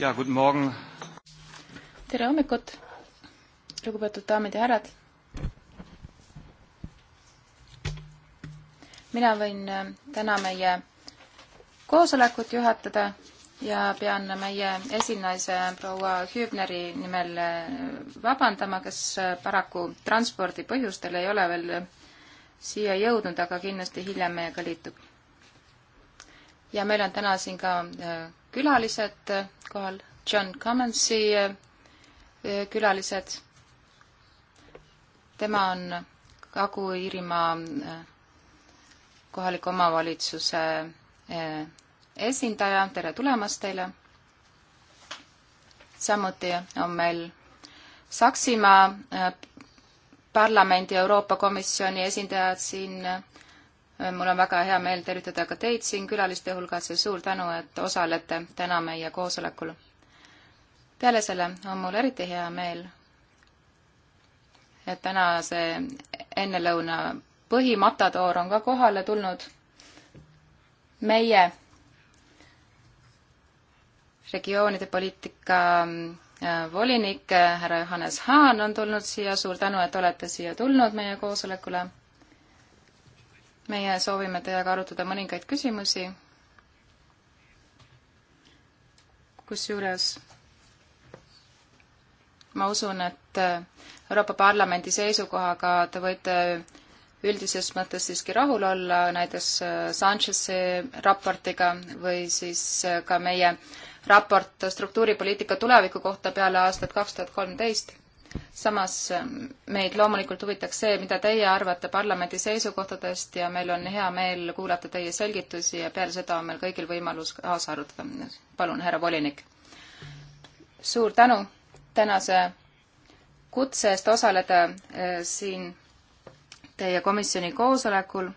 ja guten Morgen. tere hommikut, lugupeetud daamid ja härrad. mina võin äh, täna meie koosolekut juhatada ja pean meie esinaise proua Hübneri nimel äh, vabandama, kes äh, paraku transpordi põhjustel ei ole veel siia jõudnud, aga kindlasti hiljem meiega liitub ja meil on täna siin ka äh, külalised äh, kohal, John Cummonsi äh, külalised. tema on Kagu-Iirimaa kohaliku omavalitsuse esindaja, tere tulemast teile! samuti on meil Saksimaa parlamendi Euroopa Komisjoni esindajad siin mul on väga hea meel tervitada ka teid siin külaliste hulgas ja suur tänu, et osalete täna meie koosolekul. peale selle on mul eriti hea meel, et tänase ennelõuna põhimatadoor on ka kohale tulnud. meie regioonide poliitika äh, volinik äh, härra Johannes Haan on tulnud siia, suur tänu, et olete siia tulnud meie koosolekule meie soovime teiega arutada mõningaid küsimusi, kusjuures ma usun, et Euroopa Parlamendi seisukohaga te võite üldises mõttes siiski rahul olla, näiteks Sanchez'i raportiga või siis ka meie raport struktuuripoliitika tuleviku kohta peale aastat kaks tuhat kolmteist samas ähm, meid loomulikult huvitaks see, mida teie arvate parlamendi seisukohtadest ja meil on hea meel kuulata teie selgitusi ja peale seda on meil kõigil võimalus kaasa arutada. palun, härra volinik. suur tänu tänase kutse eest osaleda äh, siin teie komisjoni koosolekul.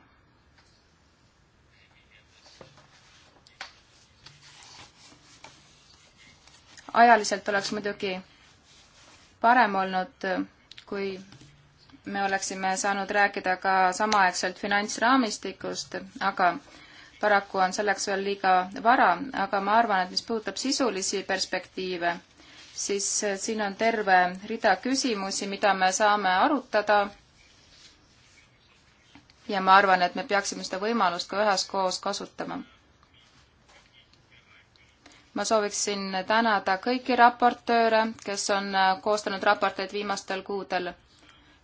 ajaliselt oleks muidugi parem olnud, kui me oleksime saanud rääkida ka samaaegselt finantsraamistikust, aga paraku on selleks veel liiga vara, aga ma arvan, et mis puudutab sisulisi perspektiive, siis siin on terve rida küsimusi, mida me saame arutada. ja ma arvan, et me peaksime seda võimalust ka üheskoos kasutama ma sooviksin tänada kõiki raportööre, kes on äh, koostanud raporteid viimastel kuudel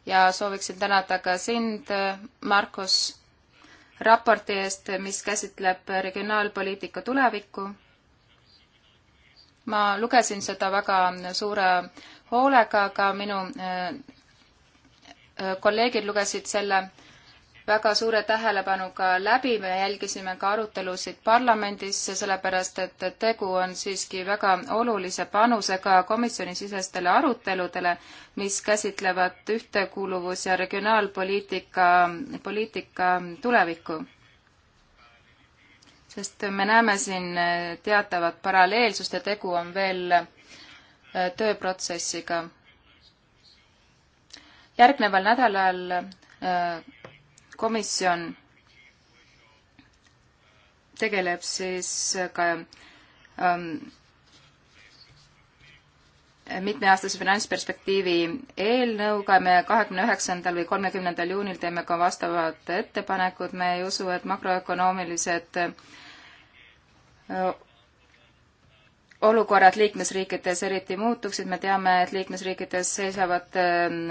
ja sooviksin tänada ka sind, äh, Markus, raporti eest, mis käsitleb regionaalpoliitika tulevikku. ma lugesin seda väga suure hoolega, ka minu äh, kolleegid lugesid selle väga suure tähelepanuga läbi, me jälgisime ka arutelusid parlamendis, sellepärast et tegu on siiski väga olulise panusega komisjonisisestele aruteludele, mis käsitlevad ühtekuuluvus- ja regionaalpoliitika, poliitika tulevikku. sest me näeme siin teatavat paralleelsust ja tegu on veel äh, tööprotsessiga. järgneval nädalal äh, komisjon tegeleb siis ka ähm, mitmeaastase finantsperspektiivi eelnõuga me kahekümne üheksandal või kolmekümnendal juunil teeme ka vastavad ettepanekud, me ei usu, et makroökonoomilised äh, olukorrad liikmesriikides eriti muutuksid, me teame, et liikmesriikides seisavad ähm,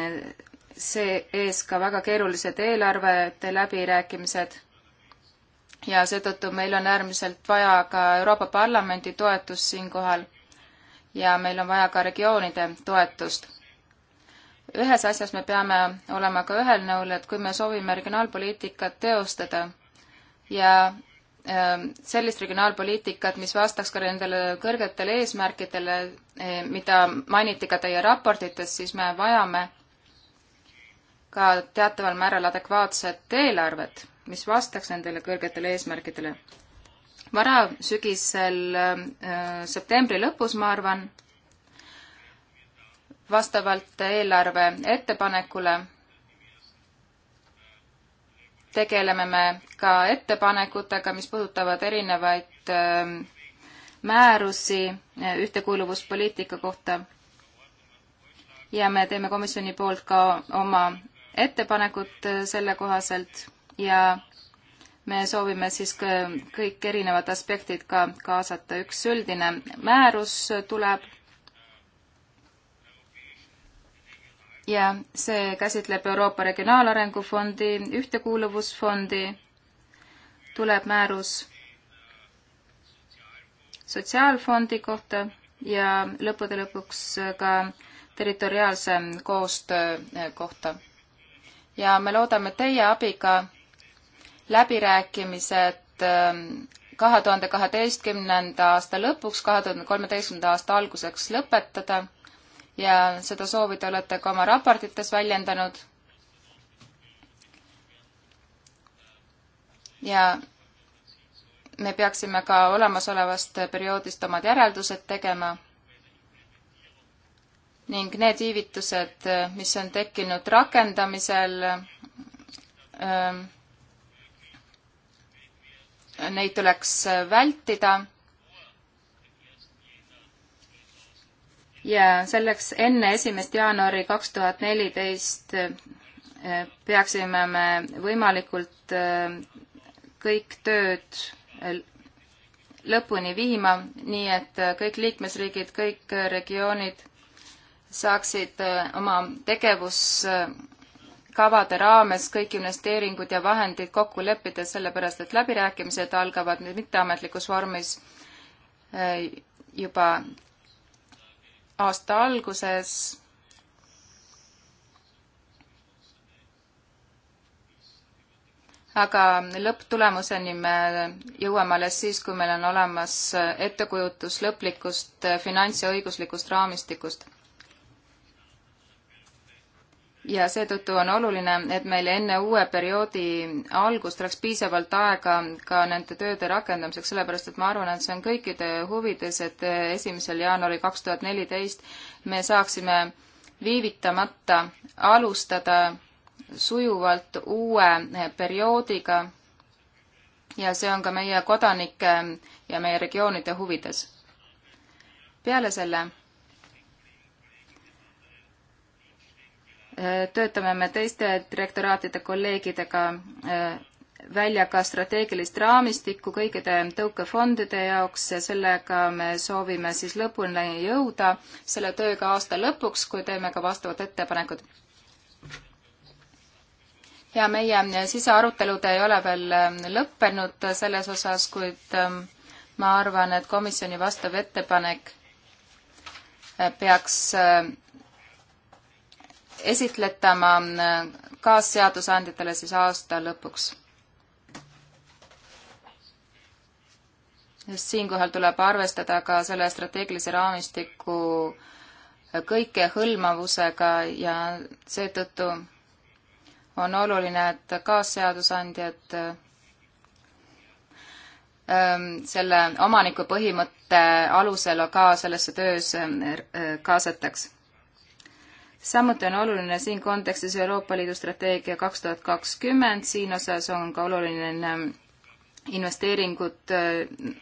see ees ka väga keerulised eelarvete läbirääkimised ja seetõttu meil on äärmiselt vaja ka Euroopa Parlamendi toetust siinkohal ja meil on vaja ka regioonide toetust. ühes asjas me peame olema ka ühel nõul, et kui me soovime regionaalpoliitikat teostada ja ähm, sellist regionaalpoliitikat, mis vastaks ka nendele kõrgetele eesmärkidele, eh, mida mainiti ka teie raportites, siis me vajame ka teataval määral adekvaatset eelarvet, mis vastaks nendele kõrgetele eesmärkidele. varasügisel äh, septembri lõpus, ma arvan, vastavalt eelarve ettepanekule tegeleme me ka ettepanekutega, mis puudutavad erinevaid äh, määrusi äh, ühtekuuluvuspoliitika kohta ja me teeme komisjoni poolt ka oma ettepanekut äh, selle kohaselt ja me soovime siis kõik erinevad aspektid ka kaasata. üks üldine määrus tuleb ja see käsitleb Euroopa Regionaalarengu Fondi, Ühtekuuluvusfondi, tuleb määrus Sotsiaalfondi kohta ja lõppude lõpuks ka territoriaalse koostöö kohta ja me loodame teie abiga läbirääkimised ähm, kahe tuhande kaheteistkümnenda aasta lõpuks, kahe tuhande kolmeteistkümnenda aasta alguseks lõpetada ja seda soovi te olete ka oma raportites väljendanud. ja me peaksime ka olemasolevast perioodist omad järeldused tegema ning need viivitused, mis on tekkinud rakendamisel, ähm, neid tuleks vältida. ja selleks enne esimest jaanuari kaks tuhat neliteist äh, peaksime me võimalikult äh, kõik tööd äh, lõpuni viima, nii et kõik liikmesriigid, kõik regioonid saaksid äh, oma tegevuskavade raames kõik investeeringud ja vahendid kokku leppida, sellepärast et läbirääkimised algavad nüüd mitteametlikus vormis äh, juba aasta alguses. aga lõpptulemuseni me jõuame alles siis, kui meil on olemas ettekujutus lõplikust äh, finants- ja õiguslikust raamistikust ja seetõttu on oluline, et meil enne uue perioodi algust oleks piisavalt aega ka nende tööde rakendamiseks, sellepärast et ma arvan, et see on kõikide huvides, et esimesel jaanuaril kaks tuhat neliteist me saaksime viivitamata alustada sujuvalt uue perioodiga ja see on ka meie kodanike ja meie regioonide huvides. peale selle töötame me teiste direktoraatide kolleegidega äh, välja ka strateegilist raamistikku kõikide tõukefondide jaoks ja sellega me soovime siis lõpuni jõuda selle tööga aasta lõpuks, kui teeme ka vastavad ettepanekud. ja meie sisearutelud ei ole veel äh, lõppenud selles osas, kuid ähm, ma arvan, et komisjoni vastav ettepanek äh, peaks esitletama äh, kaasseadusandjatele siis aasta lõpuks. just siinkohal tuleb arvestada ka selle strateegilise raamistiku kõikehõlmavusega ja seetõttu on oluline, et kaasseadusandjad ähm, selle omaniku põhimõtte alusel ka sellesse töös äh, kaasataks samuti on oluline siin kontekstis Euroopa Liidu strateegia kaks tuhat kakskümmend, siin osas on ka oluline ähm, investeeringud, äh,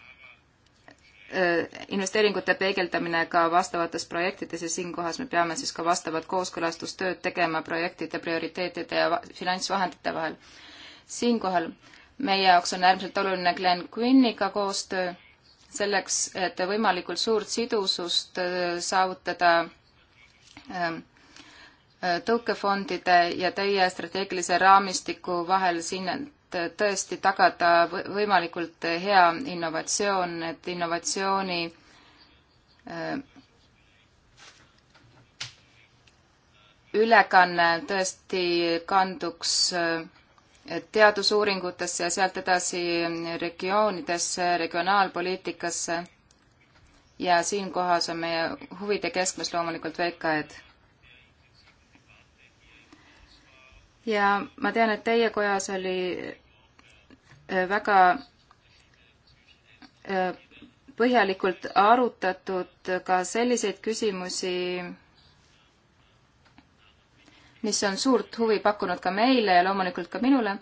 äh, investeeringute peegeldamine ka vastavates projektides ja siinkohas me peame siis ka vastavat kooskõlastustööd tegema projektide prioriteetide ja finantsvahendite vahel. siinkohal meie jaoks on äärmiselt oluline Glen Quinniga koostöö selleks, et võimalikult suurt sidusust äh, saavutada ähm, tõukefondide ja teie strateegilise raamistiku vahel siin, et tõesti tagada võimalikult hea innovatsioon, et innovatsiooni äh, ülekanne tõesti kanduks äh, teadusuuringutesse ja sealt edasi regioonidesse, regionaalpoliitikasse. ja siinkohas on meie huvide keskmes loomulikult VKE-d ja ma tean, et teie kojas oli äh, väga äh, põhjalikult arutatud ka selliseid küsimusi, mis on suurt huvi pakkunud ka meile ja loomulikult ka minule.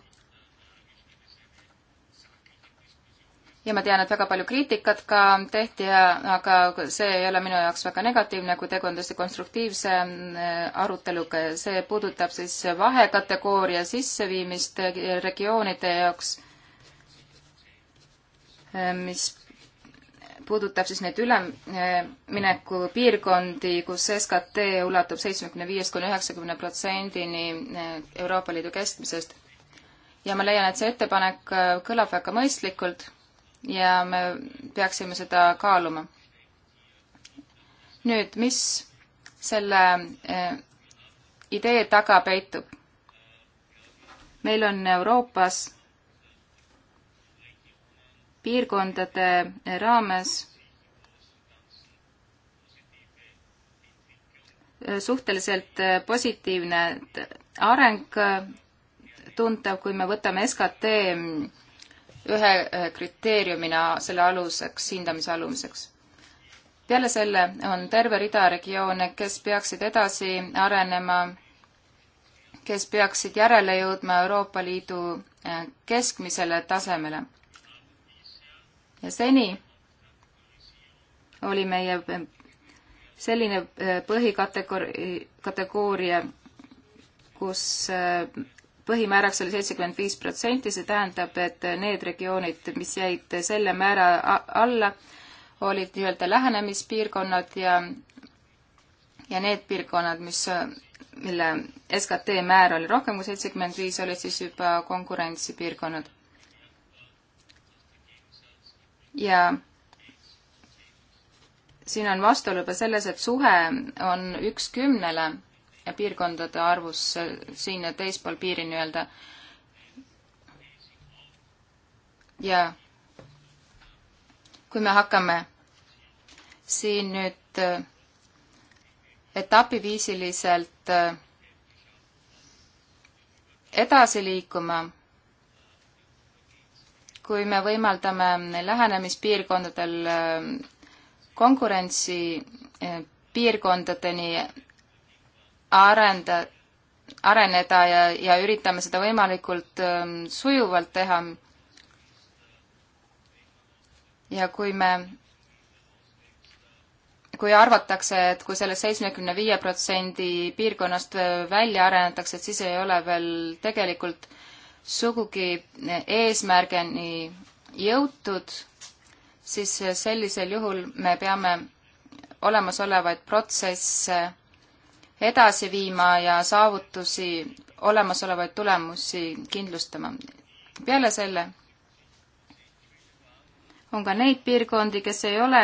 ja ma tean, et väga palju kriitikat ka tehti, aga see ei ole minu jaoks väga negatiivne, kui tegu on tõesti konstruktiivse äh, aruteluga ja see puudutab siis vahekategooria sisseviimist äh, regioonide jaoks, äh, mis puudutab siis neid ülemineku piirkondi, kus SKT ulatub seitsmekümne viiest kuni üheksakümne protsendini Euroopa Liidu keskmisest. ja ma leian, et see ettepanek kõlab väga mõistlikult ja me peaksime seda kaaluma. nüüd, mis selle eh, idee taga peitub? meil on Euroopas piirkondade raames suhteliselt positiivne areng tuntav, kui me võtame SKT ühe kriteeriumina selle aluseks, hindamise alumiseks. peale selle on terve rida regioone, kes peaksid edasi arenema, kes peaksid järele jõudma Euroopa Liidu äh, keskmisele tasemele. ja seni oli meie äh, selline äh, põhikategooria, kategooria, kus põhimääraks oli seitsekümmend viis protsenti, see tähendab, et need regioonid, mis jäid selle määra alla, olid nii-öelda lähenemispiirkonnad ja, ja need piirkonnad, mis, mille SKT määr oli rohkem kui seitsekümmend viis, olid siis juba konkurentsipiirkonnad. ja siin on vastuolu juba selles, et suhe on üks kümnele piirkondade arvus siin teispool piiri nii-öelda. ja kui me hakkame siin nüüd äh, etapiviisiliselt äh, edasi liikuma, kui me võimaldame lähenemispiirkondadel äh, konkurentsi piirkondadeni arenda, areneda ja, ja üritame seda võimalikult ähm, sujuvalt teha. ja kui me, kui arvatakse, et kui sellest seitsmekümne viie protsendi piirkonnast äh, välja arenetakse, et siis ei ole veel tegelikult sugugi eesmärgini jõutud, siis äh, sellisel juhul me peame olemasolevaid protsesse edasi viima ja saavutusi, olemasolevaid tulemusi kindlustama. peale selle on ka neid piirkondi, kes ei ole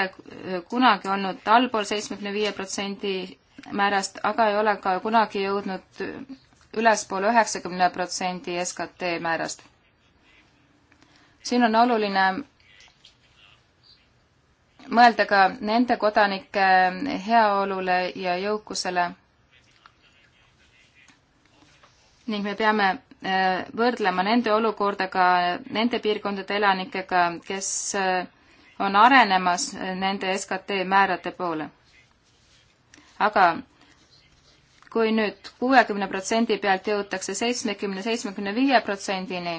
kunagi olnud allpool seitsmekümne viie protsendi määrast, aga ei ole ka kunagi jõudnud ülespoole üheksakümne protsendi SKT määrast. siin on oluline mõelda ka nende kodanike heaolule ja jõukusele, ning me peame äh, võrdlema nende olukordaga nende piirkondade elanikega, kes äh, on arenemas äh, nende SKT määrade poole. aga kui nüüd kuuekümne protsendi pealt jõutakse seitsmekümne, seitsmekümne viie protsendini,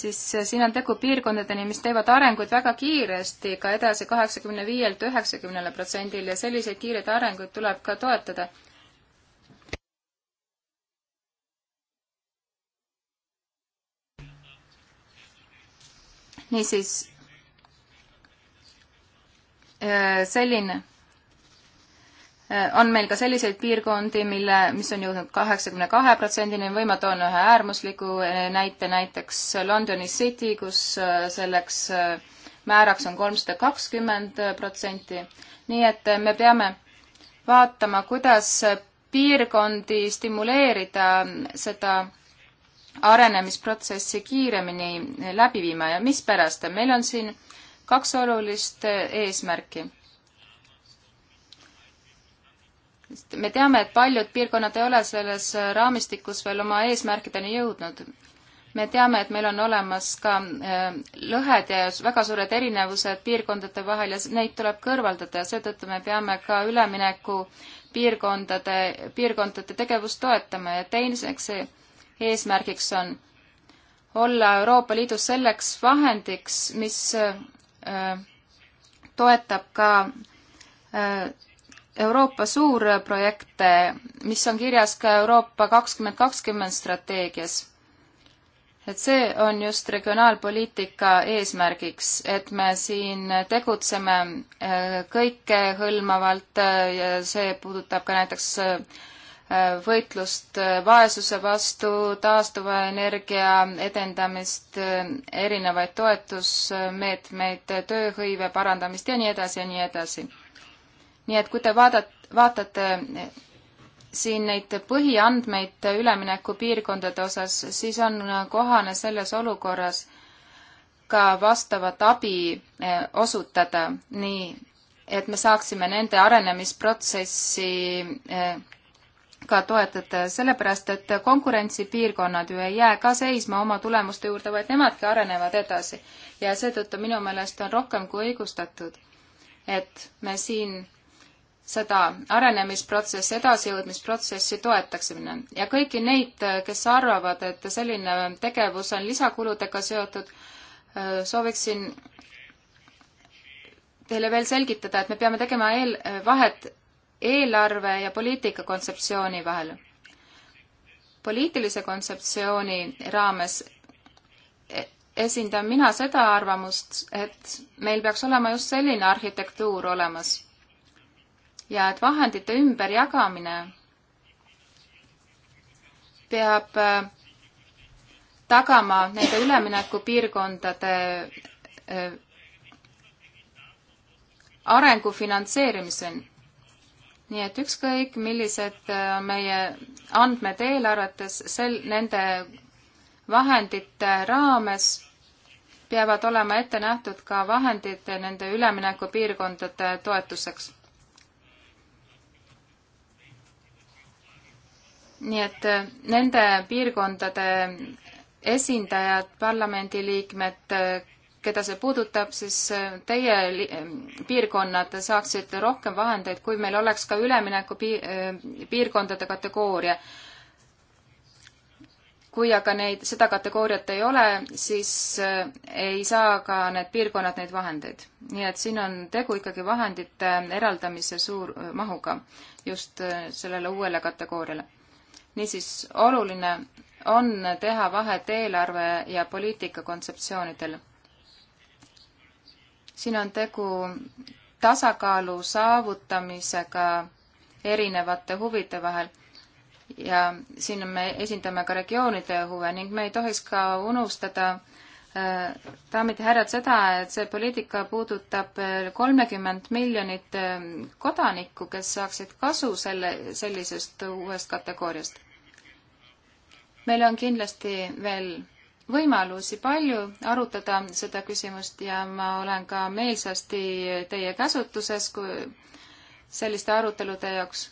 siis eh, siin on tegu piirkondadeni, mis teevad arenguid väga kiiresti, ka edasi kaheksakümne viielt üheksakümnele protsendile ja selliseid kiireid arenguid tuleb ka toetada. niisiis, eh, selline Äh, on meil ka selliseid piirkondi, mille, mis on jõudnud kaheksakümne kahe protsendini, või ma toon ühe äärmusliku äh, näite, näiteks Londoni City, kus äh, selleks määraks on kolmsada kakskümmend protsenti. nii et me peame vaatama, kuidas piirkondi stimuleerida seda arenemisprotsessi kiiremini läbi viima ja mispärast. meil on siin kaks olulist eesmärki sest me teame, et paljud piirkonnad ei ole selles raamistikus veel oma eesmärkideni jõudnud. me teame, et meil on olemas ka äh, lõhed ja väga suured erinevused piirkondade vahel ja neid tuleb kõrvaldada ja seetõttu me peame ka ülemineku piirkondade, piirkondade tegevust toetama ja teiseks eesmärgiks on olla Euroopa Liidus selleks vahendiks, mis äh, toetab ka äh, Euroopa suurprojekte, mis on kirjas ka Euroopa kakskümmend kakskümmend strateegias. et see on just regionaalpoliitika eesmärgiks, et me siin tegutseme äh, kõikehõlmavalt äh, ja see puudutab ka näiteks äh, võitlust vaesuse vastu, taastuva energia edendamist, erinevaid toetusmeetmeid, tööhõive parandamist ja nii edasi ja nii edasi nii et kui te vaadat-, vaatate eh, siin neid põhiandmeid üleminekupiirkondade osas, siis on äh, kohane selles olukorras ka vastavat abi eh, osutada, nii et me saaksime nende arenemisprotsessi eh, ka toetada, sellepärast et konkurentsipiirkonnad ju ei jää ka seisma oma tulemuste juurde, vaid nemadki arenevad edasi. ja seetõttu minu meelest on rohkem kui õigustatud, et me siin seda arenemisprotsessi, edasijõudmisprotsessi toetaksime ja kõiki neid, kes arvavad, et selline tegevus on lisakuludega seotud, sooviksin teile veel selgitada, et me peame tegema eel, vahet eelarve ja poliitika kontseptsiooni vahel. poliitilise kontseptsiooni raames e-, esindan mina seda arvamust, et meil peaks olema just selline arhitektuur olemas ja et vahendite ümberjagamine peab äh, tagama nende üleminekupiirkondade äh, arengu finantseerimiseni. nii et ükskõik, millised on äh, meie andmed eelarvetes, sel, nende vahendite raames peavad olema ette nähtud ka vahendid nende üleminekupiirkondade toetuseks nii et äh, nende piirkondade esindajad, parlamendiliikmed, äh, keda see puudutab, siis äh, teie piirkonnad saaksid rohkem vahendeid, kui meil oleks ka ülemineku piirkondade kategooria. kui aga neid, seda kategooriat ei ole, siis ei saa ka need piirkonnad neid vahendeid. nii et siin on tegu ikkagi vahendite eraldamise suur mahuga just sellele uuele kategooriale niisiis, oluline on teha vahet eelarve ja poliitika kontseptsioonidel. siin on tegu tasakaalu saavutamisega erinevate huvide vahel ja siin me esindame ka regioonide huve ning me ei tohiks ka unustada daamid ja härrad, seda, et see poliitika puudutab kolmekümmend miljonit ähm, kodanikku, kes saaksid kasu selle, sellisest uuest kategooriast. meil on kindlasti veel võimalusi palju arutada seda küsimust ja ma olen ka meelsasti teie käsutuses kui selliste arutelude jaoks.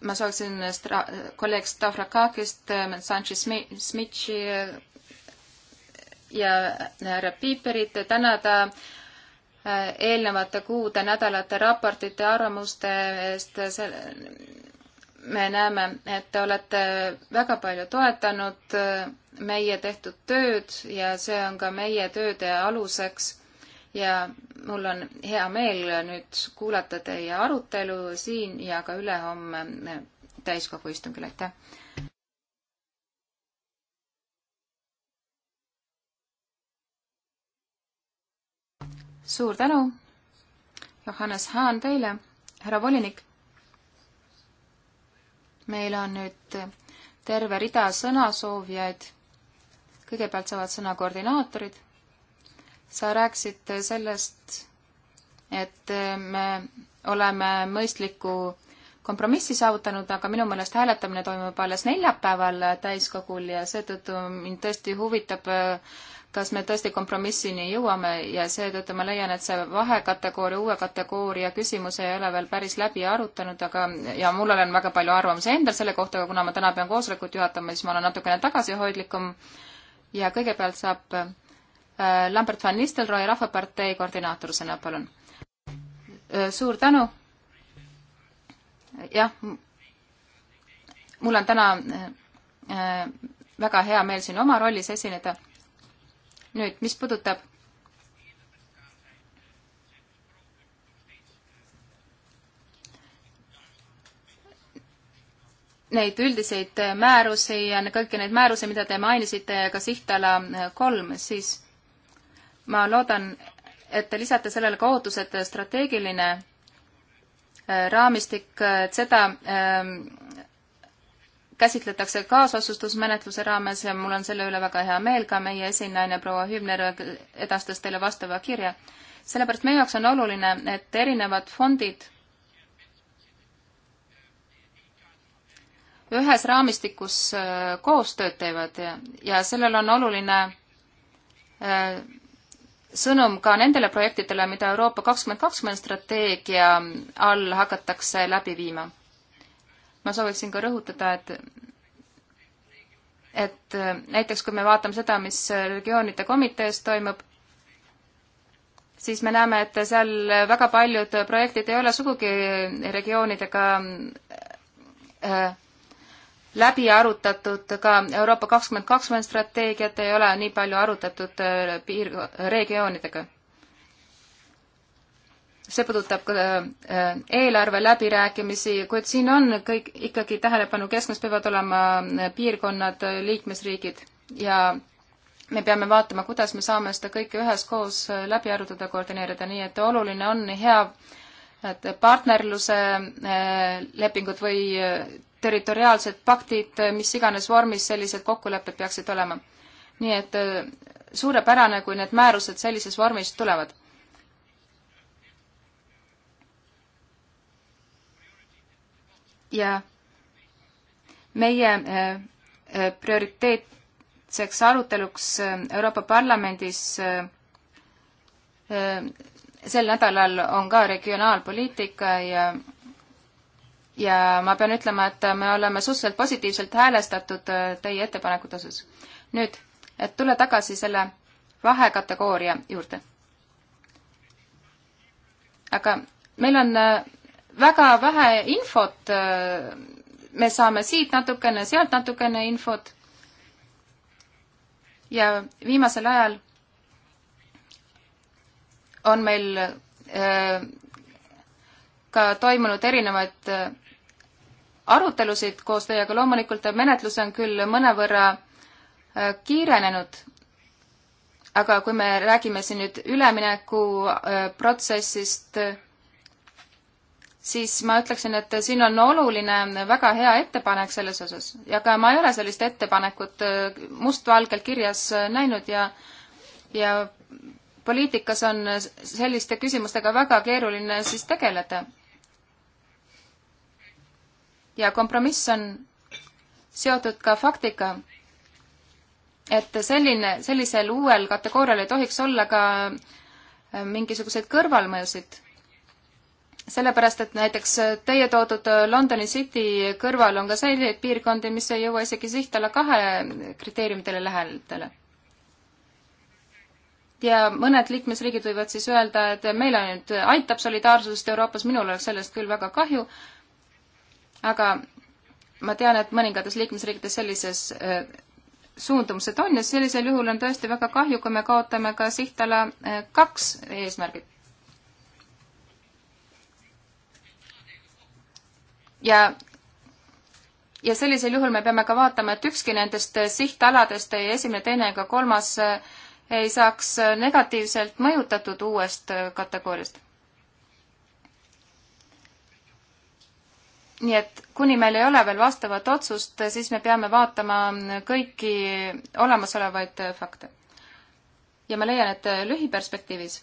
ma sooviksin kolleeg Stavrakakist, ähm, Sanchez-Smitši ja härra Piiperit tänada äh, eelnevate kuude, nädalate raportite, arvamuste eest. me näeme, et te olete väga palju toetanud äh, meie tehtud tööd ja see on ka meie tööde aluseks. ja mul on hea meel nüüd kuulata teie arutelu siin ja ka ülehomme täiskogu istungil, aitäh! suur tänu, Johannes Haan teile, härra volinik. meil on nüüd terve rida sõnasoovijaid. kõigepealt saavad sõna koordinaatorid. sa rääkisid sellest, et me oleme mõistliku kompromissi saavutanud, aga minu meelest hääletamine toimub alles neljapäeval täiskogul ja seetõttu mind tõesti huvitab kas me tõesti kompromissini jõuame ja seetõttu ma leian, et see vahekategooria, uue kategooria küsimus ei ole veel päris läbi arutanud, aga ja mul on väga palju arvamusi endal selle kohta, aga kuna ma täna pean koosolekut juhatama, siis ma olen natukene tagasihoidlikum ja kõigepealt saab äh, Lambert van Nistelrooy Rahvapartei koordinaator sõna, palun äh,. suur tänu. jah, mul on täna äh, äh väga hea meel siin oma rollis esineda nüüd, mis puudutab neid üldiseid määrusi ja kõiki neid määrusi, mida te mainisite, ka sihtala äh, kolm, siis ma loodan, et te lisate sellele ka ootused strateegiline äh, raamistik, et äh, seda ähm, käsitletakse kaasotsustusmenetluse raames ja mul on selle üle väga hea meel, ka meie esinaine proua Hübner edastas teile vastava kirja. sellepärast meie jaoks on oluline, et erinevad fondid ühes raamistikus äh, koostööd teevad ja, ja sellel on oluline äh, sõnum ka nendele projektidele, mida Euroopa kakskümmend kakskümmend strateegia all hakatakse läbi viima ma sooviksin ka rõhutada, et et äh, näiteks kui me vaatame seda, mis äh, regioonide komitees toimub, siis me näeme, et seal väga paljud projektid ei ole sugugi regioonidega äh, läbi arutatud, ka Euroopa kakskümmend kakskümmend strateegiat ei ole nii palju arutatud piir-, regioonidega see puudutab ka äh, eelarve läbirääkimisi, kuid siin on kõik ikkagi tähelepanu keskmes peavad olema äh, piirkonnad, äh, liikmesriigid ja me peame vaatama, kuidas me saame seda kõike üheskoos läbi arutada, koordineerida, nii et oluline on hea et partnerluse lepingud või territoriaalsed paktid, mis iganes vormis sellised kokkulepped peaksid olema. nii et suurepärane, kui need määrused sellises vormis tulevad ja meie äh, äh, prioriteetseks aruteluks äh, Euroopa Parlamendis sel nädalal on ka regionaalpoliitika ja ja ma pean ütlema, et me oleme suhteliselt positiivselt häälestatud teie ettepanekute osas. nüüd, et tulla tagasi selle vahekategooria juurde. aga meil on väga vähe infot äh, me saame siit natukene, sealt natukene infot. ja viimasel ajal on meil äh, ka toimunud erinevaid äh, arutelusid koos teiega, loomulikult menetlus on küll mõnevõrra kiirenenud, aga kui me räägime siin nüüd üleminekuprotsessist äh,, siis ma ütleksin, et siin on oluline väga hea ettepanek selles osas ja ka ma ei ole sellist ettepanekut äh, mustvalgelt kirjas äh, näinud ja, ja poliitikas on selliste küsimustega väga keeruline siis tegeleda. ja kompromiss on seotud ka faktiga, et selline, sellisel uuel kategoorial ei tohiks olla ka äh, mingisuguseid kõrvalmõjusid sellepärast, et näiteks teie toodud Londoni City kõrval on ka selliseid piirkondi, mis ei jõua isegi sihtala kahe kriteeriumidele lähedale. ja mõned liikmesriigid võivad siis öelda, et meile nüüd aitab solidaarsusest Euroopas, minul oleks sellest küll väga kahju, aga ma tean, et mõningates liikmesriikides sellises äh, suundumused on ja sellisel juhul on tõesti väga kahju, kui me kaotame ka sihtala äh, kaks eesmärgid. ja ja sellisel juhul me peame ka vaatama, et ükski nendest sihtaladest, ei esimene, teine ega kolmas, eh, ei saaks negatiivselt mõjutatud uuest eh, kategooriast. nii et kuni meil ei ole veel vastavat otsust, eh, siis me peame vaatama mm, kõiki olemasolevaid fakte. ja ma leian, et lühiperspektiivis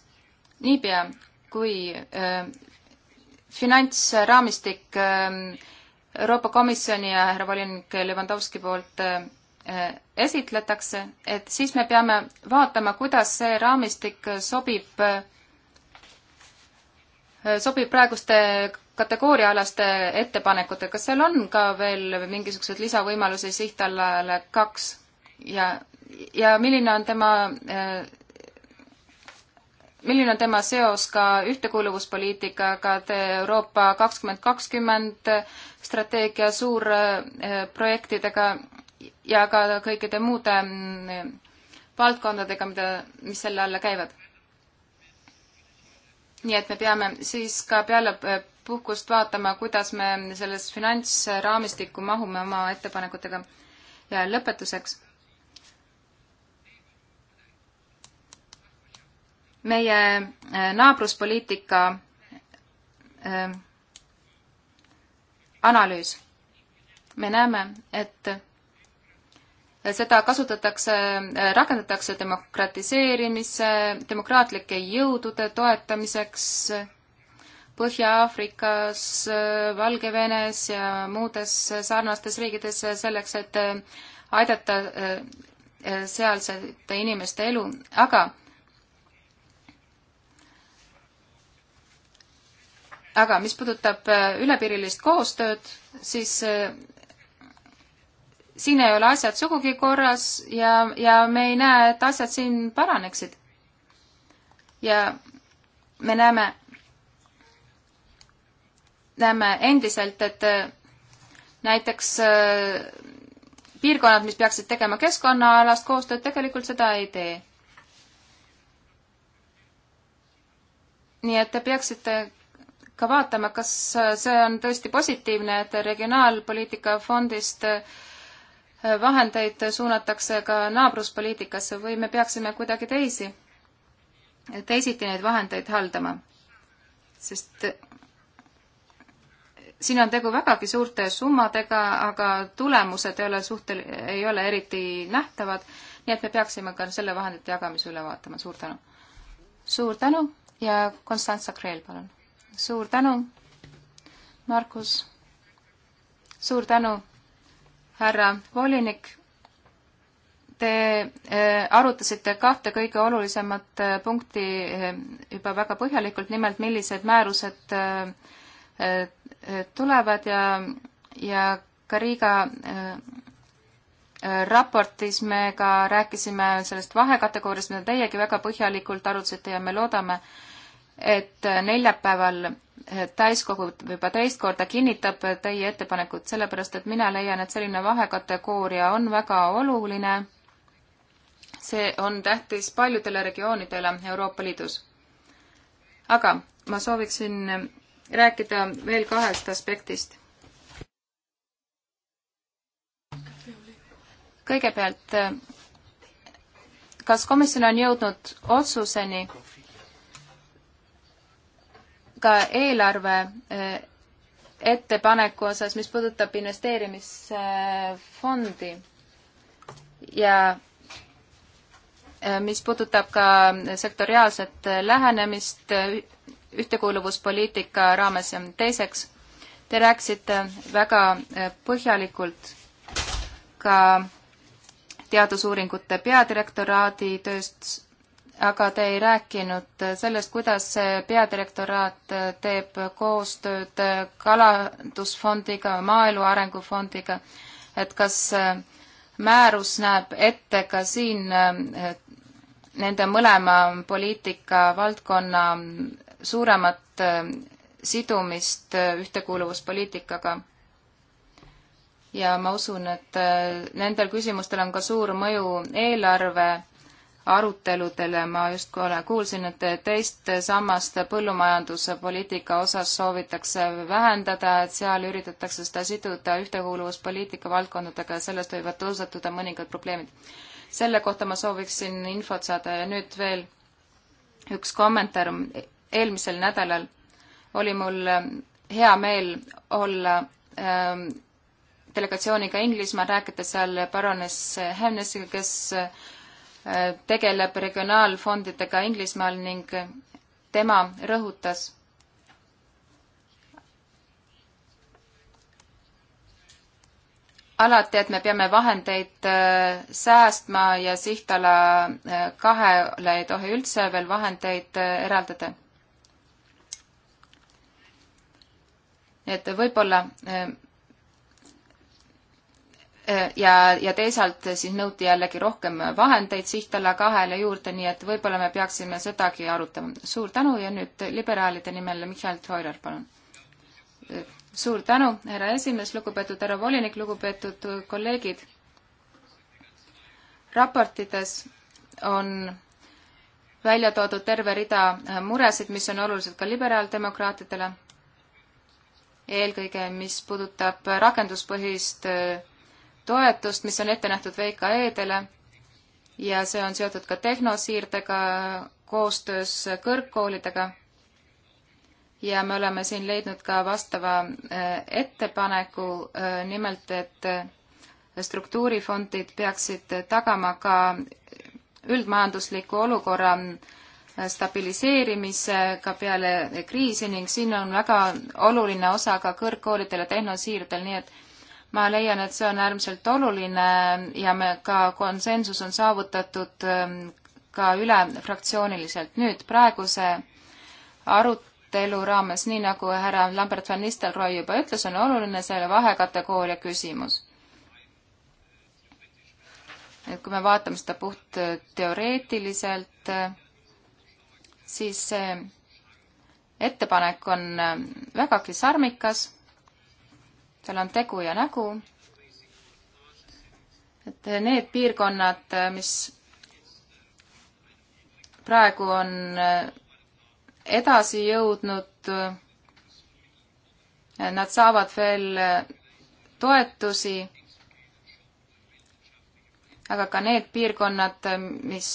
niipea, kui finantsraamistik ähm, Euroopa Komisjoni ja härra volinik Levandovski poolt äh, äh, esitletakse, et siis me peame vaatama, kuidas see raamistik sobib, äh, sobib praeguste kategooriaalaste ettepanekutega, kas seal on ka veel mingisuguseid lisavõimalusi sihtallale kaks ja, ja milline on tema milline on tema seos ka ühtekuuluvuspoliitikaga, Euroopa kakskümmend kakskümmend strateegia suurprojektidega ja ka kõikide muude valdkondadega, mida, mis selle alla käivad. nii et me peame siis ka peale puhkust vaatama, kuidas me selles finantsraamistikku mahume oma ettepanekutega. ja lõpetuseks meie äh, naabruspoliitika äh, analüüs. me näeme, et äh, seda kasutatakse, rakendatakse demokratiseerimise, demokraatlike jõudude toetamiseks Põhja-Aafrikas, Valgevenes ja muudes sarnastes riikides selleks, et aidata sealsete inimeste elu, aga aga mis puudutab äh, ülepiirilist koostööd, siis äh, siin ei ole asjad sugugi korras ja, ja me ei näe, et asjad siin paraneksid. ja me näeme, näeme endiselt, et äh, näiteks piirkonnad, mis peaksid tegema keskkonnaalast koostööd, tegelikult seda ei tee. nii et te peaksite ka vaatama, kas äh, see on tõesti positiivne, et regionaalpoliitika fondist äh, vahendeid suunatakse ka naabruspoliitikasse või me peaksime kuidagi teisi, teisiti neid vahendeid haldama? sest äh, siin on tegu vägagi suurte summadega, aga tulemused ei ole suhtel-, ei ole eriti nähtavad, nii et me peaksime ka selle vahendite jagamise üle vaatama, suur tänu! suur tänu ja Konstantsa Kreel, palun! suur tänu, Markus. suur tänu, härra volinik. Te äh, arutasite kahte kõige olulisemat äh, punkti äh, juba väga põhjalikult, nimelt millised määrused tulevad ja, ja ka Riiga raportis me ka rääkisime sellest vahekategooriast, mida teiegi väga põhjalikult arutasite ja me loodame, et neljapäeval täiskogu juba teist korda kinnitab teie ettepanekut, sellepärast et mina leian, et selline vahekategooria on väga oluline. see on tähtis paljudele regioonidele Euroopa Liidus. aga ma sooviksin rääkida veel kahest aspektist. kõigepealt, kas komisjon on jõudnud otsuseni, ka eelarve äh, ettepaneku osas, mis puudutab investeerimisfondi ja äh, mis puudutab ka sektoriaalset lähenemist äh, ühtekuuluvuspoliitika raames ja teiseks, te rääkisite väga põhjalikult ka teadusuuringute peadirektoraadi tööst aga te ei rääkinud sellest, kuidas peadirektoraat teeb koostööd Kalandusfondiga, Maaelu Arengufondiga, et kas äh, määrus näeb ette ka siin äh, nende mõlema poliitikavaldkonna suuremat äh, sidumist ühtekuuluvuspoliitikaga ja ma usun, et nendel küsimustel on ka suur mõju eelarve aruteludele ma just kuulsin, et teist sammast põllumajanduse poliitika osas soovitakse vähendada, et seal üritatakse seda siduda ühtekuuluvuspoliitika valdkondadega ja sellest võivad tõusetuda mõningad probleemid. selle kohta ma sooviksin infot saada ja nüüd veel üks kommentaar. eelmisel nädalal oli mul hea meel olla ähm, delegatsiooniga Inglismaal, rääkides seal baroness Hemnessiga, kes Äh, tegeleb regionaalfondidega Inglismaal ning tema rõhutas, alati, et me peame vahendeid äh, säästma ja sihtala äh, kahele ei tohi üldse veel vahendeid eraldada. et võib-olla ja, ja teisalt siis nõuti jällegi rohkem vahendeid sihtala kahele juurde, nii et võib-olla me peaksime sedagi arutama. suur tänu ja nüüd liberaalide nimel Mihhail Toiler, palun. suur tänu, härra esimees, lugupeetud härra volinik, lugupeetud kolleegid. raportites on välja toodud terve rida muresid, mis on olulised ka liberaaldemokraatidele, eelkõige mis puudutab rakenduspõhist toetust, mis on ette nähtud VKE-dele ja see on seotud ka tehnosiirdega koostöös kõrgkoolidega. ja me oleme siin leidnud ka vastava äh, ettepaneku, äh, nimelt et äh, struktuurifondid peaksid tagama ka üldmajandusliku olukorra stabiliseerimisega peale kriisi ning siin on väga oluline osa ka kõrgkoolidel ja tehnosiirdel, nii et ma leian, et see on äärmiselt oluline ja me ka konsensus on saavutatud ähm, ka ülefraktsiooniliselt. nüüd praeguse arutelu raames, nii nagu härra Lambert van Nistelrooy juba ütles, on oluline selle vahekategooria küsimus. et kui me vaatame seda puht äh, teoreetiliselt, äh, siis see ettepanek on äh, vägagi sarmikas seal on tegu ja nägu. et need piirkonnad, mis praegu on eh, edasi jõudnud, eh, nad saavad veel eh, toetusi, aga ka need piirkonnad, mis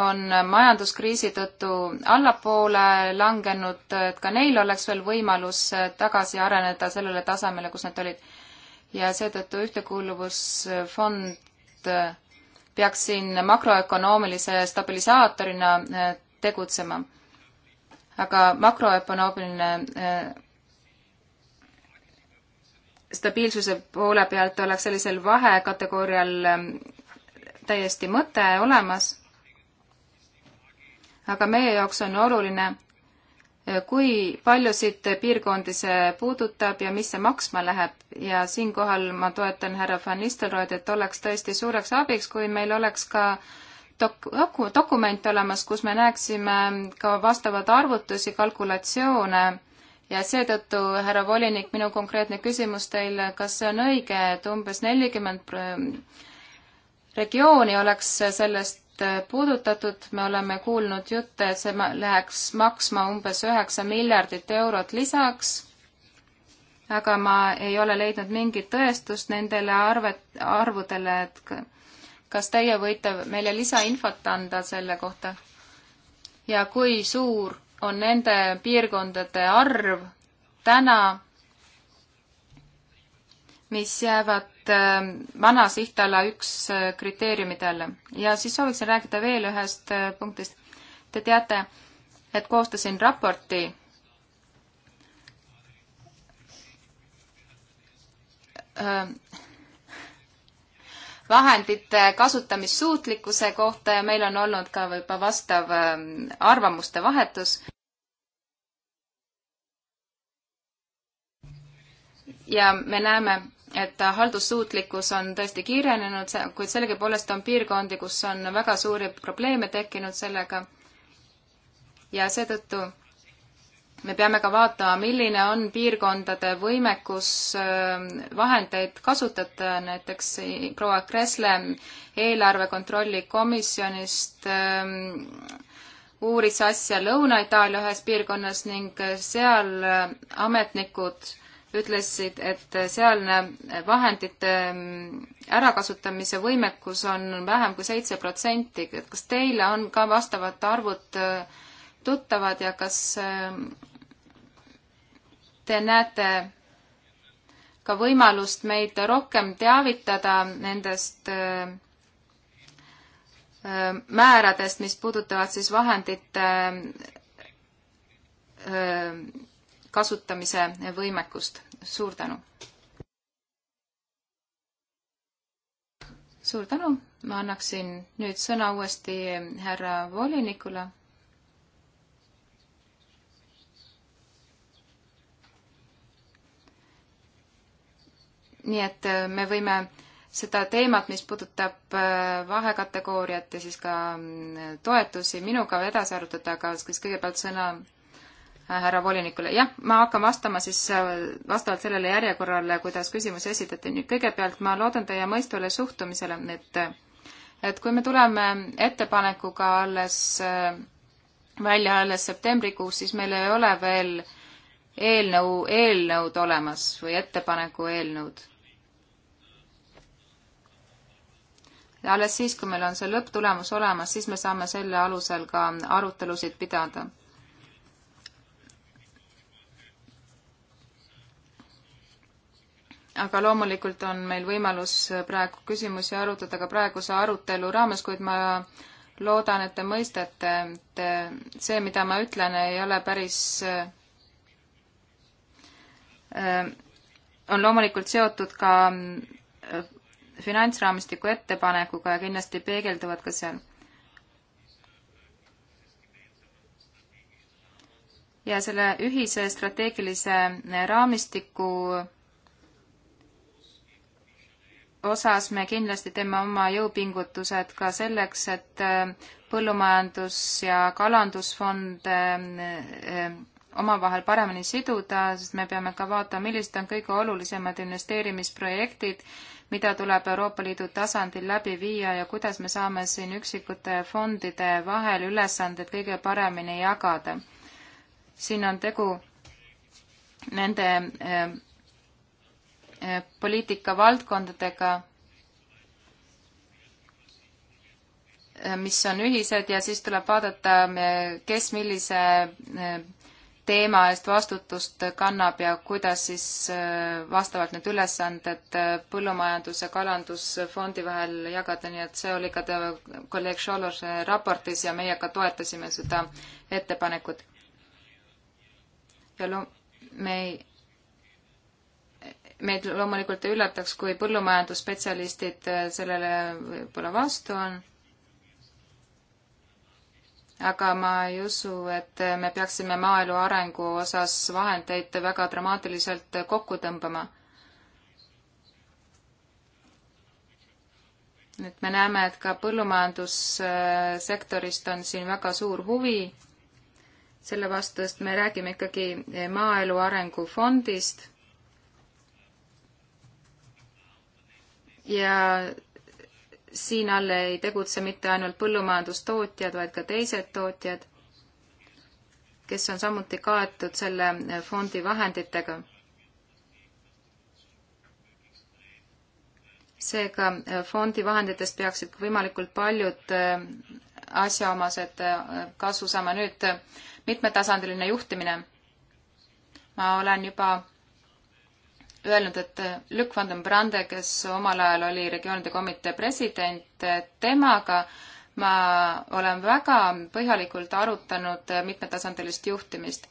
on majanduskriisi tõttu allapoole langenud, et ka neil oleks veel võimalus tagasi areneda sellele tasemele, kus nad olid. ja seetõttu Ühtekuuluvusfond peaks siin makroökonoomilise stabilisaatorina äh, tegutsema. aga makroökonoomiline äh, stabiilsuse poole pealt oleks sellisel vahekategoorial äh, täiesti mõte olemas aga meie jaoks on oluline, eh, kui paljusid piirkondi see puudutab ja mis see maksma läheb ja siinkohal ma toetan härra Van Nistelrooid, et oleks tõesti suureks abiks, kui meil oleks ka dok-, doku-, dokument olemas, kus me näeksime ka vastavaid arvutusi, kalkulatsioone ja seetõttu, härra volinik, minu konkreetne küsimus teile, kas see on õige, et umbes nelikümmend regiooni oleks sellest sellest äh, puudutatud, me oleme kuulnud jutte, et see läheks maksma umbes üheksa miljardit eurot lisaks, aga ma ei ole leidnud mingit tõestust nendele arvet, arvudele, et kas teie võite meile lisainfot anda selle kohta? ja kui suur on nende piirkondade arv täna, mis jäävad need ähm, vana sihtala üks äh, kriteeriumid jälle. ja siis sooviksin rääkida veel ühest äh, punktist. Te teate, et koostasin raporti ähm, vahendite kasutamissuutlikkuse kohta ja meil on olnud ka juba vastav ähm, arvamuste vahetus. ja me näeme, et haldussuutlikkus on tõesti kiirenenud, kuid sellegipoolest on piirkondi, kus on väga suuri probleeme tekkinud sellega. ja seetõttu me peame ka vaatama, milline on piirkondade võimekus ähm, vahendeid kasutada, näiteks proua Kresle eelarve kontrolli komisjonist ähm, uuris asja Lõuna-Itaalia ühes piirkonnas ning seal äh, ametnikud ütlesid, et sealne vahendite mm, ärakasutamise võimekus on vähem kui seitse protsenti. et kas teile on ka vastavad arvud äh, tuttavad ja kas äh, te näete ka võimalust meid rohkem teavitada nendest äh, määradest, mis puudutavad siis vahendite kasutamise võimekust suur tänu! suur tänu, ma annaksin nüüd sõna uuesti härra volinikule. nii et äh, me võime seda teemat, mis puudutab äh, vahekategooriat ja siis ka mm, toetusi, minuga edasi arutada, aga siis kõigepealt sõna härra volinikule. jah, ma hakkan vastama siis äh, vastavalt sellele järjekorrale, kuidas küsimusi esitati. nüüd kõigepealt ma loodan teie mõistvale suhtumisele, et et kui me tuleme ettepanekuga alles äh, välja alles septembrikuus, siis meil ei ole veel eelnõu, eelnõud olemas või ettepaneku eelnõud ja alles siis, kui meil on see lõpptulemus olemas, siis me saame selle alusel ka arutelusid pidada. aga loomulikult on meil võimalus praegu küsimusi arutada ka praeguse arutelu raames, kuid ma loodan, et te mõistate, et see, mida ma ütlen, ei ole päris äh, on loomulikult seotud ka äh, finantsraamistiku ettepanekuga ja kindlasti peegelduvad ka seal. ja selle ühise strateegilise raamistiku osas me kindlasti teeme oma jõupingutused ka selleks, et äh, põllumajandus- ja kalandusfond äh, äh, omavahel paremini siduda, sest me peame ka vaatama, millised on kõige olulisemad investeerimisprojektid, mida tuleb Euroopa Liidu tasandil läbi viia ja kuidas me saame siin üksikute fondide vahel ülesanded kõige paremini jagada. siin on tegu nende poliitikavaldkondadega, mis on ühised ja siis tuleb vaadata, kes millise äh, teema eest vastutust kannab ja kuidas siis äh, vastavalt need ülesanded äh, põllumajandus- ja kalandusfondi vahel jagada, nii et see oli ka kolleeg Šolose raportis ja meie ka toetasime seda ettepanekut. ja lo-, me ei meid loomulikult ei üllataks, kui põllumajandusspetsialistid äh, sellele võib-olla vastu on. aga ma ei usu, et me peaksime maaelu arengu osas vahendeid väga dramaatiliselt kokku tõmbama. et me näeme, et ka põllumajandussektorist on siin väga suur huvi selle vastu, sest me räägime ikkagi maaelu arengu fondist ja siin all ei tegutse mitte ainult põllumajandustootjad, vaid ka teised tootjad, kes on samuti kaetud selle fondi vahenditega. seega fondi vahenditest peaksid võimalikult paljud äh, asjaomased äh, kasu saama. nüüd äh, mitmetasandiline juhtimine. ma olen juba öelnud, et Luc van den Brande, kes omal ajal oli regioonide komitee president, temaga ma olen väga põhjalikult arutanud mitmetasandilist juhtimist.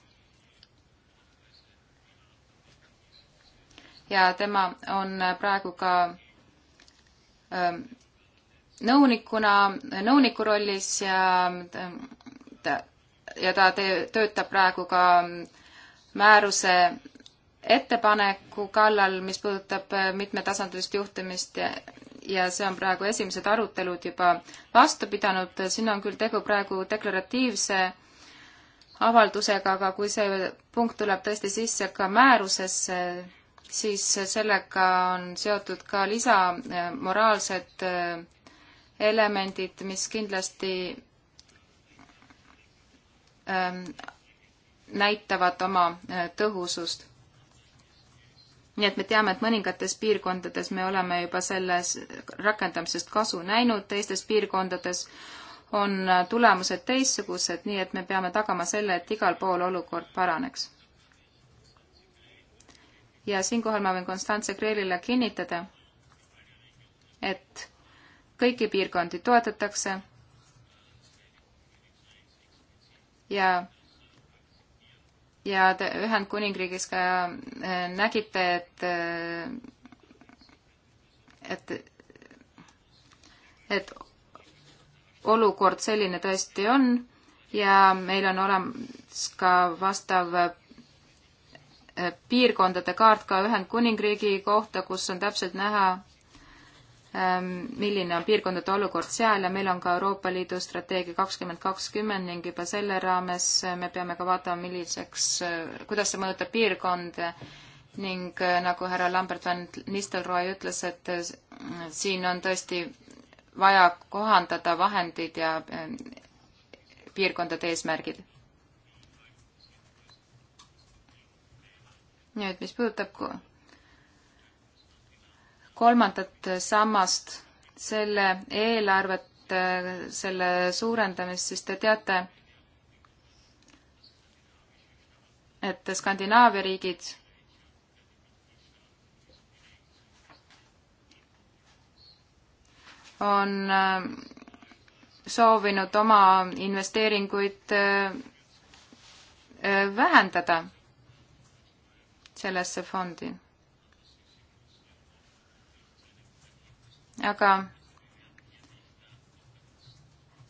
ja tema on praegu ka ähm, nõunikuna, nõuniku rollis ja ähm, ta, ja ta te, töötab praegu ka määruse ettepaneku kallal, mis puudutab äh, mitmetasandilist juhtimist ja, ja see on praegu esimesed arutelud juba vastu pidanud, siin on küll tegu praegu deklaratiivse avaldusega, aga kui see punkt tuleb tõesti sisse ka määrusesse, siis sellega on seotud ka lisamoraalsed äh, äh, elemendid, mis kindlasti ähm, näitavad oma tõhusust nii et me teame, et mõningates piirkondades me oleme juba selles rakendamisest kasu näinud, teistes piirkondades on tulemused teistsugused, nii et me peame tagama selle, et igal pool olukord paraneks. ja siinkohal ma võin Konstantse Kreelile kinnitada, et kõiki piirkondi toetatakse ja ja te Ühendkuningriigis ka äh, nägite, et äh, et et olukord selline tõesti on ja meil on olemas ka vastav äh, piirkondade kaart ka Ühendkuningriigi kohta, kus on täpselt näha, Ähm, milline on piirkondade olukord seal ja meil on ka Euroopa Liidu strateegia kakskümmend kakskümmend ning juba selle raames äh, me peame ka vaatama, milliseks, äh, kuidas see mõjutab piirkonda ning äh, nagu härra Lambert van Nistelrooy ütles, et siin on tõesti vaja kohandada vahendid ja piirkondade eesmärgid. nüüd, mis puudutab kolmandat sammast, selle eelarvet, selle suurendamist, siis te teate, et Skandinaavia riigid on äh, soovinud oma investeeringuid äh, vähendada sellesse fondi aga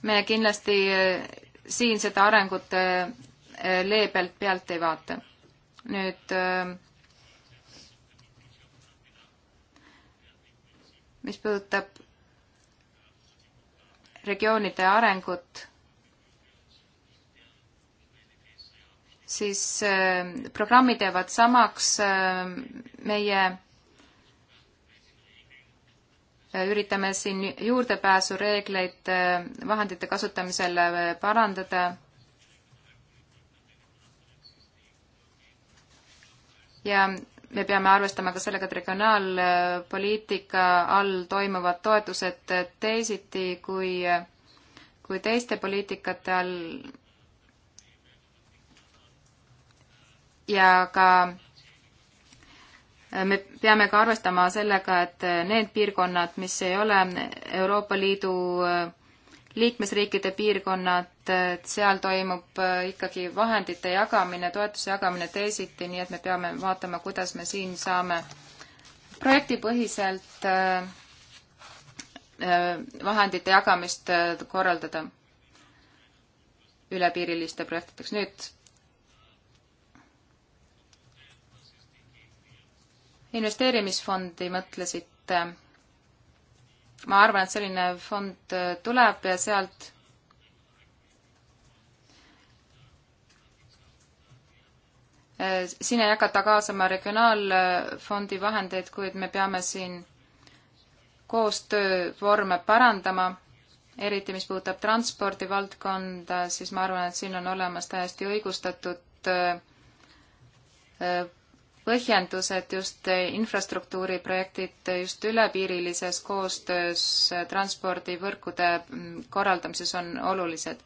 me kindlasti eh, siin seda arengut eh, eh, leebelt pealt ei vaata. nüüd mis puudutab regioonide arengut, siis programmid jäävad samaks meie üritame siin juurdepääsureegleid eh, vahendite kasutamisel eh, parandada. ja me peame arvestama ka sellega, et regionaalpoliitika eh, all toimuvad toetused teisiti kui, kui teiste poliitikate all. ja ka me peame ka arvestama sellega, et need piirkonnad, mis ei ole Euroopa Liidu äh, liikmesriikide piirkonnad, et seal toimub äh, ikkagi vahendite jagamine, toetuse jagamine teisiti, nii et me peame vaatama, kuidas me siin saame projektipõhiselt äh, vahendite jagamist korraldada ülepiiriliste projektideks. nüüd investeerimisfondi mõtlesite, ma arvan, et selline fond tuleb ja sealt siin ei hakata kaasama regionaalfondi vahendeid, kuid me peame siin koostöövorme parandama, eriti mis puudutab transpordivaldkonda, siis ma arvan, et siin on olemas täiesti õigustatud äh, põhjendused just infrastruktuuriprojektid just ülepiirilises koostöös transpordivõrkude mm, korraldamises on olulised.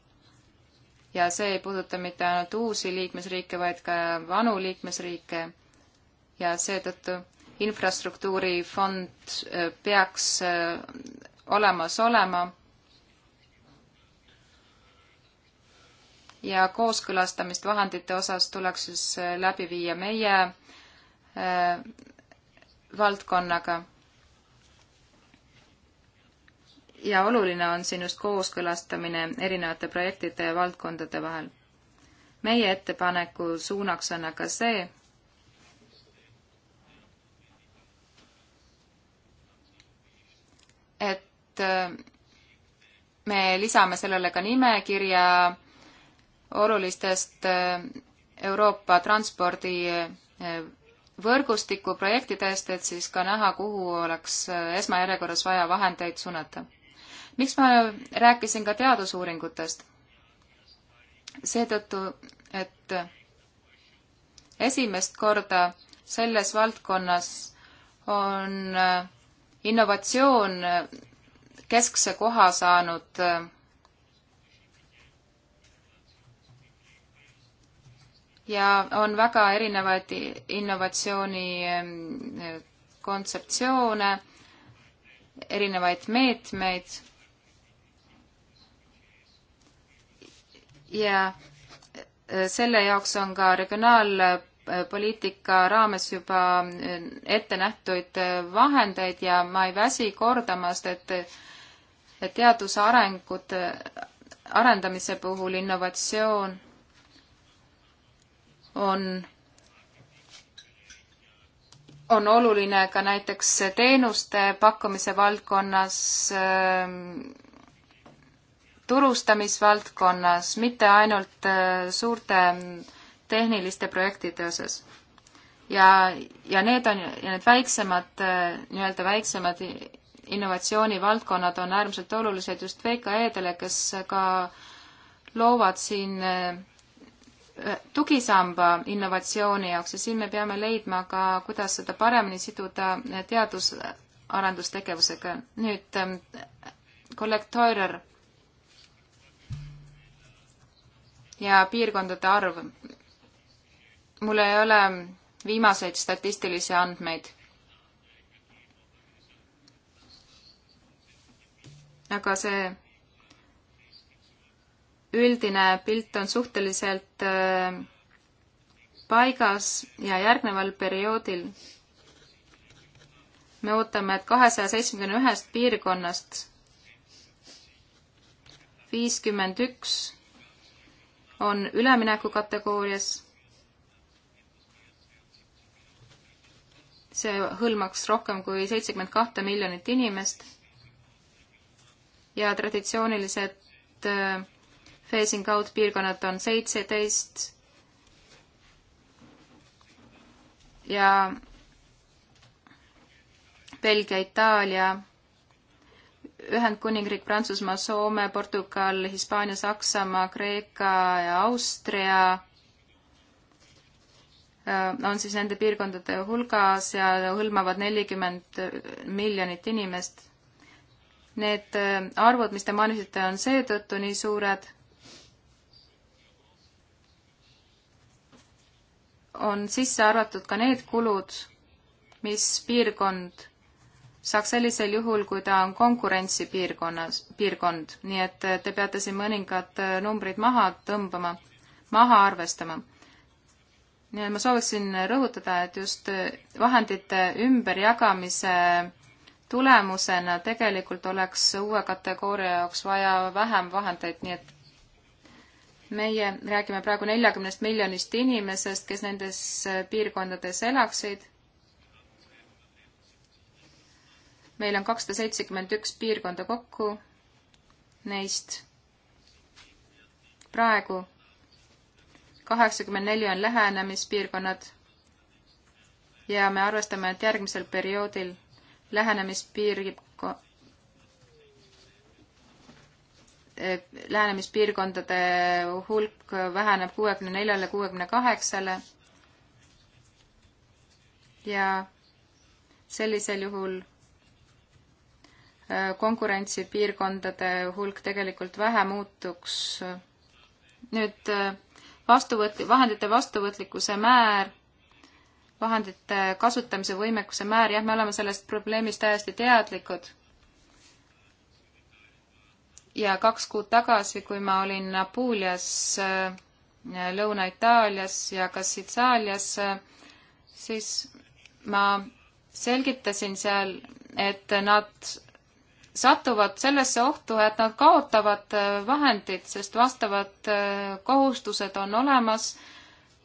ja see ei puuduta mitte ainult uusi liikmesriike, vaid ka vanu liikmesriike ja seetõttu infrastruktuurifond äh, peaks äh, olemas olema ja kooskõlastamist vahendite osas tuleks siis äh, läbi viia meie Äh, valdkonnaga. ja oluline on siin just kooskõlastamine erinevate projektide ja valdkondade vahel. meie ettepaneku suunaks on aga see, et äh, me lisame sellele ka nimekirja olulistest äh, Euroopa transpordi võrgustiku projektidest, et siis ka näha, kuhu oleks äh, esmajärjekorras vaja vahendeid suunata. miks ma rääkisin ka teadusuuringutest? seetõttu, et esimest korda selles valdkonnas on äh, innovatsioon äh, keskse koha saanud ja on väga erinevaid innovatsiooni ähm, kontseptsioone, erinevaid meetmeid ja äh, selle jaoks on ka regionaalpoliitika raames juba äh, ette nähtud äh, vahendeid ja ma ei väsi kordamast, et, et teaduse arengut, arendamise puhul innovatsioon on, on oluline ka näiteks teenuste pakkumise valdkonnas äh, turustamisvaldkonnas, mitte ainult äh, suurte tehniliste projektide osas. ja, ja need on, ja need väiksemad, äh, nii-öelda väiksemad innovatsioonivaldkonnad on äärmiselt olulised just VKE-dele, kes ka loovad siin äh, tugisamba innovatsiooni jaoks ja siin me peame leidma ka, kuidas seda paremini siduda eh, teadus-arendustegevusega. nüüd ähm, kollektoirer ja piirkondade arv. mul ei ole viimaseid statistilisi andmeid. aga see üldine pilt on suhteliselt äh, paigas ja järgneval perioodil me ootame, et kahesaja seitsmekümne ühest piirkonnast viiskümmend üks on ülemineku kategoorias. see hõlmaks rohkem kui seitsekümmend kahte miljonit inimest ja traditsioonilised äh, phasing out piirkonnad on seitseteist ja Belgia, Itaalia, Ühendkuningriik, Prantsusmaa, Soome, Portugal, Hispaania, Saksamaa, Kreeka ja Austria äh, on siis nende piirkondade hulgas ja hõlmavad nelikümmend miljonit inimest. Need äh, arvud, mis te mainisite, on seetõttu nii suured, on sisse arvatud ka need kulud, mis piirkond saaks sellisel juhul, kui ta on konkurentsipiirkonnas, piirkond, nii et äh, te peate siin mõningad äh, numbrid maha tõmbama, maha arvestama. nii et ma sooviksin rõhutada, et just äh, vahendite ümberjagamise tulemusena tegelikult oleks uue kategooria jaoks vaja vähem vahendeid, nii et meie räägime praegu neljakümnest miljonist inimesest, kes nendes äh, piirkondades elaksid. meil on kakssada seitsekümmend üks piirkonda kokku, neist praegu kaheksakümmend neli on lähenemispiirkonnad ja me arvestame, et järgmisel perioodil lähenemispiir, lähenemispiirkondade hulk väheneb kuuekümne neljale, kuuekümne kaheksale. ja sellisel juhul äh, konkurentsipiirkondade hulk tegelikult vähe muutuks. nüüd äh, vastuvõt-, vahendite vastuvõtlikkuse määr, vahendite kasutamise võimekuse määr, jah, me oleme sellest probleemist täiesti teadlikud ja kaks kuud tagasi, kui ma olin Apulias, äh, Lõuna-Itaalias ja kas Itaalias, äh, siis ma selgitasin seal, et nad satuvad sellesse ohtu, et nad kaotavad äh, vahendid, sest vastavad kohustused on olemas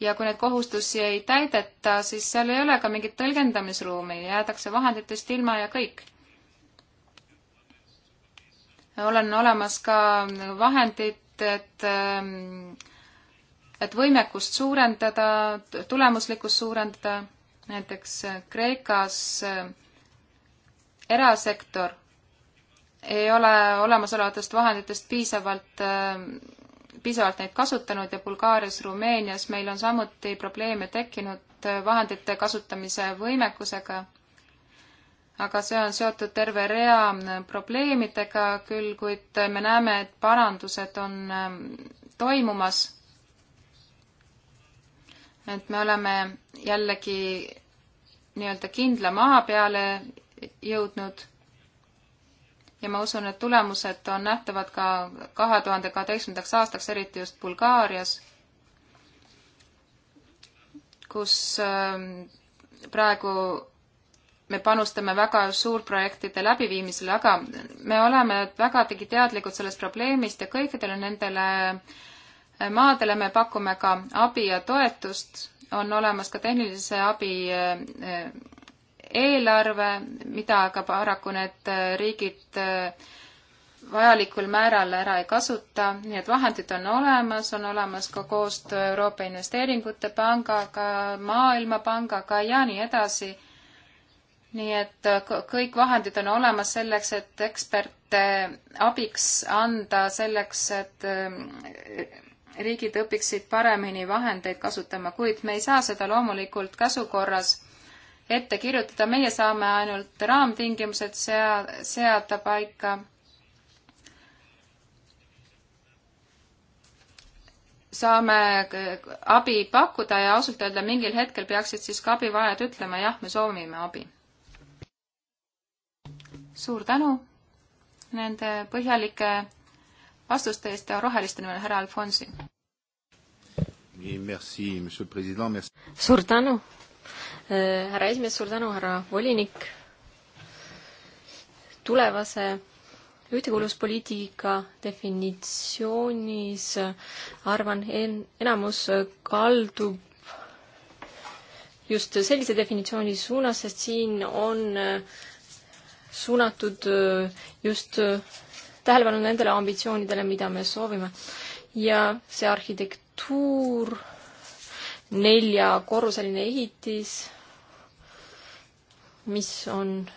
ja kui neid kohustusi ei täideta, siis seal ei ole ka mingit tõlgendamisruumi, jäädakse vahenditest ilma ja kõik olen olemas ka vahendid, et, ähm, et võimekust suurendada, tulemuslikkust suurendada. näiteks äh, Kreekas äh, erasektor ei ole olemasolevatest vahenditest piisavalt, ähm, piisavalt neid kasutanud ja Bulgaarias, Rumeenias meil on samuti probleeme tekkinud äh, vahendite kasutamise võimekusega aga see on seotud terve rea äh, probleemidega küll, kuid äh, me näeme, et parandused on ähm, toimumas. et me oleme jällegi nii-öelda kindla maa peale jõudnud ja ma usun, et tulemused on nähtavad ka kahe tuhande kaheteistkümnendaks aastaks, eriti just Bulgaarias, kus ähm, praegu me panustame väga suurprojektide läbiviimisele, aga me oleme vägagi teadlikud sellest probleemist ja kõikidele nendele eh, maadele me pakume ka abi ja toetust, on olemas ka tehnilise abi eh, eh, eelarve, mida aga paraku need riigid vajalikul määral ära ei kasuta, nii et vahendid on olemas, on olemas ka koostöö Euroopa Investeeringute Pangaga, Maailmapangaga ja nii edasi nii et äh, kõik vahendid on olemas selleks, et eksperte abiks anda, selleks, et äh, riigid õpiksid paremini vahendeid kasutama, kuid me ei saa seda loomulikult käsukorras ette kirjutada, meie saame ainult raamtingimused sea-, seada paika. saame äh, abi pakkuda ja ausalt öelda mingil hetkel peaksid siis ka abivajajad ütlema jah, me soovime abi suur tänu nende põhjalike vastuste eest ja roheliste nimel härra Alfonsi. suur tänu, äh, härra esimees, suur tänu, härra volinik. tulevase ühtekuuluvuspoliitika definitsioonis äh, arvan en,, enamus äh, kaldub just sellise definitsiooni suunas, sest siin on äh, suunatud äh, just äh, tähelepanu nendele ambitsioonidele, mida me soovime. ja see arhitektuur, neljakorruseline ehitis, mis on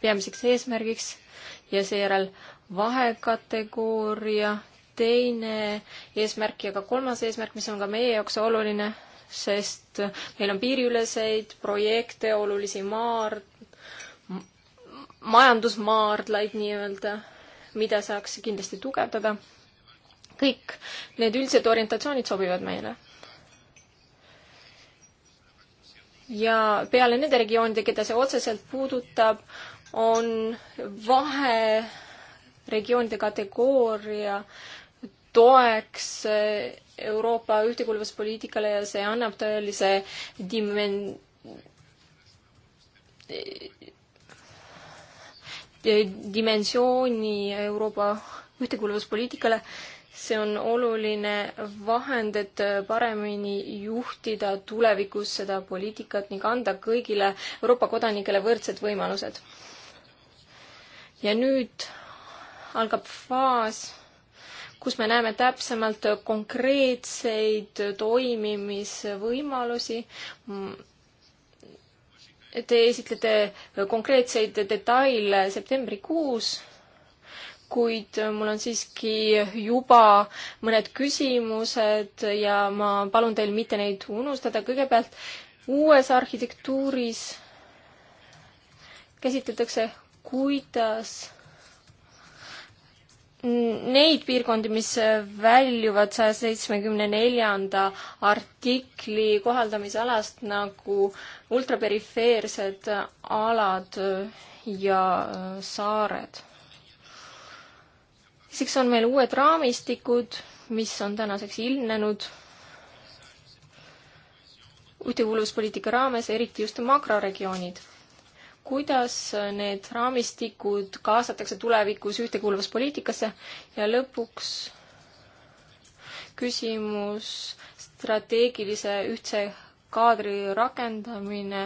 peamiseks eesmärgiks ja seejärel vahekategooria teine eesmärk ja ka kolmas eesmärk, mis on ka meie jaoks oluline, sest meil on piiriüleseid projekte, olulisi maard, majandusmaardlaid nii-öelda, mida saaks kindlasti tugevdada. kõik need üldised orientatsioonid sobivad meile. ja peale nende regioonide, keda see otseselt puudutab, on vaheregioonide kategooria toeks Euroopa ühtekuuluvuspoliitikale ja see annab tõelise dimen-, dimensiooni Euroopa ühtekuuluvuspoliitikale. see on oluline vahend, et paremini juhtida tulevikus seda poliitikat ning anda kõigile Euroopa kodanikele võrdsed võimalused. ja nüüd algab faas, kus me näeme täpsemalt konkreetseid toimimisvõimalusi Te esitlete konkreetseid detaile septembrikuus, kuid mul on siiski juba mõned küsimused ja ma palun teil mitte neid unustada. kõigepealt uues arhitektuuris käsitletakse, kuidas neid piirkondi, mis väljuvad saja seitsmekümne neljanda artikli kohaldamisalast nagu ultraperifeersed alad ja äh, saared. siis on meil uued raamistikud, mis on tänaseks ilmnenud ühtekuuluvuspoliitika raames, eriti just makroregioonid kuidas need raamistikud kaasatakse tulevikus ühtekuuluvuspoliitikasse ja lõpuks küsimus strateegilise ühtse kaadri rakendamine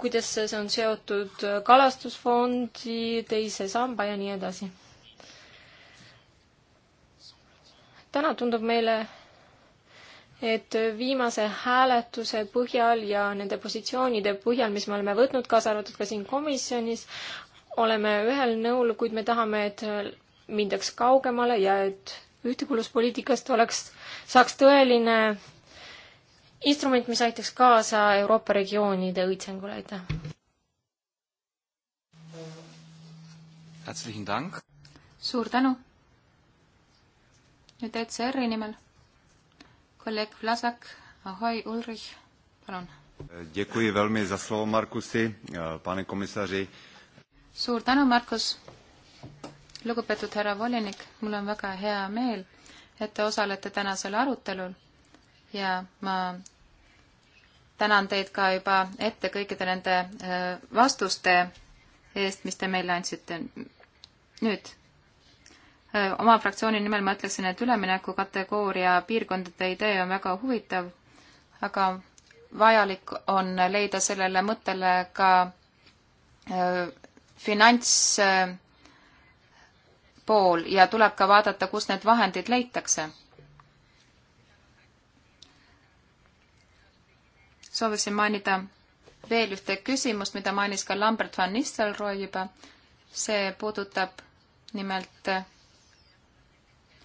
kuidas see on seotud kalastusfondi, teise samba ja nii edasi. täna tundub meile, et viimase hääletuse põhjal ja nende positsioonide põhjal, mis me oleme võtnud, kaasa arvatud ka siin komisjonis, oleme ühel nõul, kuid me tahame, et mindaks kaugemale ja et ühtekuuluvuspoliitikast oleks, saaks tõeline instrument, mis aitaks kaasa Euroopa regioonide õitsengule, aitäh! suur tänu! nüüd ECR-i nimel kolleeg Vlasak, ahoi, Ulrich, palun. Děkuji velmi za slovo, Markusi, pane komisaři. suur tänu, Markus. lugupeetud härra volinik, mul on väga hea meel, et te osalete tänasel arutelul ja ma tänan teid ka juba ette kõikide nende äh, vastuste eest, mis te meile andsite. nüüd oma fraktsiooni nimel ma ütleksin, et ülemineku kategooria piirkondade idee on väga huvitav, aga vajalik on leida sellele mõttele ka äh, finantspool äh, ja tuleb ka vaadata, kus need vahendid leitakse. soovisin mainida veel ühte küsimust, mida mainis ka Lambert van Nistelrooy juba. see puudutab nimelt äh,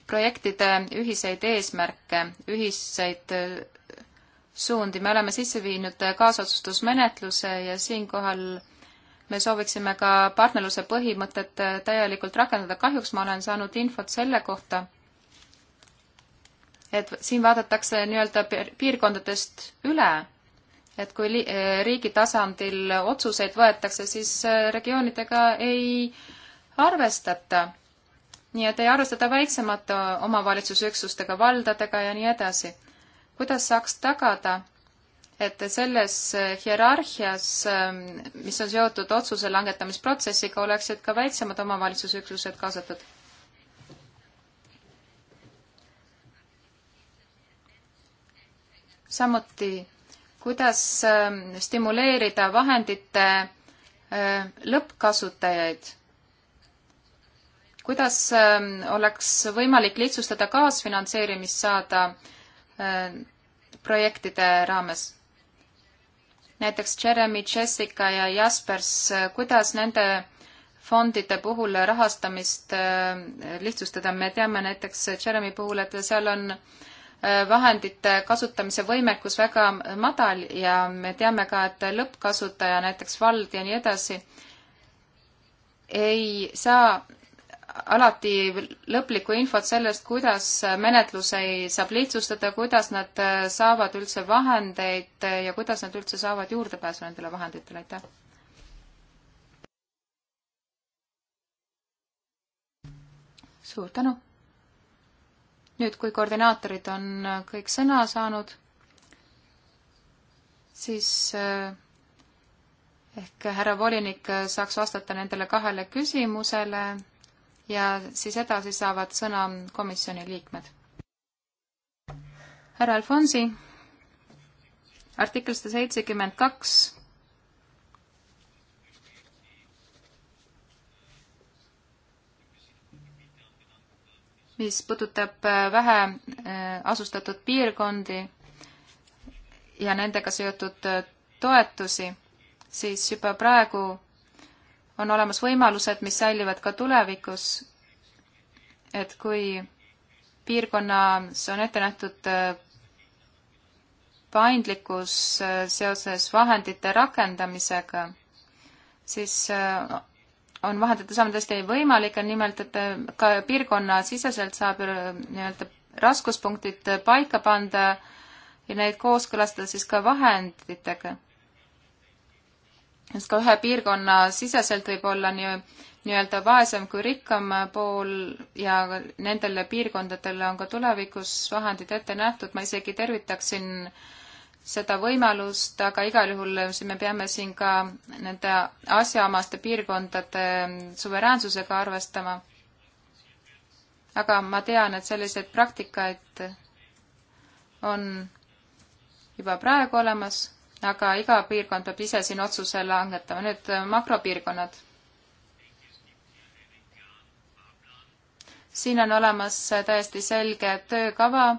projektide ühiseid eesmärke, ühiseid äh, suundi, me oleme sisse viinud äh, kaasotsustusmenetluse ja siinkohal me sooviksime ka partnerluse põhimõtet äh, täielikult rakendada. kahjuks ma olen saanud infot selle kohta, et siin vaadatakse nii-öelda piirkondadest üle, et kui riigi tasandil otsuseid võetakse, siis regioonidega ei arvestata nii et ei arvestata väiksemate omavalitsusüksustega, valdadega ja nii edasi. kuidas saaks tagada, et selles hierarhias, mis on seotud otsuse langetamisprotsessiga, oleksid ka väiksemad omavalitsusüksused kaasatud? samuti, kuidas ähm, stimuleerida vahendite äh, lõppkasutajaid kuidas ähm, oleks võimalik lihtsustada kaasfinantseerimist saada ähm, projektide raames? näiteks Jeremy, Jessica ja Jaspers, äh, kuidas nende fondide puhul rahastamist äh, lihtsustada, me teame näiteks Jeremy puhul, et seal on äh, vahendite kasutamise võimekus väga madal ja me teame ka, et lõppkasutaja, näiteks vald ja nii edasi, ei saa alati lõplikku infot sellest, kuidas menetluseid saab lihtsustada, kuidas nad äh, saavad üldse vahendeid äh, ja kuidas nad üldse saavad juurdepääsu nendele vahenditele, aitäh! suur tänu! nüüd, kui koordinaatorid on äh, kõik sõna saanud, siis ehk härra volinik saaks vastata nendele kahele küsimusele ja siis edasi saavad sõna komisjoni liikmed. härra Alfonsi, artikkel sada seitsekümmend kaks mis puudutab äh, vähe äh, asustatud piirkondi ja nendega seotud äh, toetusi, siis juba praegu on olemas võimalused, mis säilivad ka tulevikus. et kui piirkonnas on ette nähtud äh, paindlikkus äh, seoses vahendite rakendamisega, siis äh, on vahendite saamine tõesti võimalik, on nimelt, et ka piirkonnasiseselt saab nii-öelda raskuspunktid paika panda ja neid kooskõlastada siis ka vahenditega sest ka ühe piirkonna siseselt võib olla nii, nii-öelda vaesem kui rikkam pool ja nendele piirkondadele on ka tulevikus vahendid ette nähtud, ma isegi tervitaksin seda võimalust, aga igal juhul me peame siin ka nende asjaomaste piirkondade suveräänsusega arvestama. aga ma tean, et selliseid praktikaid on juba praegu olemas aga iga piirkond peab ise siin otsuse langetama. nüüd äh, makropiirkonnad. siin on olemas äh, täiesti selge töökava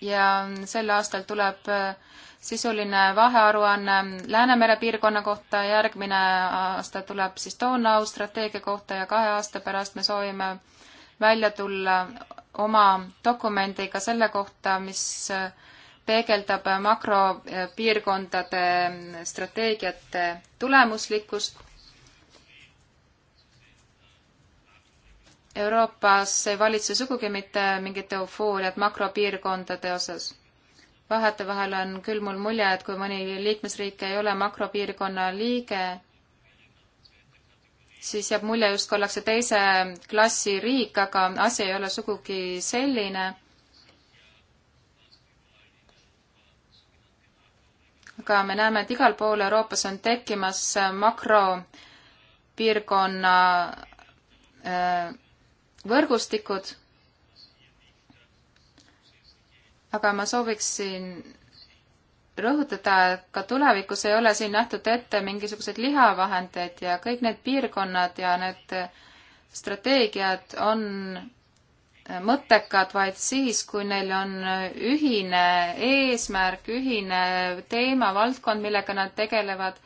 ja sel aastal tuleb äh, sisuline vahearuanne Läänemere piirkonna kohta, järgmine aasta tuleb siis Donau strateegia kohta ja kahe aasta pärast me soovime välja tulla oma dokumendiga selle kohta, mis äh, peegeldab makropiirkondade strateegiate tulemuslikkust. Euroopas ei valitse sugugi mitte mingit eufooriat makropiirkondade osas. vahetevahel on küll mul mulje, et kui mõni liikmesriik ei ole makropiirkonna liige, siis jääb mulje, justkui ollakse teise klassi riik, aga asi ei ole sugugi selline ka me näeme, et igal pool Euroopas on tekkimas äh, makropiirkonna äh, võrgustikud. aga ma sooviksin rõhutada, et ka tulevikus ei ole siin nähtud ette mingisuguseid lihavahendeid ja kõik need piirkonnad ja need strateegiad on mõttekad vaid siis, kui neil on ühine eesmärk, ühine teema, valdkond, millega nad tegelevad,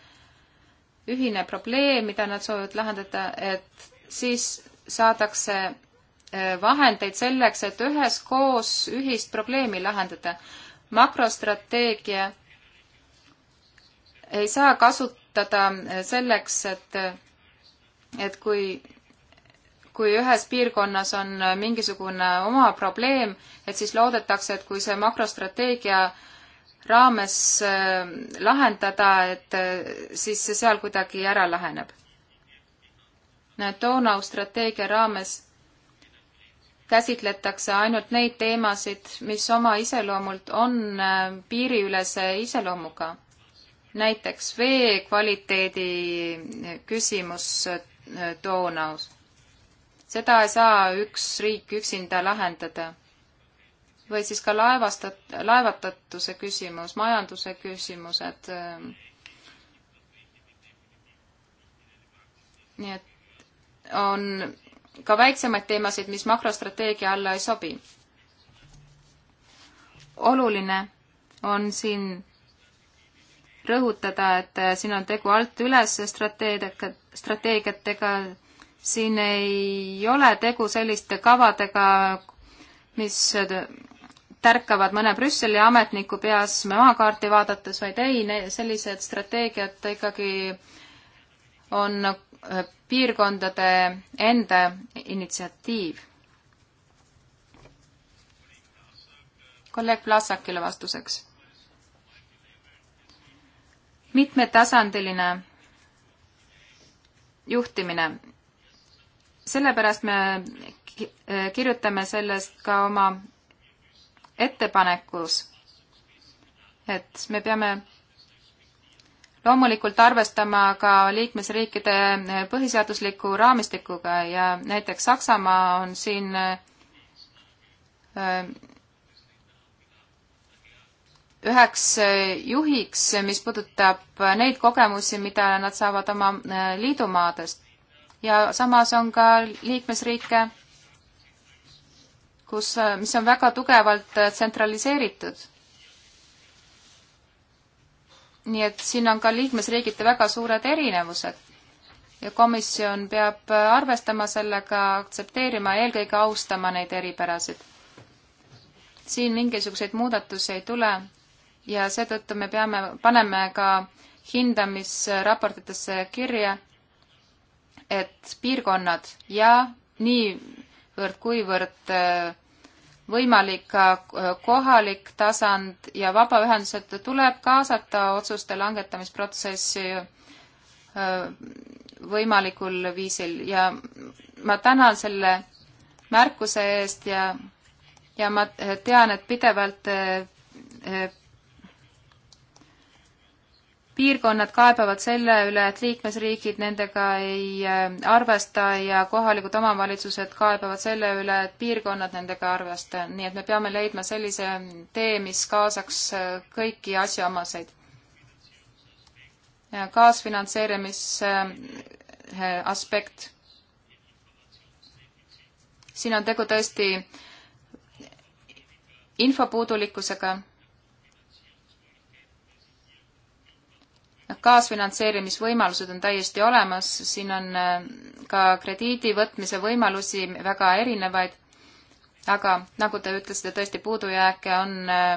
ühine probleem, mida nad soovivad lahendada, et siis saadakse eh, vahendeid selleks, et üheskoos ühist probleemi lahendada. makrostrateegia ei saa kasutada eh, selleks, et, et kui kui ühes piirkonnas on mingisugune oma probleem, et siis loodetakse, et kui see makrostrateegia raames äh, lahendada, et äh, siis see seal kuidagi ära laheneb. Donau strateegia raames käsitletakse ainult neid teemasid, mis oma iseloomult on äh, piiriülese iseloomuga. näiteks vee kvaliteedi küsimus Donaus seda ei saa üks riik üksinda lahendada. või siis ka laevastat-, laevatatuse küsimus, majanduse küsimused. Ähm, nii et on ka väiksemaid teemasid, mis makrostrateegia alla ei sobi. oluline on siin rõhutada, et äh, siin on tegu alt üles strateegiatega, strateegiatega, siin ei ole tegu selliste kavadega, mis tärkavad mõne Brüsseli ametniku peas maakaarti vaadates, vaid ei, sellised strateegiad ikkagi on piirkondade enda initsiatiiv. kolleeg Vlasakile vastuseks. mitmetasandiline juhtimine sellepärast me äh, kirjutame sellest ka oma ettepanekus, et me peame loomulikult arvestama ka liikmesriikide äh, põhiseadusliku raamistikuga ja näiteks Saksamaa on siin äh, üheks juhiks, mis puudutab neid kogemusi, mida nad saavad oma liidumaadest ja samas on ka liikmesriike, kus, mis on väga tugevalt äh, tsentraliseeritud. nii et siin on ka liikmesriigiti väga suured erinevused ja komisjon peab äh, arvestama sellega, aktsepteerima, eelkõige austama neid eripärasid. siin mingisuguseid muudatusi ei tule ja seetõttu me peame, paneme ka hindamisraportitesse kirja, et piirkonnad ja niivõrd-kuivõrd äh, võimalik ka äh, kohalik tasand ja vabaühendused tuleb kaasata otsuste langetamisprotsessi äh, võimalikul viisil ja ma tänan selle märkuse eest ja, ja ma tean, et pidevalt piirkonnad kaebavad selle üle, et liikmesriigid nendega ei äh, arvesta ja kohalikud omavalitsused kaebavad selle üle, et piirkonnad nendega ei arvesta. nii et me peame leidma sellise tee, mis kaasaks äh, kõiki asjaomaseid. kaasfinantseerimise äh, aspekt. siin on tegu tõesti infopuudulikkusega kaasfinantseerimisvõimalused on täiesti olemas, siin on äh, ka krediidi võtmise võimalusi väga erinevaid, aga nagu te ütlesite, tõesti puudujääke on äh,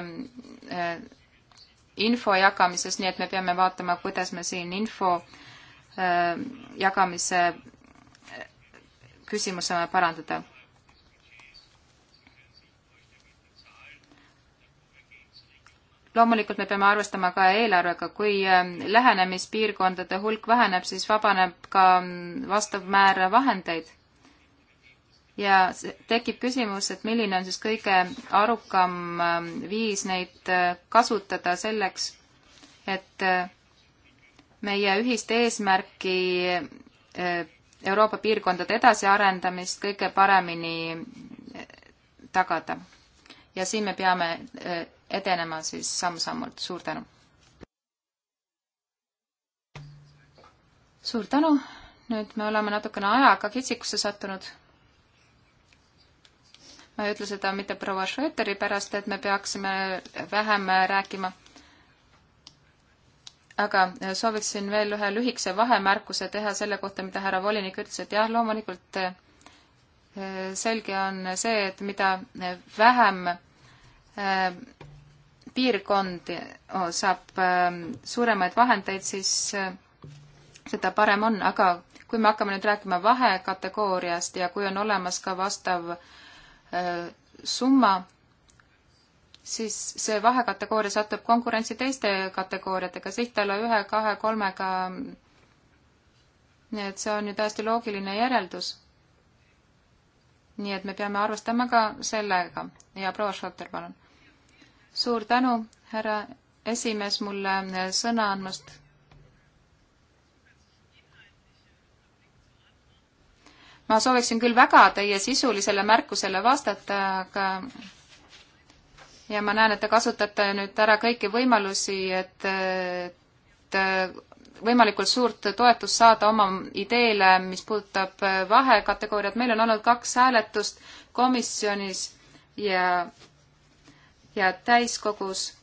äh, info jagamises, nii et me peame vaatama, kuidas me siin info jagamise küsimuse parandada loomulikult me peame arvestama ka eelarvega, kui ähm, lähenemispiirkondade hulk väheneb, siis vabaneb ka mm, vastav määr vahendeid. ja tekib küsimus, et milline on siis kõige arukam ähm, viis neid äh, kasutada selleks, et äh, meie ühist eesmärki äh, Euroopa piirkondade edasiarendamist kõige paremini tagada. ja siin me peame edenema siis samm-sammult, suur tänu! suur tänu, nüüd me oleme natukene ajaga kitsikusse sattunud. ma ei ütle seda mitte proua Schröteri pärast, et me peaksime vähem rääkima. aga sooviksin veel ühe lühikese vahemärkuse teha selle kohta, mida härra volinik ütles, et jah, loomulikult eh, selge on see, et mida eh, vähem eh, piirkond saab ähm, suuremaid vahendeid, siis äh, seda parem on, aga kui me hakkame nüüd rääkima vahekategooriast ja kui on olemas ka vastav äh, summa, siis see vahekategooria satub konkurentsi teiste kategooriatega, sihtala ühe, kahe, kolmega. nii et see on ju täiesti loogiline järeldus. nii et me peame arvestama ka sellega ja proua Schotter, palun suur tänu, härra esimees, mulle sõna andmast. ma sooviksin küll väga teie sisulisele märkusele vastata, aga ja ma näen, et te kasutate nüüd ära kõiki võimalusi, et, et võimalikult suurt toetust saada oma ideele, mis puudutab vahekategooriat. meil on olnud kaks hääletust komisjonis ja ja täiskogus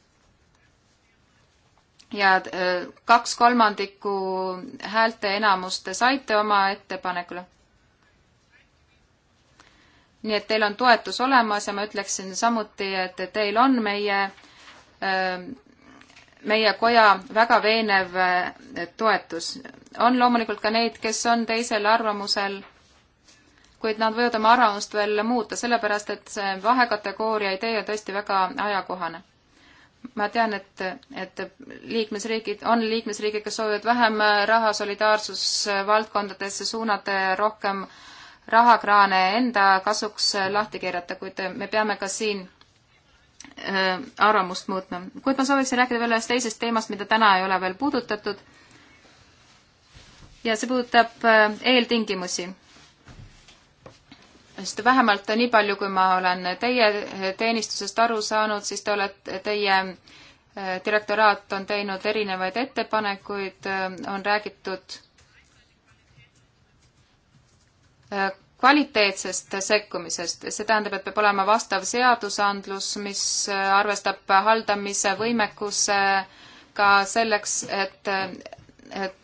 ja äh, kaks kolmandikku häälte enamust te saite oma ettepanekule. nii et teil on toetus olemas ja ma ütleksin samuti, et teil on meie, äh, meie koja väga veenev äh, toetus. on loomulikult ka neid, kes on teisel arvamusel kuid nad võivad oma arvamust veel muuta, sellepärast et see vahekategooria idee on tõesti väga ajakohane. ma tean, et, et liikmesriigid, on liikmesriigid, kes soovivad vähem raha solidaarsusvaldkondadesse suunata ja rohkem rahakraane enda kasuks lahti keerata, kuid me peame ka siin äh, arvamust muutma. kuid ma sooviksin rääkida veel ühest teisest teemast, mida täna ei ole veel puudutatud. ja see puudutab äh, eeltingimusi sest vähemalt nii palju, kui ma olen teie teenistusest aru saanud, siis te olete, teie eh, direktoraat on teinud erinevaid ettepanekuid, eh, on räägitud eh, kvaliteetsest sekkumisest, see tähendab, et peab olema vastav seadusandlus, mis arvestab haldamise võimekusega selleks, et, et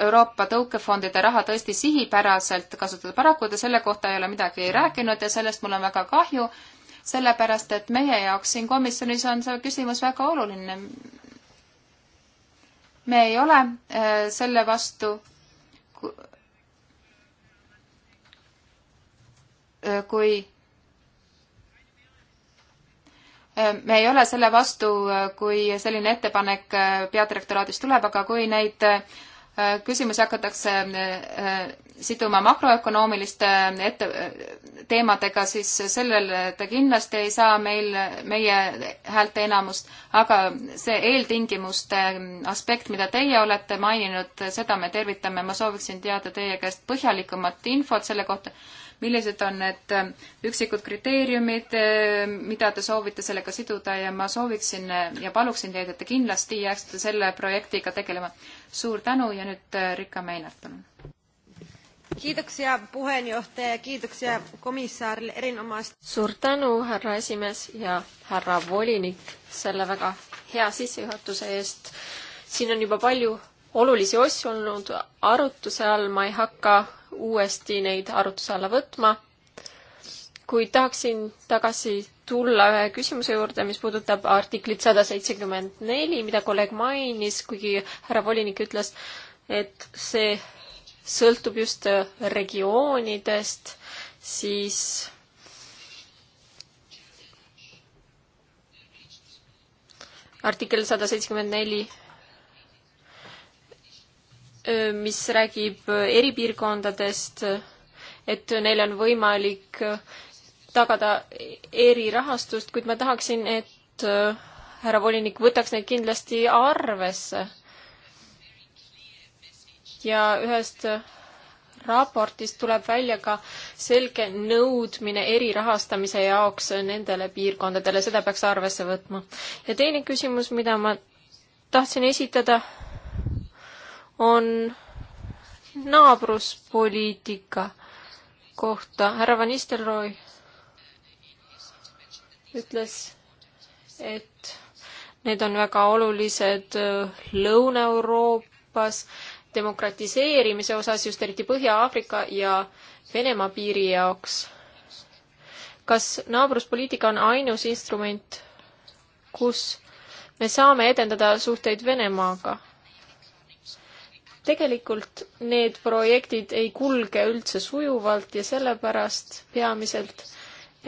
Euroopa tõukefondide raha tõesti sihipäraselt kasutada. paraku ta selle kohta ei ole midagi rääkinud ja sellest mul on väga kahju, sellepärast et meie jaoks siin komisjonis on see küsimus väga oluline. me ei ole äh, selle vastu, äh, kui äh, me ei ole selle vastu, kui selline ettepanek peadirektoraadist tuleb, aga kui neid küsimusi hakatakse äh, siduma makroökonoomiliste äh, ette, äh, teemadega, siis sellel ta kindlasti ei saa meil, meie häälte enamust, aga see eeltingimuste aspekt, mida teie olete maininud, seda me tervitame, ma sooviksin teada teie käest põhjalikumat infot selle kohta, millised on need äh, üksikud kriteeriumid, äh, mida te soovite sellega siduda ja ma sooviksin äh, ja paluksin teid, et te kindlasti jääksite selle projektiga tegelema. suur tänu ja nüüd Rika Meinart, palun. Kiitoksia puheenjohtaja ja kiitoksia komissaarille erinomaist. suur tänu, härra esimees ja härra volinik selle väga hea sissejuhatuse eest. siin on juba palju olulisi asju olnud arutuse all, ma ei hakka uuesti neid arutluse alla võtma. kuid tahaksin tagasi tulla ühe küsimuse juurde, mis puudutab artiklit sada seitsekümmend neli, mida kolleeg mainis, kuigi härra volinik ütles, et see sõltub just regioonidest, siis artikkel sada seitsekümmend neli mis räägib eripiirkondadest, et neil on võimalik tagada erirahastust, kuid ma tahaksin, et härra volinik võtaks neid kindlasti arvesse. ja ühest raportist tuleb välja ka selge nõudmine erirahastamise jaoks nendele piirkondadele, seda peaks arvesse võtma. ja teine küsimus, mida ma tahtsin esitada on naabruspoliitika kohta. härra Van Nistelrooy ütles, et need on väga olulised äh, Lõuna-Euroopas demokratiseerimise osas, just eriti Põhja-Aafrika ja Venemaa piiri jaoks. kas naabruspoliitika on ainus instrument, kus me saame edendada suhteid Venemaaga? tegelikult need projektid ei kulge üldse sujuvalt ja sellepärast peamiselt,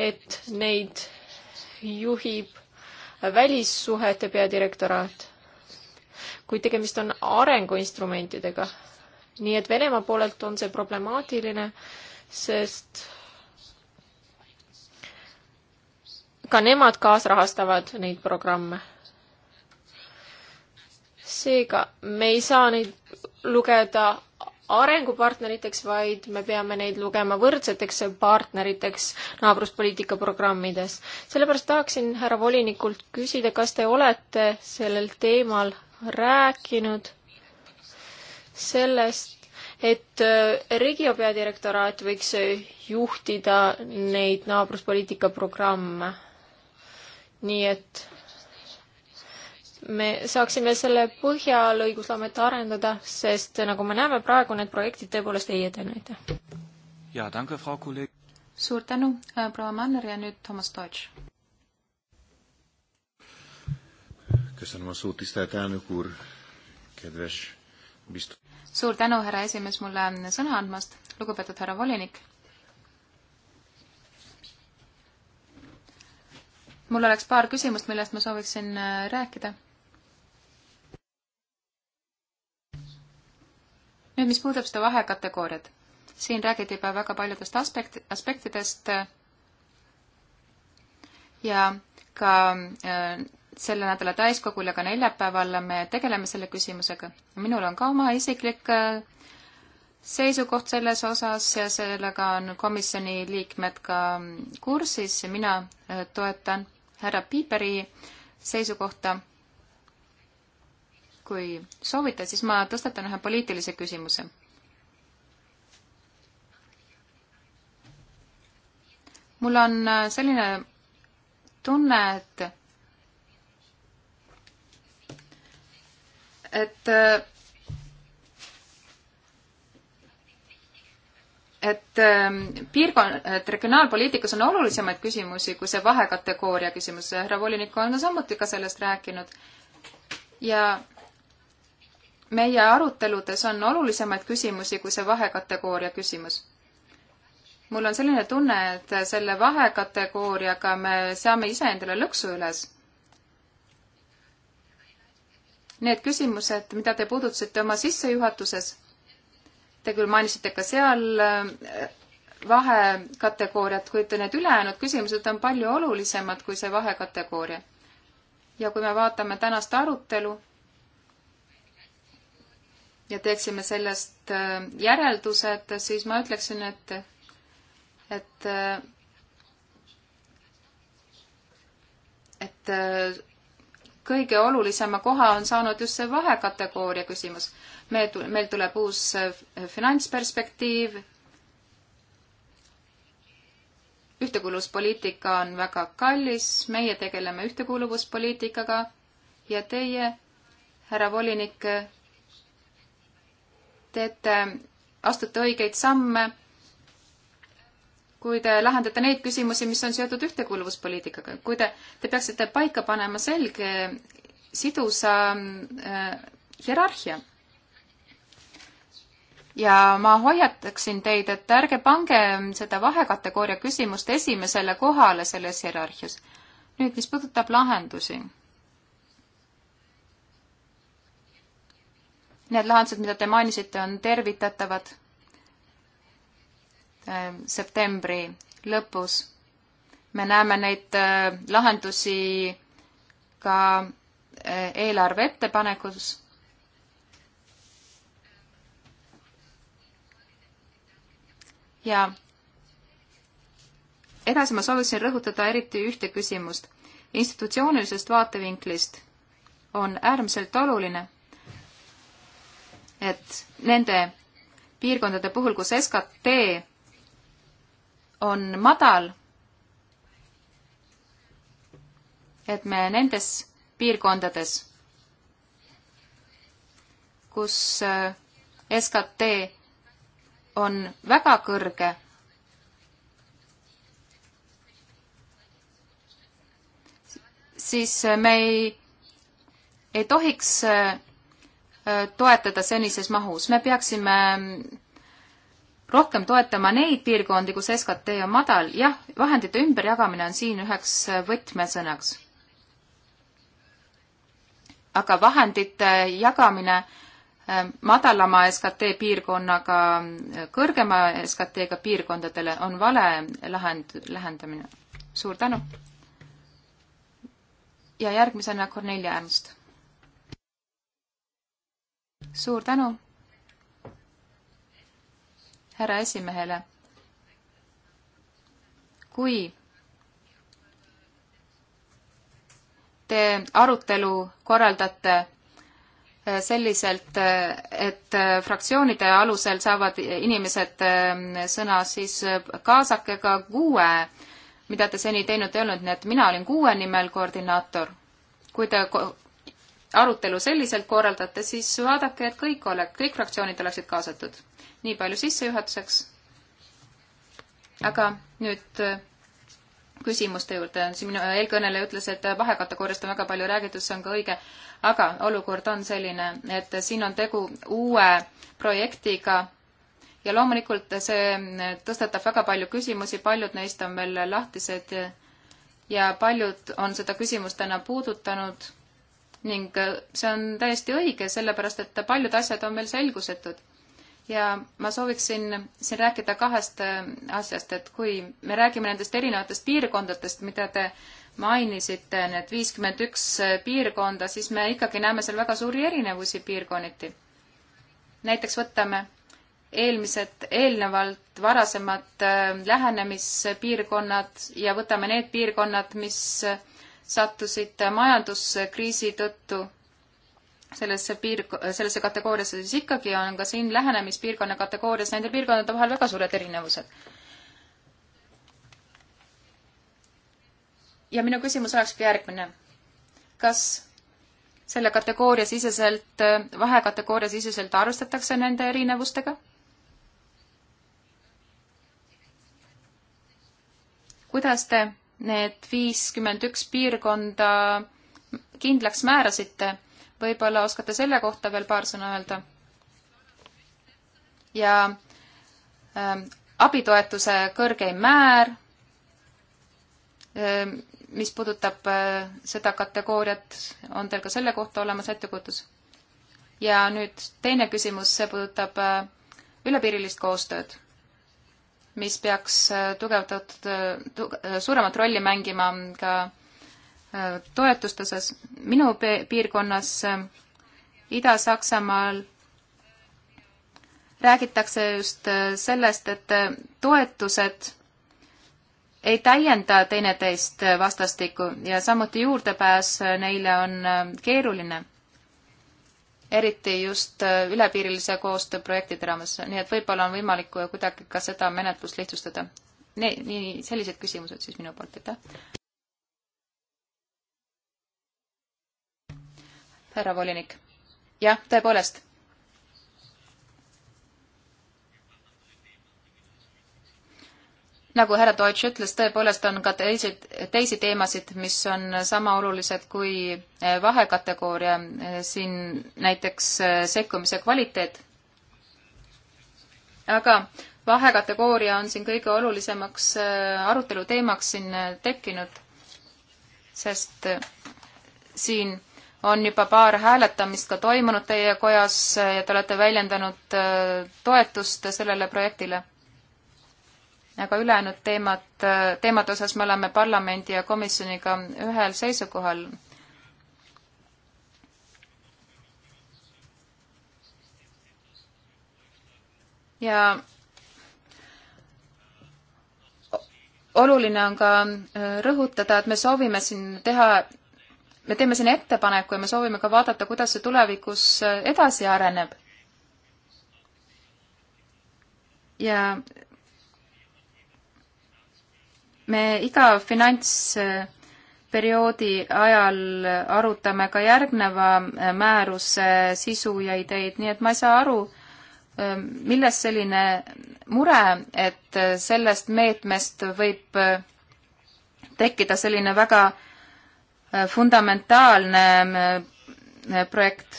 et neid juhib välissuhete peadirektoraat, kuid tegemist on arenguinstrumentidega. nii et Venemaa poolelt on see problemaatiline, sest ka nemad kaasrahastavad neid programme. seega me ei saa neid lugeda arengupartneriteks, vaid me peame neid lugema võrdseteks partneriteks naabruspoliitika programmides. sellepärast tahaksin härra volinikult küsida, kas te olete sellel teemal rääkinud sellest, et äh, Regio peadirektoraat võiks juhtida neid naabruspoliitika programme. nii et me saaksime selle põhjal õigusloomet arendada, sest nagu me näeme, praegu need projektid tõepoolest ei edene, aitäh. jaa, tänke, Frau kolleeg. suur tänu, äh, proua Manner ja nüüd Toomas Deutsch. köszönöm a szót, tisztelt elnök úr, kedves biztos. suur tänu, härra esimees, mulle sõna andmast, lugupeetud härra volinik mul oleks paar küsimust, millest ma sooviksin äh, rääkida. nüüd, mis puudutab seda vahekategooriat, siin räägiti juba väga paljudest aspekt-, aspektidest ja ka äh, selle nädala täiskogul ja ka neljapäeval me tegeleme selle küsimusega. minul on ka oma isiklik äh, seisukoht selles osas ja sellega on komisjoni liikmed ka kursis ja mina äh, toetan härra Piiperi seisukohta kui soovite, siis ma tõstatan ühe poliitilise küsimuse. mul on äh, selline tunne, et et et ähm, piirkond, et regionaalpoliitikas on olulisemaid küsimusi kui see vahekategooria küsimus, härra volinik on samuti ka sellest rääkinud. ja meie aruteludes on olulisemaid küsimusi kui see vahekategooria küsimus. mul on selline tunne, et selle vahekategooriaga me seame iseendale lõksu üles. Need küsimused, mida te puudutasite oma sissejuhatuses, te küll mainisite ka seal äh, vahekategooriat, kuid need ülejäänud küsimused on palju olulisemad kui see vahekategooria. ja kui me vaatame tänast arutelu ja teeksime sellest äh, järeldused, siis ma ütleksin, et, et, äh, et äh, kõige olulisema koha on saanud just see vahekategooria küsimus. me, meil tuleb uus finantsperspektiiv, ühtekuuluvuspoliitika on väga kallis, meie tegeleme ühtekuuluvuspoliitikaga ja teie, härra volinik, teete, astute õigeid samme, kui te lahendate neid küsimusi, mis on seotud ühtekuuluvuspoliitikaga, kui te, te peaksite paika panema selge sidusa äh, hierarhia. ja ma hoiataksin teid, et ärge pange seda vahekategooria küsimust esimesele kohale selles hierarhias. nüüd, mis puudutab lahendusi Need lahendused, mida te mainisite, on tervitatavad ehm, septembri lõpus. me näeme neid ehm, lahendusi ka ehm, eelarve ettepanekus. ja edasi ma soovisin rõhutada eriti ühte küsimust. institutsioonilisest vaatevinklist on äärmiselt oluline et nende piirkondade puhul, kus SKT on madal, et me nendes piirkondades, kus äh, SKT on väga kõrge, siis äh, me ei, ei tohiks äh, toetada senises mahus. me peaksime rohkem toetama neid piirkondi, kus SKT on madal. jah, vahendite ümberjagamine on siin üheks võtmesõnaks. aga vahendite jagamine eh, madalama SKT piirkonnaga eh, kõrgema SKT-ga piirkondadele on vale lahend, lahendamine. suur tänu! ja järgmisena Kornelia Ernst suur tänu härra esimehele. kui te arutelu korraldate eh, selliselt, eh, et eh, fraktsioonide alusel saavad inimesed sõna, siis kaasake ka kuue, mida te seni teinud ei olnud, nii et mina olin kuue nimel koordinaator. kui te arutelu selliselt korraldate, siis vaadake, et kõik ole, kõik fraktsioonid oleksid kaasatud. nii palju sissejuhatuseks. aga nüüd äh, küsimuste juurde, siin minu eelkõneleja ütles, et äh, vahekategooriast on väga palju räägitud, see on ka õige, aga olukord on selline, et siin on tegu uue projektiga ja loomulikult see äh, tõstatab väga palju küsimusi, paljud neist on veel lahtised ja paljud on seda küsimust täna puudutanud ning äh, see on täiesti õige, sellepärast et paljud asjad on veel selgusetud. ja ma sooviksin siin rääkida kahest äh, asjast, et kui me räägime nendest erinevatest piirkondadest, mida te mainisite, need viiskümmend üks äh, piirkonda, siis me ikkagi näeme seal väga suuri erinevusi piirkonniti. näiteks võtame eelmised, eelnevalt varasemad lähenemispiirkonnad ja võtame need piirkonnad, mis äh, sattusid majanduskriisi tõttu sellesse piir-, sellesse kategooriasse, siis ikkagi on ka siin lähenemispiirkonna kategoorias nende piirkondade vahel väga suured erinevused. ja minu küsimus olekski järgmine. kas selle kategooria siseselt, vahekategooria siseselt arvestatakse nende erinevustega? kuidas te need viiskümmend üks piirkonda kindlaks määrasite. võib-olla oskate selle kohta veel paar sõna öelda? ja ähm, abitoetuse kõrgeim määr ähm,, mis puudutab äh, seda kategooriat, on teil ka selle kohta olemas ettekujutus? ja nüüd teine küsimus, see puudutab äh, ülepiirilist koostööd mis peaks äh, tugevdatud, äh, suuremat rolli mängima ka äh, toetuste osas. minu piirkonnas Ida-Saksamaal räägitakse just sellest, et toetused ei täienda teineteist vastastikku ja samuti juurdepääs neile on keeruline eriti just äh, ülepiirilise koostöö projektide raames, nii et võib-olla on võimalik äh, kuidagi ka seda menetlust lihtsustada. nii, nii, sellised küsimused siis minu poolt, aitäh. härra volinik. jah, tõepoolest nagu härra Deutsch ütles, tõepoolest on ka teisi, teisi teemasid, mis on sama olulised kui eh, vahekategooria, eh, siin näiteks eh, sekkumise kvaliteet. aga vahekategooria on siin kõige olulisemaks arutelu teemaks siin tekkinud, sest siin on juba paar hääletamist ka toimunud teie kojas ja te olete väljendanud toetust sellele projektile aga ülejäänud teemad, teemade osas me oleme parlamendi ja komisjoniga ühel seisukohal. ja oluline on ka äh, rõhutada, et me soovime siin teha, me teeme siin ettepaneku ja me soovime ka vaadata, kuidas see tulevikus äh, edasi areneb. ja me iga finantsperioodi ajal arutame ka järgneva äh, määruse sisu ja ideid, nii et ma ei saa aru, äh, millest selline mure, et äh, sellest meetmest võib tekkida selline väga fundamentaalne projekt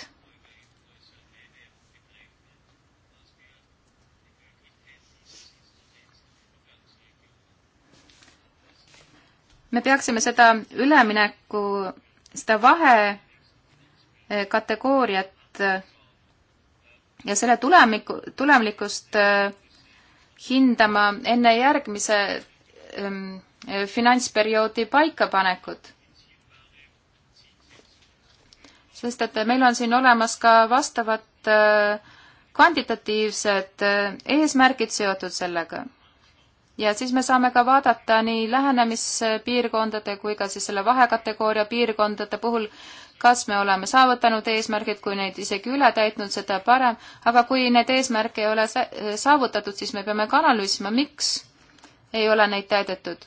me peaksime seda ülemineku, seda vahekategooriat ja selle tulemiku, tulemlikkust äh, hindama enne järgmise ähm, äh, finantsperioodi paikapanekut. sest et meil on siin olemas ka vastavad äh, kvantitatiivsed äh, eesmärgid seotud sellega ja siis me saame ka vaadata nii lähenemispiirkondade kui ka siis selle vahekategooria piirkondade puhul, kas me oleme saavutanud eesmärgid, kui neid isegi üle täitnud, seda parem, aga kui need eesmärke ei ole saavutatud, siis me peame ka analüüsima, miks ei ole neid täidetud.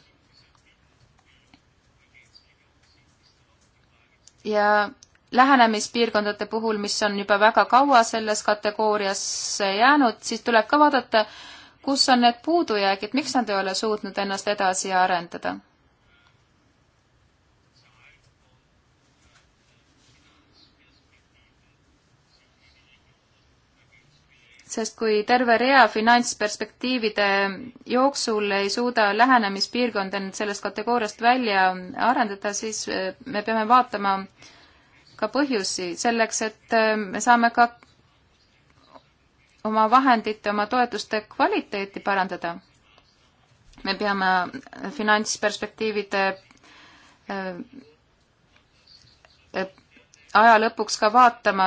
ja lähenemispiirkondade puhul, mis on juba väga kaua selles kategoorias jäänud, siis tuleb ka vaadata, kus on need puudujäägid, miks nad ei ole suutnud ennast edasi arendada? sest kui terve rea finantsperspektiivide jooksul ei suuda lähenemispiirkond end sellest kategooriast välja arendada, siis eh, me peame vaatama ka põhjusi selleks, et eh, me saame ka oma vahendite, oma toetuste kvaliteeti parandada. me peame finantsperspektiivide äh, äh, aja lõpuks ka vaatama,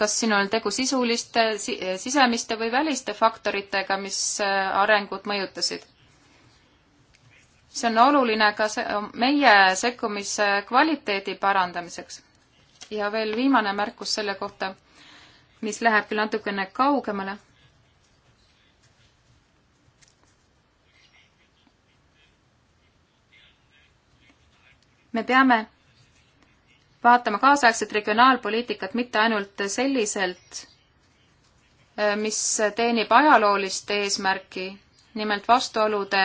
kas siin on tegu sisuliste, sisemiste või väliste faktoritega, mis äh, arengut mõjutasid. see on oluline ka see, meie sekkumise kvaliteedi parandamiseks. ja veel viimane märkus selle kohta mis läheb küll natukene kaugemale. me peame vaatama kaasaegset regionaalpoliitikat mitte ainult selliselt, mis teenib ajaloolist eesmärki, nimelt vastuolude,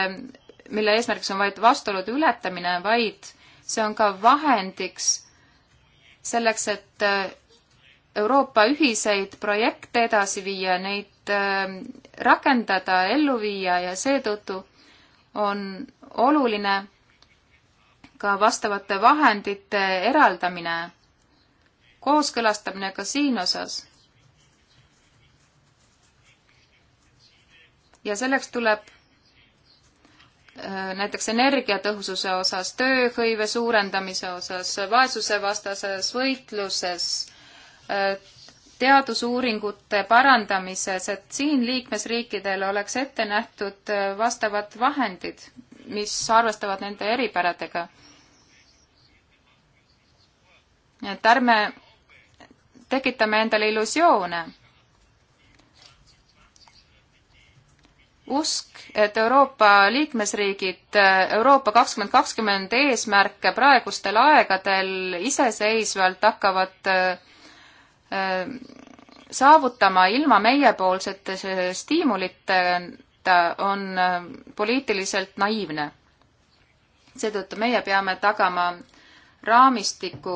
mille eesmärgiks on vaid vastuolude ületamine, vaid see on ka vahendiks selleks, et Euroopa ühiseid projekte edasi viia, neid ähm, rakendada, ellu viia ja seetõttu on oluline ka vastavate vahendite eraldamine, kooskõlastamine ka siin osas. ja selleks tuleb äh, näiteks energiatõhususe osas, tööhõive suurendamise osas, vaesusevastases võitluses teadusuuringute parandamises, et siin liikmesriikidel oleks ette nähtud äh, vastavad vahendid, mis arvestavad nende eripäradega. et ärme tekitame endale illusioone. usk, et Euroopa liikmesriigid äh, Euroopa kakskümmend kakskümmend eesmärke praegustel aegadel iseseisvalt hakkavad äh, Äh, saavutama ilma meiepoolsete stiimuliteta on äh, poliitiliselt naiivne. seetõttu meie peame tagama raamistiku,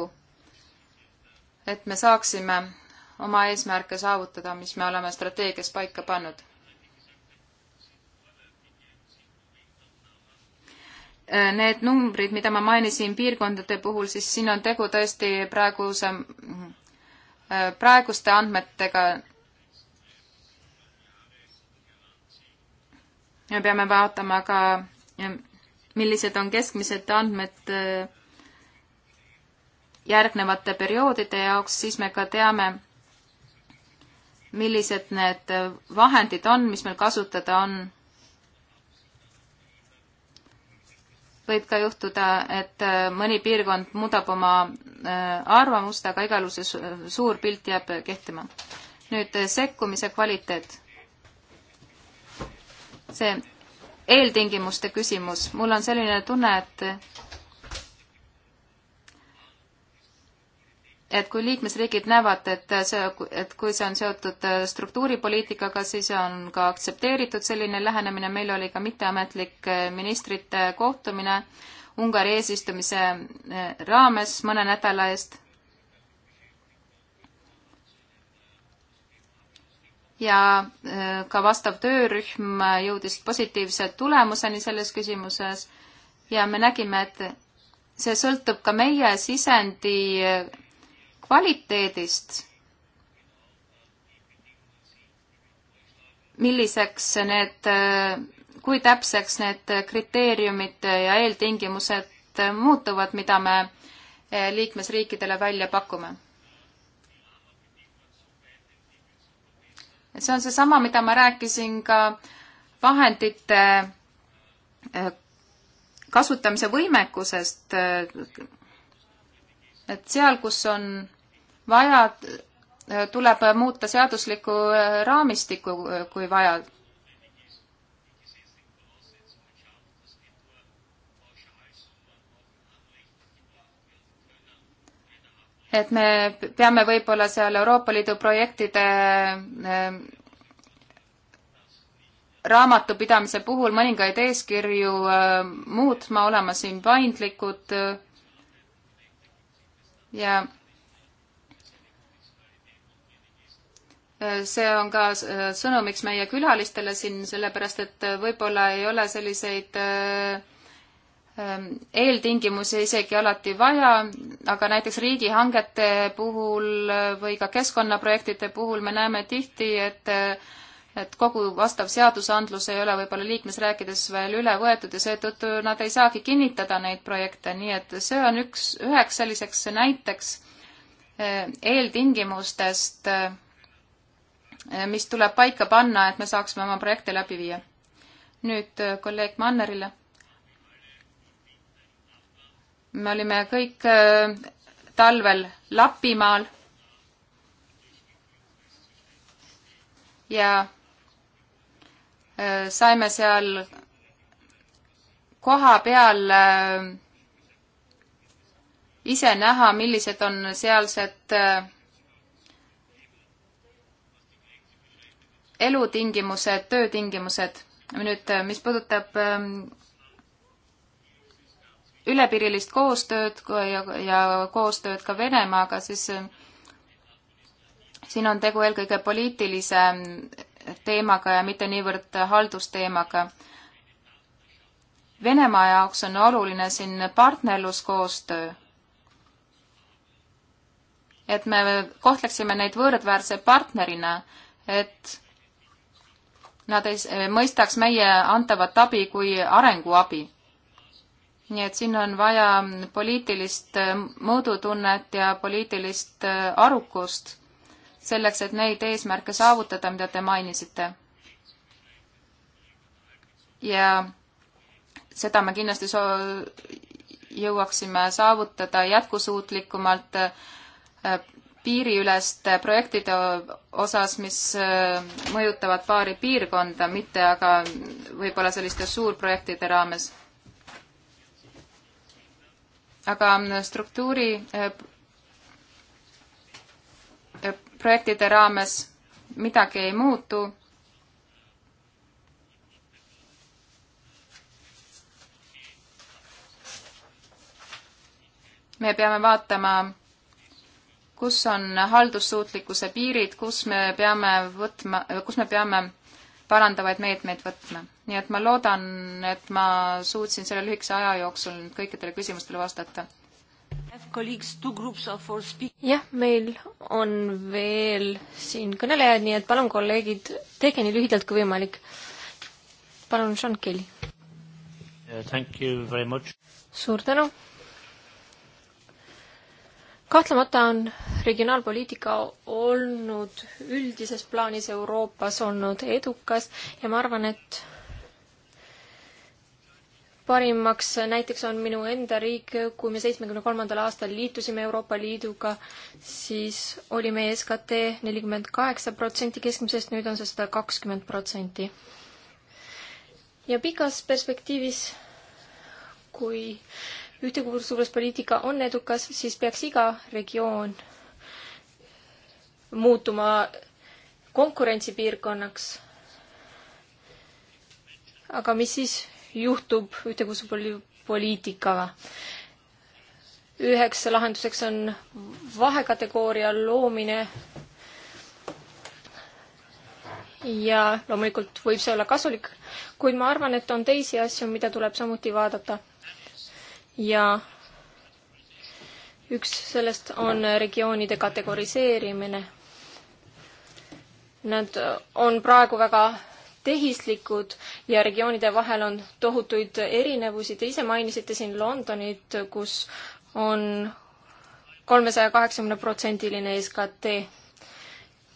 et me saaksime oma eesmärke saavutada, mis me oleme strateegias paika pannud. Äh, need numbrid, mida ma mainisin piirkondade puhul, siis siin on tegu tõesti praeguse Äh, praeguste andmetega me peame vaatama ka, millised on keskmised andmed äh, järgnevate perioodide jaoks, siis me ka teame, millised need äh, vahendid on, mis meil kasutada on võib ka juhtuda, et äh, mõni piirkond muudab oma äh, arvamust, aga igal juhul see suur pilt jääb kehtima. nüüd äh, sekkumise kvaliteet. see eeltingimuste küsimus, mul on selline tunne, et et kui liikmesriigid näevad, et see, et kui see on seotud äh, struktuuripoliitikaga, siis on ka aktsepteeritud selline lähenemine, meil oli ka mitteametlik äh, ministrite kohtumine Ungari eesistumise äh, raames mõne nädala eest. ja ka vastav töörühm jõudis positiivse tulemuseni selles küsimuses ja me nägime, et see sõltub ka meie sisendi kvaliteedist, milliseks need, kui täpseks need kriteeriumid ja eeltingimused muutuvad, mida me liikmesriikidele välja pakume. see on seesama, mida ma rääkisin ka vahendite eh, kasutamise võimekusest, et seal, kus on vaja, tuleb muuta seaduslikku äh, raamistikku, äh, kui vaja. et me peame võib-olla seal Euroopa Liidu projektide äh, raamatupidamise puhul mõningaid eeskirju muutma, olema siin paindlikud ja see on ka sõnumiks meie külalistele siin, sellepärast et võib-olla ei ole selliseid äh, ähm, eeltingimusi isegi alati vaja, aga näiteks riigihangete puhul äh, või ka keskkonnaprojektide puhul me näeme tihti, et äh, et kogu vastav seadusandlus ei ole võib-olla liikmesrääkides veel üle võetud ja seetõttu nad ei saagi kinnitada neid projekte, nii et see on üks, üheks selliseks näiteks eeltingimustest äh, Eh, mis tuleb paika panna, et me saaksime oma projekte läbi viia. nüüd eh, kolleeg Mannerile. me olime kõik eh, talvel Lapimaal ja saime seal koha peal ise näha, millised on sealsed elutingimused, töötingimused. nüüd, äh, mis puudutab ähm, ülepiirilist koostööd ja, ja koostööd ka Venemaaga, siis äh, siin on tegu eelkõige poliitilise ähm, teemaga ja mitte niivõrd haldusteemaga. Venemaa jaoks on oluline siin partnerluskoostöö. et me kohtleksime neid võrdväärse partnerina, et nad ei eh, mõistaks meie antavat abi kui arenguabi. nii et siin on vaja poliitilist eh, mõõdutunnet ja poliitilist eh, arukust selleks, et neid eesmärke saavutada, mida te mainisite. ja seda me kindlasti soo-, jõuaksime saavutada jätkusuutlikumalt piiriüleste projektide osas, mis äh, mõjutavad paari piirkonda, mitte aga võib-olla selliste suurprojektide raames. aga mm, struktuuri äh, äh, projektide raames midagi ei muutu. me peame vaatama kus on haldussuutlikkuse piirid, kus me peame võtma, kus me peame parandavaid meetmeid võtma. nii et ma loodan, et ma suutsin selle lühikese aja jooksul nüüd kõikidele küsimustele vastata. jah, meil on veel siin kõnelejad, nii et palun, kolleegid, tehke nii lühidalt kui võimalik. palun, Sean Kelly. suur tänu kahtlemata on regionaalpoliitika olnud üldises plaanis Euroopas olnud edukas ja ma arvan, et parimaks näiteks on minu enda riik, kui me seitsmekümne kolmandal aastal liitusime Euroopa Liiduga, siis oli meie SKT nelikümmend kaheksa protsenti keskmisest, nüüd on see sada kakskümmend protsenti. ja pikas perspektiivis, kui ühtekuuluvuspoliitika on edukas, siis peaks iga regioon muutuma konkurentsipiirkonnaks. aga mis siis juhtub ühtekuuluvuspoliitikaga? üheks lahenduseks on vahekategooria loomine. ja loomulikult võib see olla kasulik, kuid ma arvan, et on teisi asju, mida tuleb samuti vaadata ja üks sellest on regioonide kategoriseerimine. Nad on praegu väga tehislikud ja regioonide vahel on tohutuid erinevusi. Te ise mainisite siin Londonit, kus on kolmesaja kaheksakümne protsendiline SKT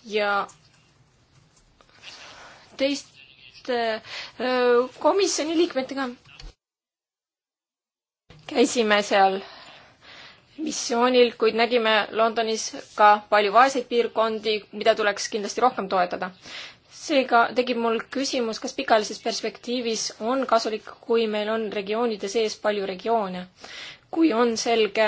ja teiste äh, komisjoni liikmetega käisime seal missioonil, kuid nägime Londonis ka palju vaeseid piirkondi, mida tuleks kindlasti rohkem toetada. seega tekib mul küsimus, kas pikaajalises perspektiivis on kasulik, kui meil on regioonide sees palju regioone. kui on selge,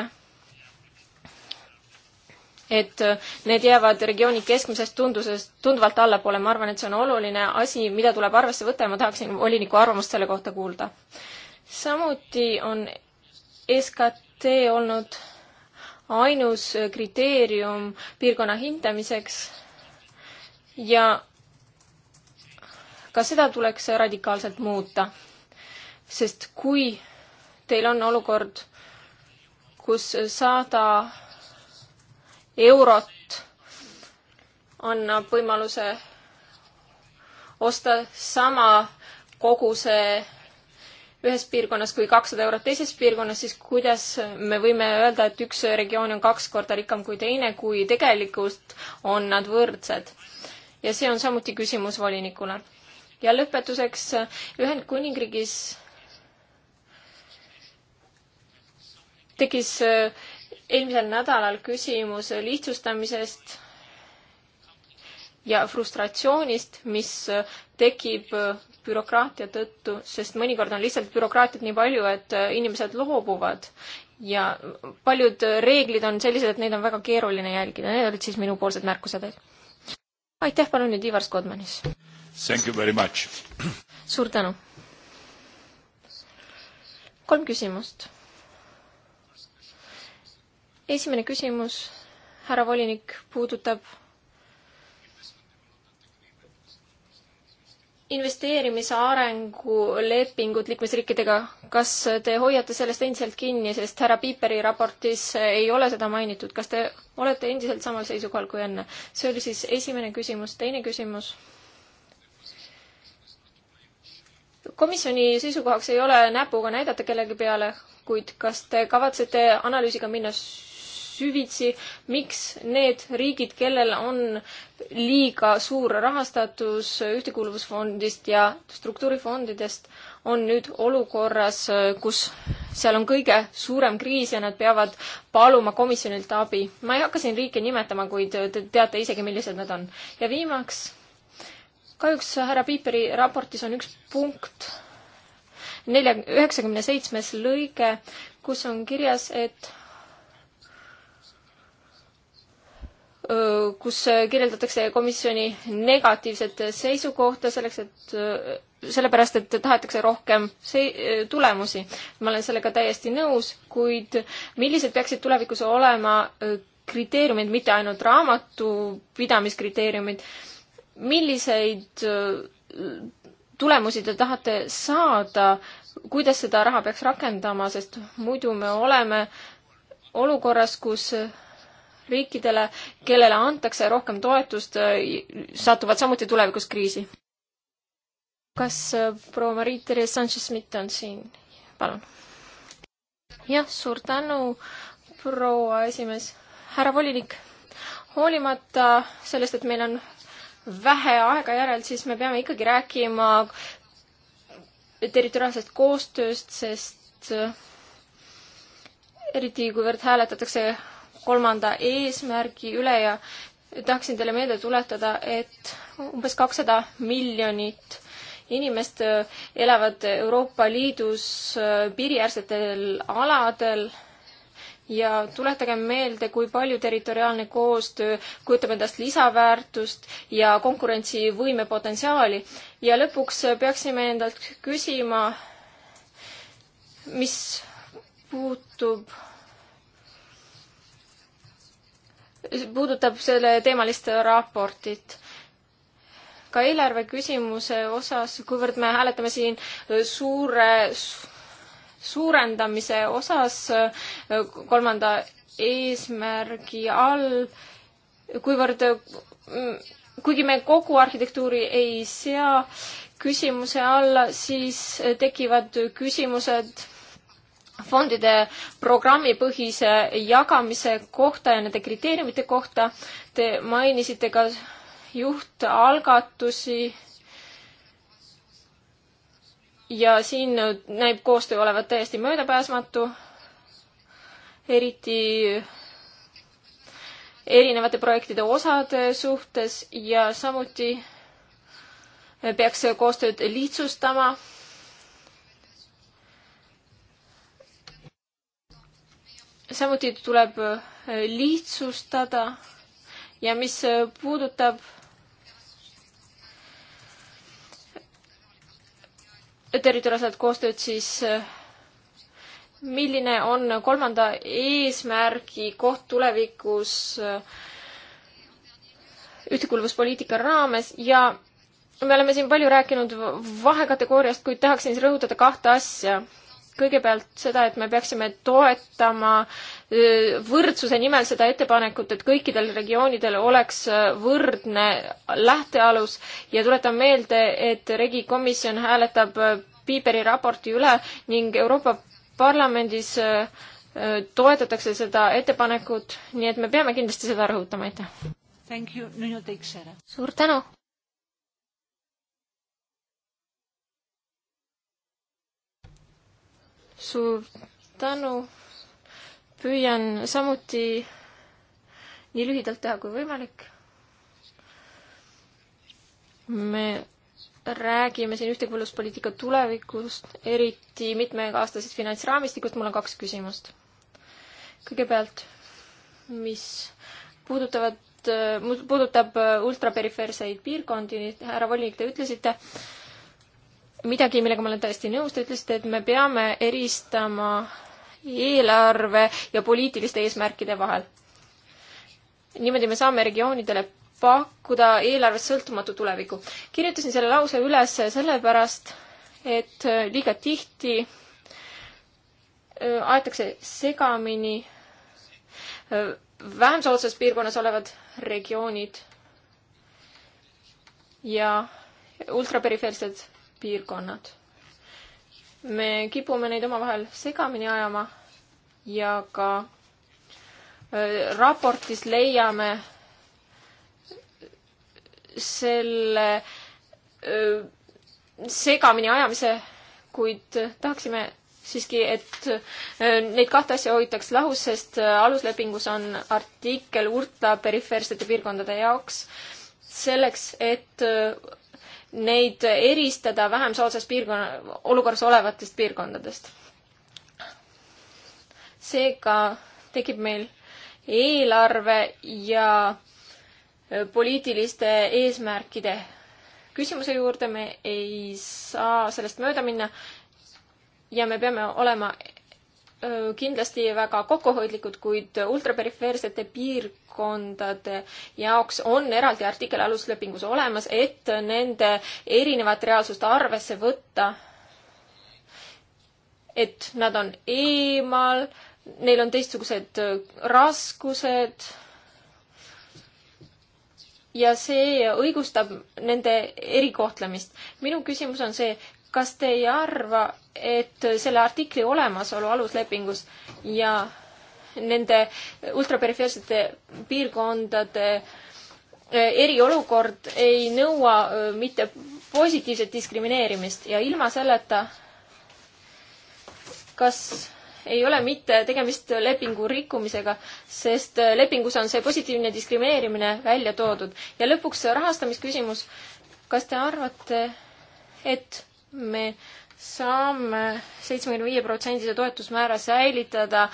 et need jäävad regiooni keskmisest tundusest tunduvalt allapoole, ma arvan, et see on oluline asi, mida tuleb arvesse võtta ja ma tahaksin voliniku arvamust selle kohta kuulda. samuti on SKT olnud ainus kriteerium piirkonna hindamiseks ja ka seda tuleks radikaalselt muuta. sest kui teil on olukord, kus sada eurot annab võimaluse osta sama koguse ühes piirkonnas kui kakssada eurot teises piirkonnas, siis kuidas me võime öelda, et üks regioon on kaks korda rikkam kui teine, kui tegelikult on nad võrdsed? ja see on samuti küsimus volinikule. ja lõpetuseks, Ühendkuningriigis tekkis eh, eelmisel nädalal küsimus lihtsustamisest ja frustratsioonist, mis eh, tekib eh, bürokraatia tõttu, sest mõnikord on lihtsalt bürokraatiat nii palju, et äh, inimesed loobuvad ja paljud äh, reeglid on sellised, et neid on väga keeruline jälgida, need olid siis minupoolsed märkused. aitäh, palun nüüd Ivar Skodmanis. Thank you very much. suur tänu. kolm küsimust. esimene küsimus, härra volinik, puudutab investeerimise arengulepingud liikmesriikidega, kas te hoiate sellest endiselt kinni, sest härra Piiperi raportis ei ole seda mainitud, kas te olete endiselt samal seisukohal kui enne? see oli siis esimene küsimus, teine küsimus. komisjoni seisukohaks ei ole näpuga näidata kellegi peale, kuid kas te kavatsete analüüsiga minna süvitsi, miks need riigid, kellel on liiga suur rahastatus ühtekuuluvusfondist ja struktuurifondidest, on nüüd olukorras, kus seal on kõige suurem kriis ja nad peavad paluma komisjonilt abi. ma ei hakka siin riike nimetama, kuid te teate isegi, millised nad on. ja viimaks, kahjuks härra Piiperi raportis on üks punkt, nelja, üheksakümne seitsmes lõige, kus on kirjas, et kus äh, kirjeldatakse komisjoni negatiivset seisukohta selleks, et äh, sellepärast, et tahetakse rohkem see-, äh, tulemusi. ma olen sellega täiesti nõus, kuid millised peaksid tulevikus olema kriteeriumid, mitte ainult raamatupidamiskriteeriumid, milliseid tulemusi te tahate saada, kuidas seda raha peaks rakendama, sest muidu me oleme olukorras, kus riikidele, kellele antakse rohkem toetust, satuvad samuti tulevikus kriisi. kas äh, proua Marie-Therese Sanchez-Smith on siin? palun. jah, suur tänu, proua esimees. härra volinik, hoolimata sellest, et meil on vähe aega järel, siis me peame ikkagi rääkima territoriaalsest koostööst, sest äh, eriti kuivõrd hääletatakse kolmanda eesmärgi üle ja tahaksin teile meelde tuletada, et umbes kakssada miljonit inimest äh, elavad Euroopa Liidus äh, piiriäärsetel aladel ja tuletagem meelde, kui palju territoriaalne koostöö kujutab endast lisaväärtust ja konkurentsivõime potentsiaali. ja lõpuks äh, peaksime endalt küsima, mis puutub puudutab selleteemalist raportit. ka eelarve küsimuse osas, kuivõrd me hääletame siin suure, suurendamise osas kolmanda eesmärgi all, kuivõrd, kuigi me kogu arhitektuuri ei sea küsimuse alla, siis tekivad küsimused fondide programmipõhise jagamise kohta ja nende kriteeriumite kohta. Te mainisite ka juhtalgatusi. ja siin näib koostöö olevat täiesti möödapääsmatu. eriti erinevate projektide osade suhtes ja samuti peaks koostööd lihtsustama samuti tuleb äh, lihtsustada ja mis äh, puudutab äh, territoriaalset koostööd, siis milline on kolmanda eesmärgi koht tulevikus ühtekuuluvuspoliitika raames ja me oleme siin palju rääkinud vahekategooriast, kuid tahaksin siis rõhutada kahte asja kõigepealt seda, et me peaksime toetama võrdsuse nimel seda ettepanekut, et kõikidel regioonidel oleks võrdne lähtealus ja tuletan meelde, et regi komisjon hääletab Piiberi raporti üle ning Euroopa Parlamendis toetatakse seda ettepanekut, nii et me peame kindlasti seda rõhutama, aitäh! suur tänu! suur tänu. püüan samuti nii lühidalt teha kui võimalik. me räägime siin ühtekuuluvuspoliitika tulevikust, eriti mitmeaastasest finantsraamistikust, mul on kaks küsimust. kõigepealt, mis puudutavad, puudutab ultraperifeerseid piirkondi, härra volinik, te ütlesite, midagi, millega ma olen täiesti nõus, te ütlesite, et me peame eristama eelarve ja poliitiliste eesmärkide vahel. niimoodi me saame regioonidele pakkuda eelarvest sõltumatu tulevikku. kirjutasin selle lause üles sellepärast, et liiga tihti äh, aetakse segamini äh, vähem soodsas piirkonnas olevad regioonid ja ultraperifeersed piirkonnad. me kipume neid omavahel segamini ajama ja ka äh, raportis leiame äh, selle äh, segamini ajamise, kuid tahaksime siiski, et neid kahte asja hoitaks lahus, sest aluslepingus on artikkel Urta perifeersete piirkondade jaoks selleks, et neid eristada vähem soodsas piirkonna, olukorras olevatest piirkondadest. seega tekib meil eelarve ja e, poliitiliste eesmärkide küsimuse juurde, me ei saa sellest mööda minna ja me peame olema kindlasti väga kokkuhoidlikud, kuid ultraperifeersete piirkondade jaoks on eraldi artikkel aluslepingus olemas, et nende erinevat reaalsust arvesse võtta. et nad on eemal, neil on teistsugused raskused ja see õigustab nende erikohtlemist. minu küsimus on see, kas te ei arva, et selle artikli olemasolu aluslepingus ja nende ultraperifeersete piirkondade eh, eriolukord ei nõua eh, mitte positiivset diskrimineerimist ja ilma selleta, kas ei ole mitte tegemist lepingu rikkumisega, sest eh, lepingus on see positiivne diskrimineerimine välja toodud. ja lõpuks rahastamisküsimus. kas te arvate, et me saame seitsmekümne viie protsendise toetusmäära säilitada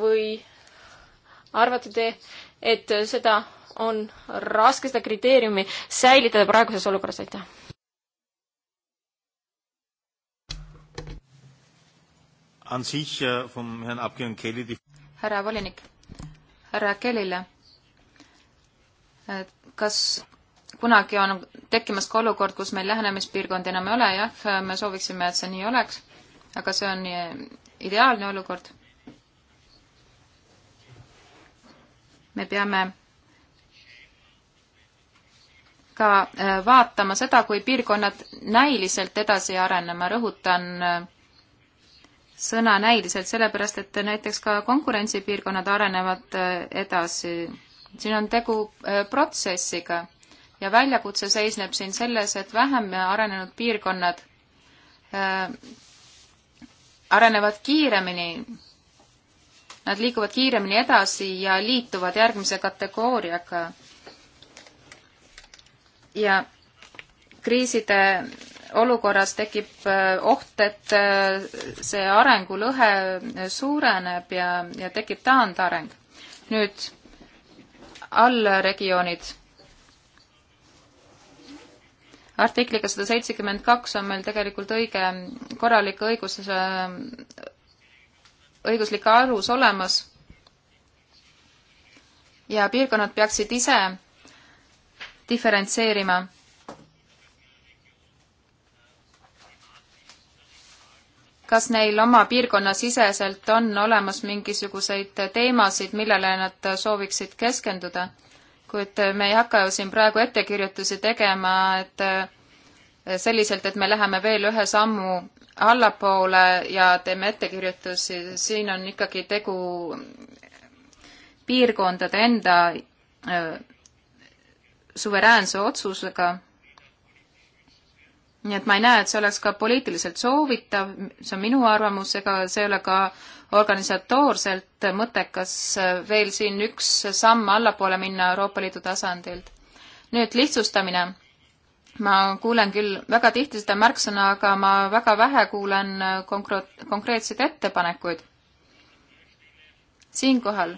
või arvate te, et seda on raske, seda kriteeriumi säilitada praeguses olukorras, aitäh? Äh, härra volinik, härra Kellile, äh, kas kunagi on tekkimas ka olukord, kus meil lähenemispiirkondi enam ei ole, jah, me sooviksime, et see nii oleks, aga see on ideaalne olukord. me peame ka äh, vaatama seda, kui piirkonnad näiliselt edasi ei arene, ma rõhutan äh, sõna näiliselt, sellepärast et näiteks ka konkurentsipiirkonnad arenevad äh, edasi. siin on tegu protsessiga ja väljakutse seisneb siin selles, et vähem arenenud piirkonnad äh, arenevad kiiremini, nad liiguvad kiiremini edasi ja liituvad järgmise kategooriaga. ja kriiside olukorras tekib äh, oht, et äh, see arengulõhe suureneb ja, ja tekib taandareng. nüüd allregioonid artikliga sada seitsekümmend kaks on meil tegelikult õige korralik õigus, äh, õiguslik alus olemas ja piirkonnad peaksid ise diferentseerima. kas neil oma piirkonnasiseselt on olemas mingisuguseid teemasid, millele nad sooviksid keskenduda? kuid me ei hakka ju siin praegu ettekirjutusi tegema, et eh, selliselt, et me läheme veel ühe sammu allapoole ja teeme ettekirjutusi, siin on ikkagi tegu eh, piirkondade enda eh, suveräänse otsusega. nii et ma ei näe, et see oleks ka poliitiliselt soovitav, see on minu arvamus, ega see ei ole ka äh, organisatoorselt mõttekas veel siin üks samm allapoole minna Euroopa Liidu tasandilt. nüüd lihtsustamine. ma kuulen küll väga tihti seda märksõna, aga ma väga vähe kuulen konkreet-, konkreetseid ettepanekuid. siinkohal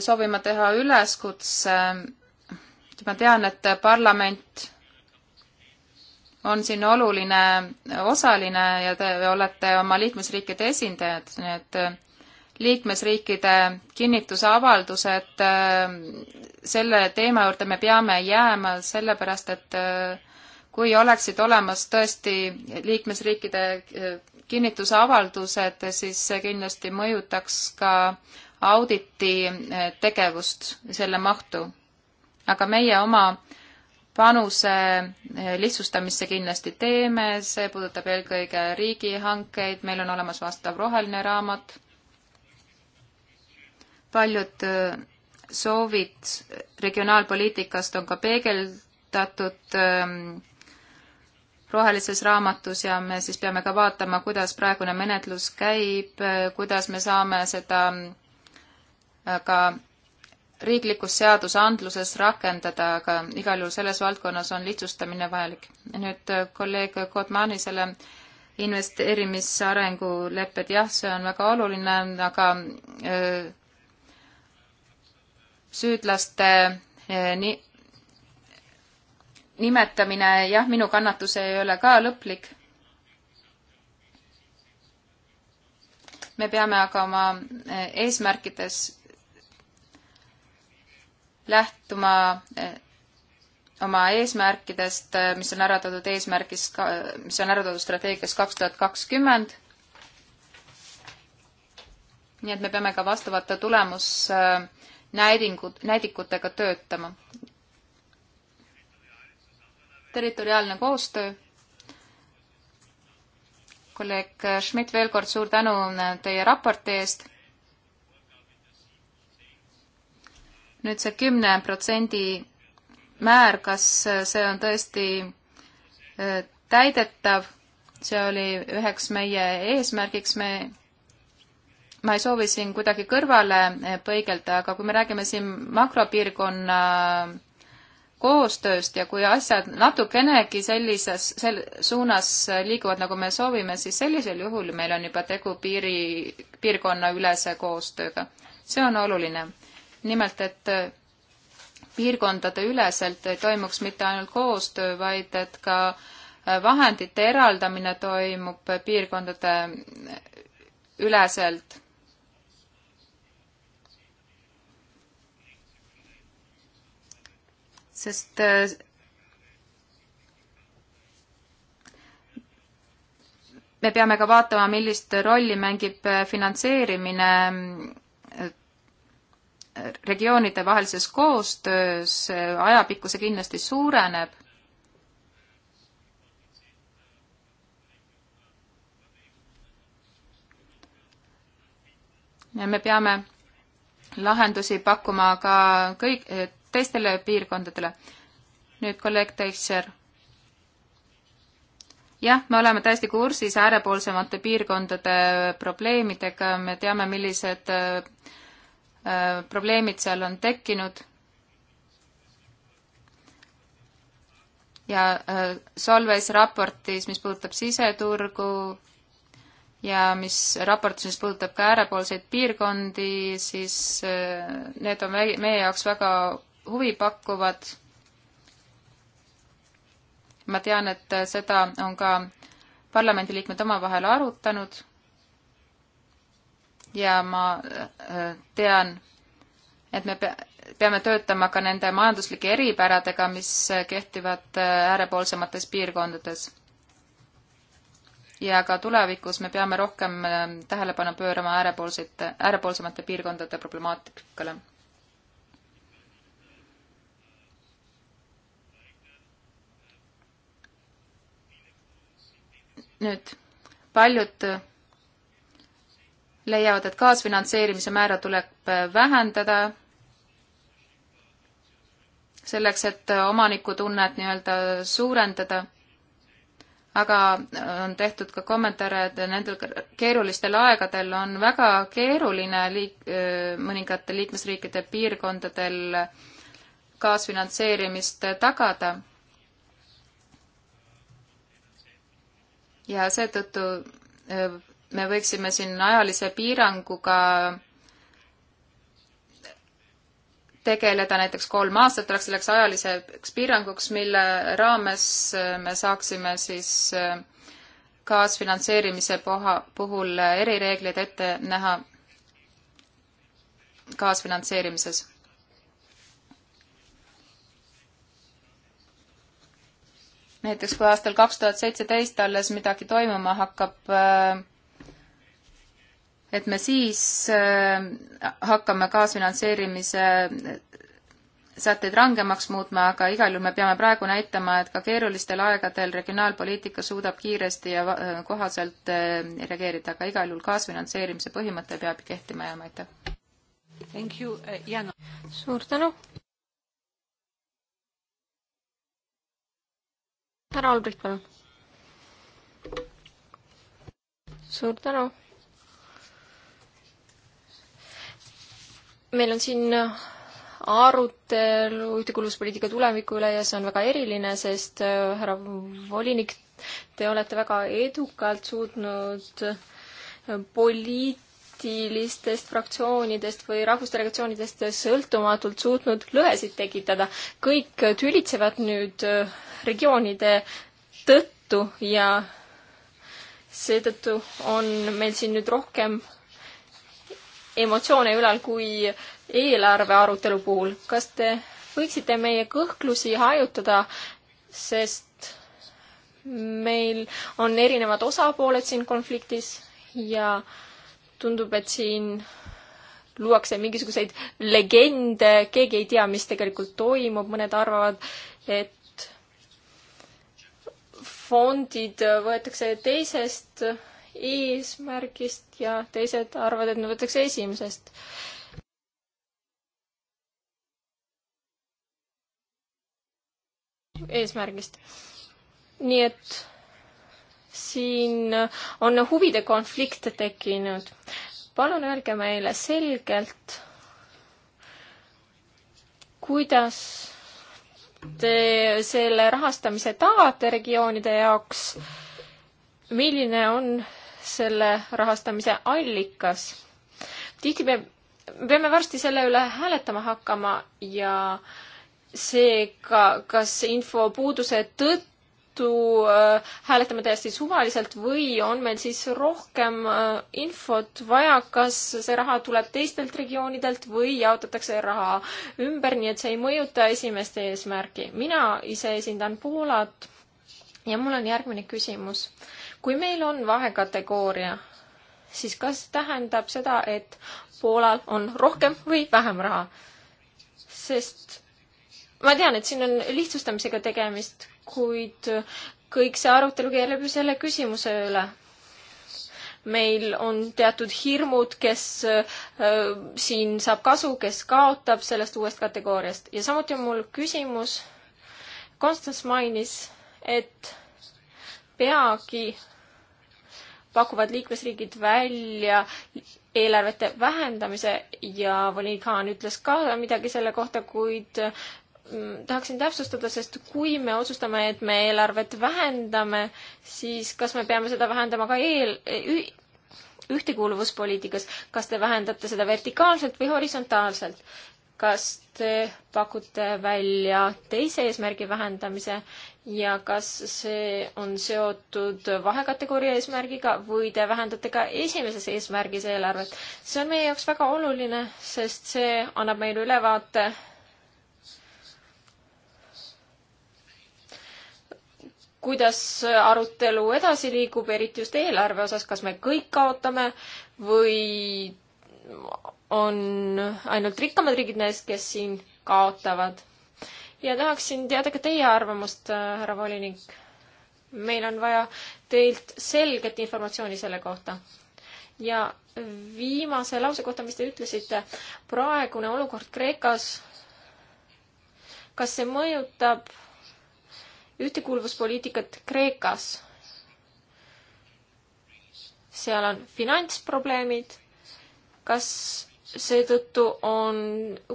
soovime teha üleskutse, ma tean, et parlament on siin oluline osaline ja te olete oma liikmesriikide esindajad, nii et äh, liikmesriikide kinnitusavaldused, äh, selle teema juurde me peame jääma, sellepärast et äh, kui oleksid olemas tõesti liikmesriikide kinnitusavaldused, siis see kindlasti mõjutaks ka auditi tegevust, selle mahtu. aga meie oma äh, panuse eh, lihtsustamisse kindlasti teeme, see puudutab eelkõige riigihankeid, meil on olemas vastav roheline raamat. paljud eh, soovid regionaalpoliitikast on ka peegeldatud eh, rohelises raamatus ja me siis peame ka vaatama, kuidas praegune menetlus käib, kuidas me saame seda ka riiklikus seadusandluses rakendada, aga igal juhul selles valdkonnas on lihtsustamine vajalik. nüüd äh, kolleeg Kotmani selle investeerimisarengulepped, jah, see on väga oluline, aga öö, äh, süüdlaste öö, äh, ni, nimetamine, jah, minu kannatus ei ole ka lõplik me peame aga oma eesmärkides lähtuma eh, oma eesmärkidest, eh, mis on ära toodud eesmärgis, mis on ära toodud strateegias kaks tuhat kakskümmend. nii et me peame ka vastavate tulemusnäidingud, eh, näidikutega töötama. territoriaalne koostöö. kolleeg Schmidt, veel kord suur tänu teie raporti eest nüüd see kümne protsendi määr, kas äh, see on tõesti äh, täidetav, see oli üheks meie eesmärgiks, me, ma ei soovi siin kuidagi kõrvale äh, põigelda, aga kui me räägime siin makropiirkonna koostööst ja kui asjad natukenegi sellises, sel suunas liiguvad, nagu me soovime, siis sellisel juhul meil on juba tegu piiri, piirkonnaülese koostööga. see on oluline nimelt, et piirkondade üleselt ei toimuks mitte ainult koostöö, vaid et ka äh, vahendite eraldamine toimub piirkondade üleselt. sest äh, me peame ka vaatama, millist rolli mängib äh, finantseerimine mm, regioonide vahelises koostöös ajapikku see kindlasti suureneb. ja me peame lahendusi pakkuma ka kõik, teistele piirkondadele. nüüd kolleeg Teixer. jah, me oleme täiesti kursis äärepoolsemate piirkondade probleemidega, me teame, millised äh, Äh, probleemid seal on tekkinud. ja äh, Solves raportis, mis puudutab siseturgu ja mis raportis, mis puudutab ka äärepoolseid piirkondi, siis äh, need on meie jaoks väga huvipakkuvad. ma tean, et seda on ka parlamendiliikmed omavahel arutanud ja ma äh, tean, et me peame töötama ka nende majanduslike eripäradega, mis äh, kehtivad äh, äärepoolsemates piirkondades. ja ka tulevikus me peame rohkem tähelepanu pöörama äärepoolsete, äärepoolsemate piirkondade problemaatikale. nüüd paljud leiavad, et kaasfinantseerimise määra tuleb äh, vähendada selleks, et äh, omanikutunnet nii-öelda suurendada. aga äh, on tehtud ka kommentaare, et nendel keerulistel aegadel on väga keeruline liik-, mõningate liikmesriikide piirkondadel kaasfinantseerimist tagada. ja seetõttu me võiksime siin ajalise piiranguga tegeleda näiteks kolm aastat, oleks selleks ajaliseks piiranguks, mille raames me saaksime siis äh, kaasfinantseerimise poha, puhul erireeglid ette näha kaasfinantseerimises. näiteks kui aastal kaks tuhat seitseteist alles midagi toimuma hakkab äh, et me siis äh, hakkame kaasfinantseerimise sätteid rangemaks muutma, aga igal juhul me peame praegu näitama, et ka keerulistel aegadel regionaalpoliitika suudab kiiresti ja äh, kohaselt äh, reageerida, aga igal juhul kaasfinantseerimise põhimõte peab kehtima jääma, aitäh. Thank you, Jana. suur tänu. härra Albrecht, palun. suur tänu meil on siin arutelu ühtekuuluvuspoliitika tuleviku üle ja see on väga eriline, sest äh, härra volinik, te olete väga edukalt suutnud poliitilistest fraktsioonidest või rahvusdelegatsioonidest sõltumatult suutnud lõhesid tekitada. kõik tülitsevad nüüd äh, regioonide tõttu ja seetõttu on meil siin nüüd rohkem emotsioone ülal kui eelarve arutelu puhul. kas te võiksite meie kõhklusi hajutada, sest meil on erinevad osapooled siin konfliktis ja tundub, et siin luuakse mingisuguseid legende, keegi ei tea, mis tegelikult toimub, mõned arvavad, et fondid võetakse teisest eesmärgist ja teised arvavad, et me võtaks esimesest. eesmärgist. nii et siin on huvide konflikt tekkinud. palun öelge meile selgelt, kuidas te selle rahastamise tagate regioonide jaoks, milline on selle rahastamise allikas. tihti me peame varsti selle üle hääletama hakkama ja seega, kas info puuduse tõttu juttu äh, hääletame täiesti suvaliselt või on meil siis rohkem äh, infot vaja, kas see raha tuleb teistelt regioonidelt või jaotatakse raha ümber, nii et see ei mõjuta esimest eesmärki. mina ise esindan Poolat ja mul on järgmine küsimus kui meil on vahekategooria, siis kas tähendab seda, et Poolal on rohkem või vähem raha? sest ma tean, et siin on lihtsustamisega tegemist, kuid kõik see arutelu keerleb ju selle küsimuse üle. meil on teatud hirmud, kes äh, siin saab kasu, kes kaotab sellest uuest kategooriast ja samuti on mul küsimus. Konstants mainis, et peagi pakuvad liikmesriigid välja eelarvete vähendamise ja volinik Haan ütles ka midagi selle kohta, kuid mm, tahaksin täpsustada, sest kui me otsustame, et me eelarvet vähendame, siis kas me peame seda vähendama ka eel, ühtekuuluvuspoliitikas, kas te vähendate seda vertikaalselt või horisontaalselt? kas te pakute välja teise eesmärgi vähendamise ja kas see on seotud vahekategooria eesmärgiga või te vähendate ka esimeses eesmärgis eelarvet? see on meie jaoks väga oluline, sest see annab meile ülevaate kuidas arutelu edasi liigub, eriti just eelarve osas, kas me kõik kaotame või on ainult rikkamad riigid need, kes siin kaotavad ja tahaksin teada ka teie arvamust, äh, härra volinik. meil on vaja teilt selget informatsiooni selle kohta. ja viimase lause kohta, mis te ütlesite, praegune olukord Kreekas, kas see mõjutab ühtekuuluvuspoliitikat Kreekas? seal on finantsprobleemid, kas seetõttu on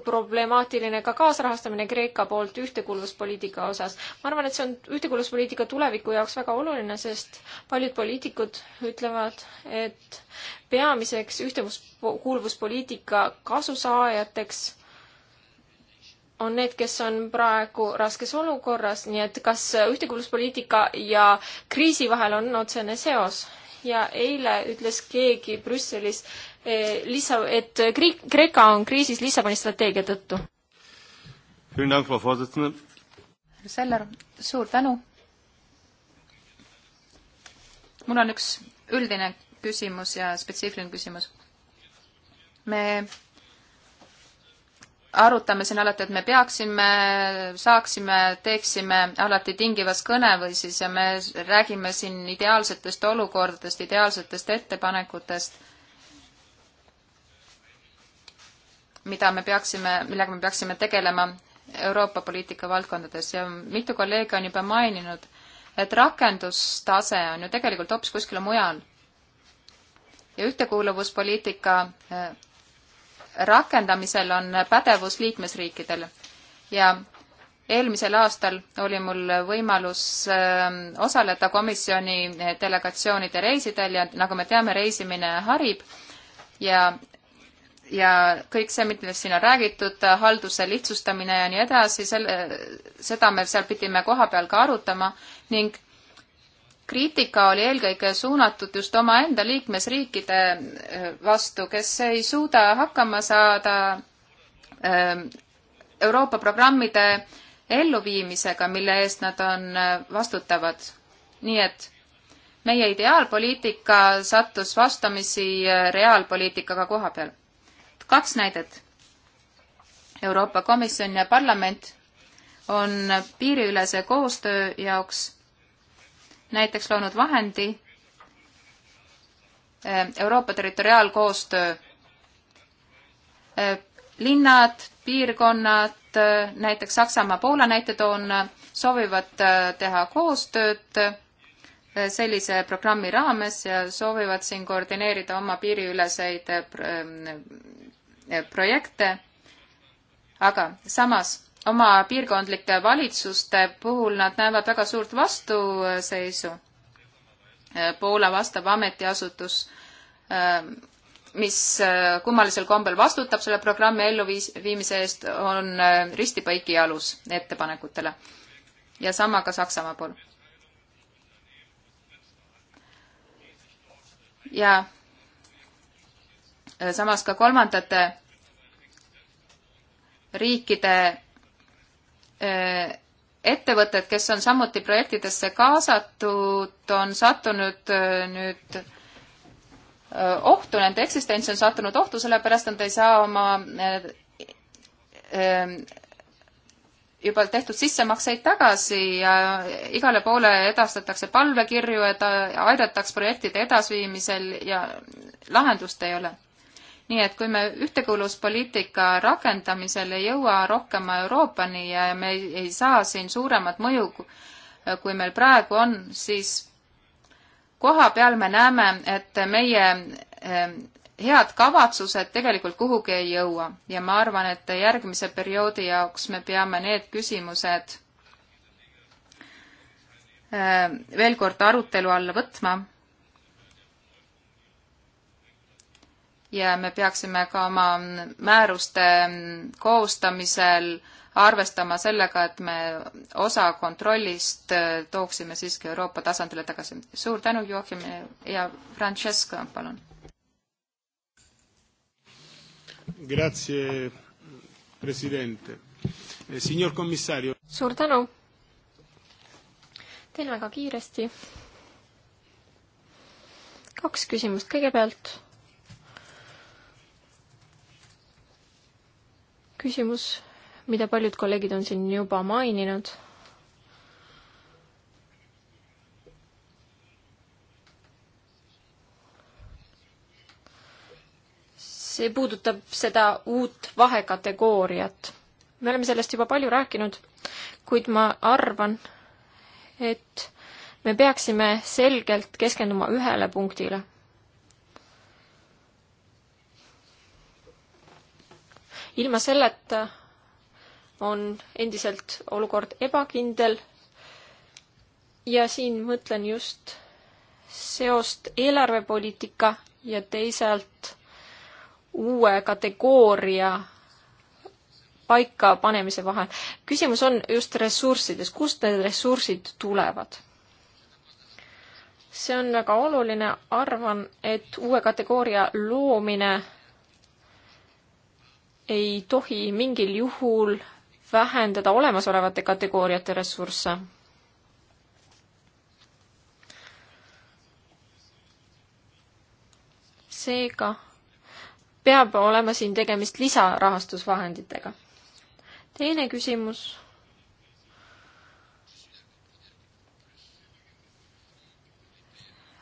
problemaatiline ka kaasrahastamine Kreeka poolt ühtekuuluvuspoliitika osas. ma arvan, et see on ühtekuuluvuspoliitika tuleviku jaoks väga oluline, sest paljud poliitikud ütlevad, et peamiseks ühtekuuluvuspoliitika kasusaajateks on need, kes on praegu raskes olukorras, nii et kas ühtekuuluvuspoliitika ja kriisi vahel on otsene seos? ja eile ütles keegi Brüsselis, Eh, lisa, et Kreek-, Kreeka on kriisis Lissaboni strateegia tõttu? Seller, suur tänu. mul on üks üldine küsimus ja spetsiifiline küsimus. me arutame siin alati, et me peaksime, saaksime, teeksime alati tingivas kõneviisis ja me räägime siin ideaalsetest olukordadest, ideaalsetest ettepanekutest mida me peaksime, millega me peaksime tegelema Euroopa poliitika valdkondades ja mitu kolleegi on juba maininud, et rakendustase on ju tegelikult hoopis kuskil mujal. ja ühtekuuluvuspoliitika eh, rakendamisel on pädevus liikmesriikidel ja eelmisel aastal oli mul võimalus eh, osaleda komisjoni delegatsioonide reisidel ja nagu me teame, reisimine harib ja ja kõik see, millest siin on räägitud, halduse lihtsustamine ja nii edasi, selle, seda me seal pidime koha peal ka arutama ning kriitika oli eelkõige suunatud just omaenda liikmesriikide äh, vastu, kes ei suuda hakkama saada ähm, Euroopa programmide elluviimisega, mille eest nad on äh, vastutavad. nii et meie ideaalpoliitika sattus vastamisi äh, reaalpoliitikaga koha peal kaks näidet. Euroopa Komisjon ja parlament on piiriülese koostöö jaoks näiteks loonud vahendi eh, Euroopa territoriaalkoostöö eh, linnad, piirkonnad, eh, näiteks Saksamaa, Poola näite toon, soovivad teha koostööd sellise programmi raames ja soovivad siin koordineerida oma piiriüleseid projekte, aga samas oma piirkondlike valitsuste puhul nad näevad väga suurt vastuseisu. Poola vastav ametiasutus, mis kummalisel kombel vastutab selle programmi elluviimise eest, on ristipaiki jalus ettepanekutele. ja sama ka Saksamaa pool. ja Äh, samas ka kolmandate riikide äh, ettevõtted, kes on samuti projektidesse kaasatud, on sattunud äh, nüüd ohtu, nende eksistents on sattunud ohtu, sellepärast nad ei saa oma juba tehtud sissemakseid tagasi ja igale poole edastatakse palvekirju, et aidataks projektide edasviimisel ja lahendust ei ole nii et kui me ühtekuuluvuspoliitika rakendamisel ei jõua rohkema Euroopani ja me ei, ei saa siin suuremat mõju, kui meil praegu on, siis koha peal me näeme, et meie eh, head kavatsused tegelikult kuhugi ei jõua ja ma arvan, et järgmise perioodi jaoks me peame need küsimused eh, veel kord arutelu alla võtma ja me peaksime ka oma määruste koostamisel arvestama sellega, et me osa kontrollist äh, tooksime siiski Euroopa tasandile tagasi. suur tänu, Joachim ja Francesca, palun. Grazie, president. Eh, signor commissario. suur tänu. teen väga kiiresti. kaks küsimust kõigepealt küsimus, mida paljud kolleegid on siin juba maininud. see puudutab seda uut vahekategooriat. me oleme sellest juba palju rääkinud, kuid ma arvan, et me peaksime selgelt keskenduma ühele punktile ilma selleta on endiselt olukord ebakindel. ja siin mõtlen just seost eelarvepoliitika ja teisalt uue kategooria paikapanemise vahel. küsimus on just ressurssides, kust need ressursid tulevad? see on väga oluline, arvan, et uue kategooria loomine ei tohi mingil juhul vähendada olemasolevate kategooriate ressursse. seega peab olema siin tegemist lisarahastusvahenditega. teine küsimus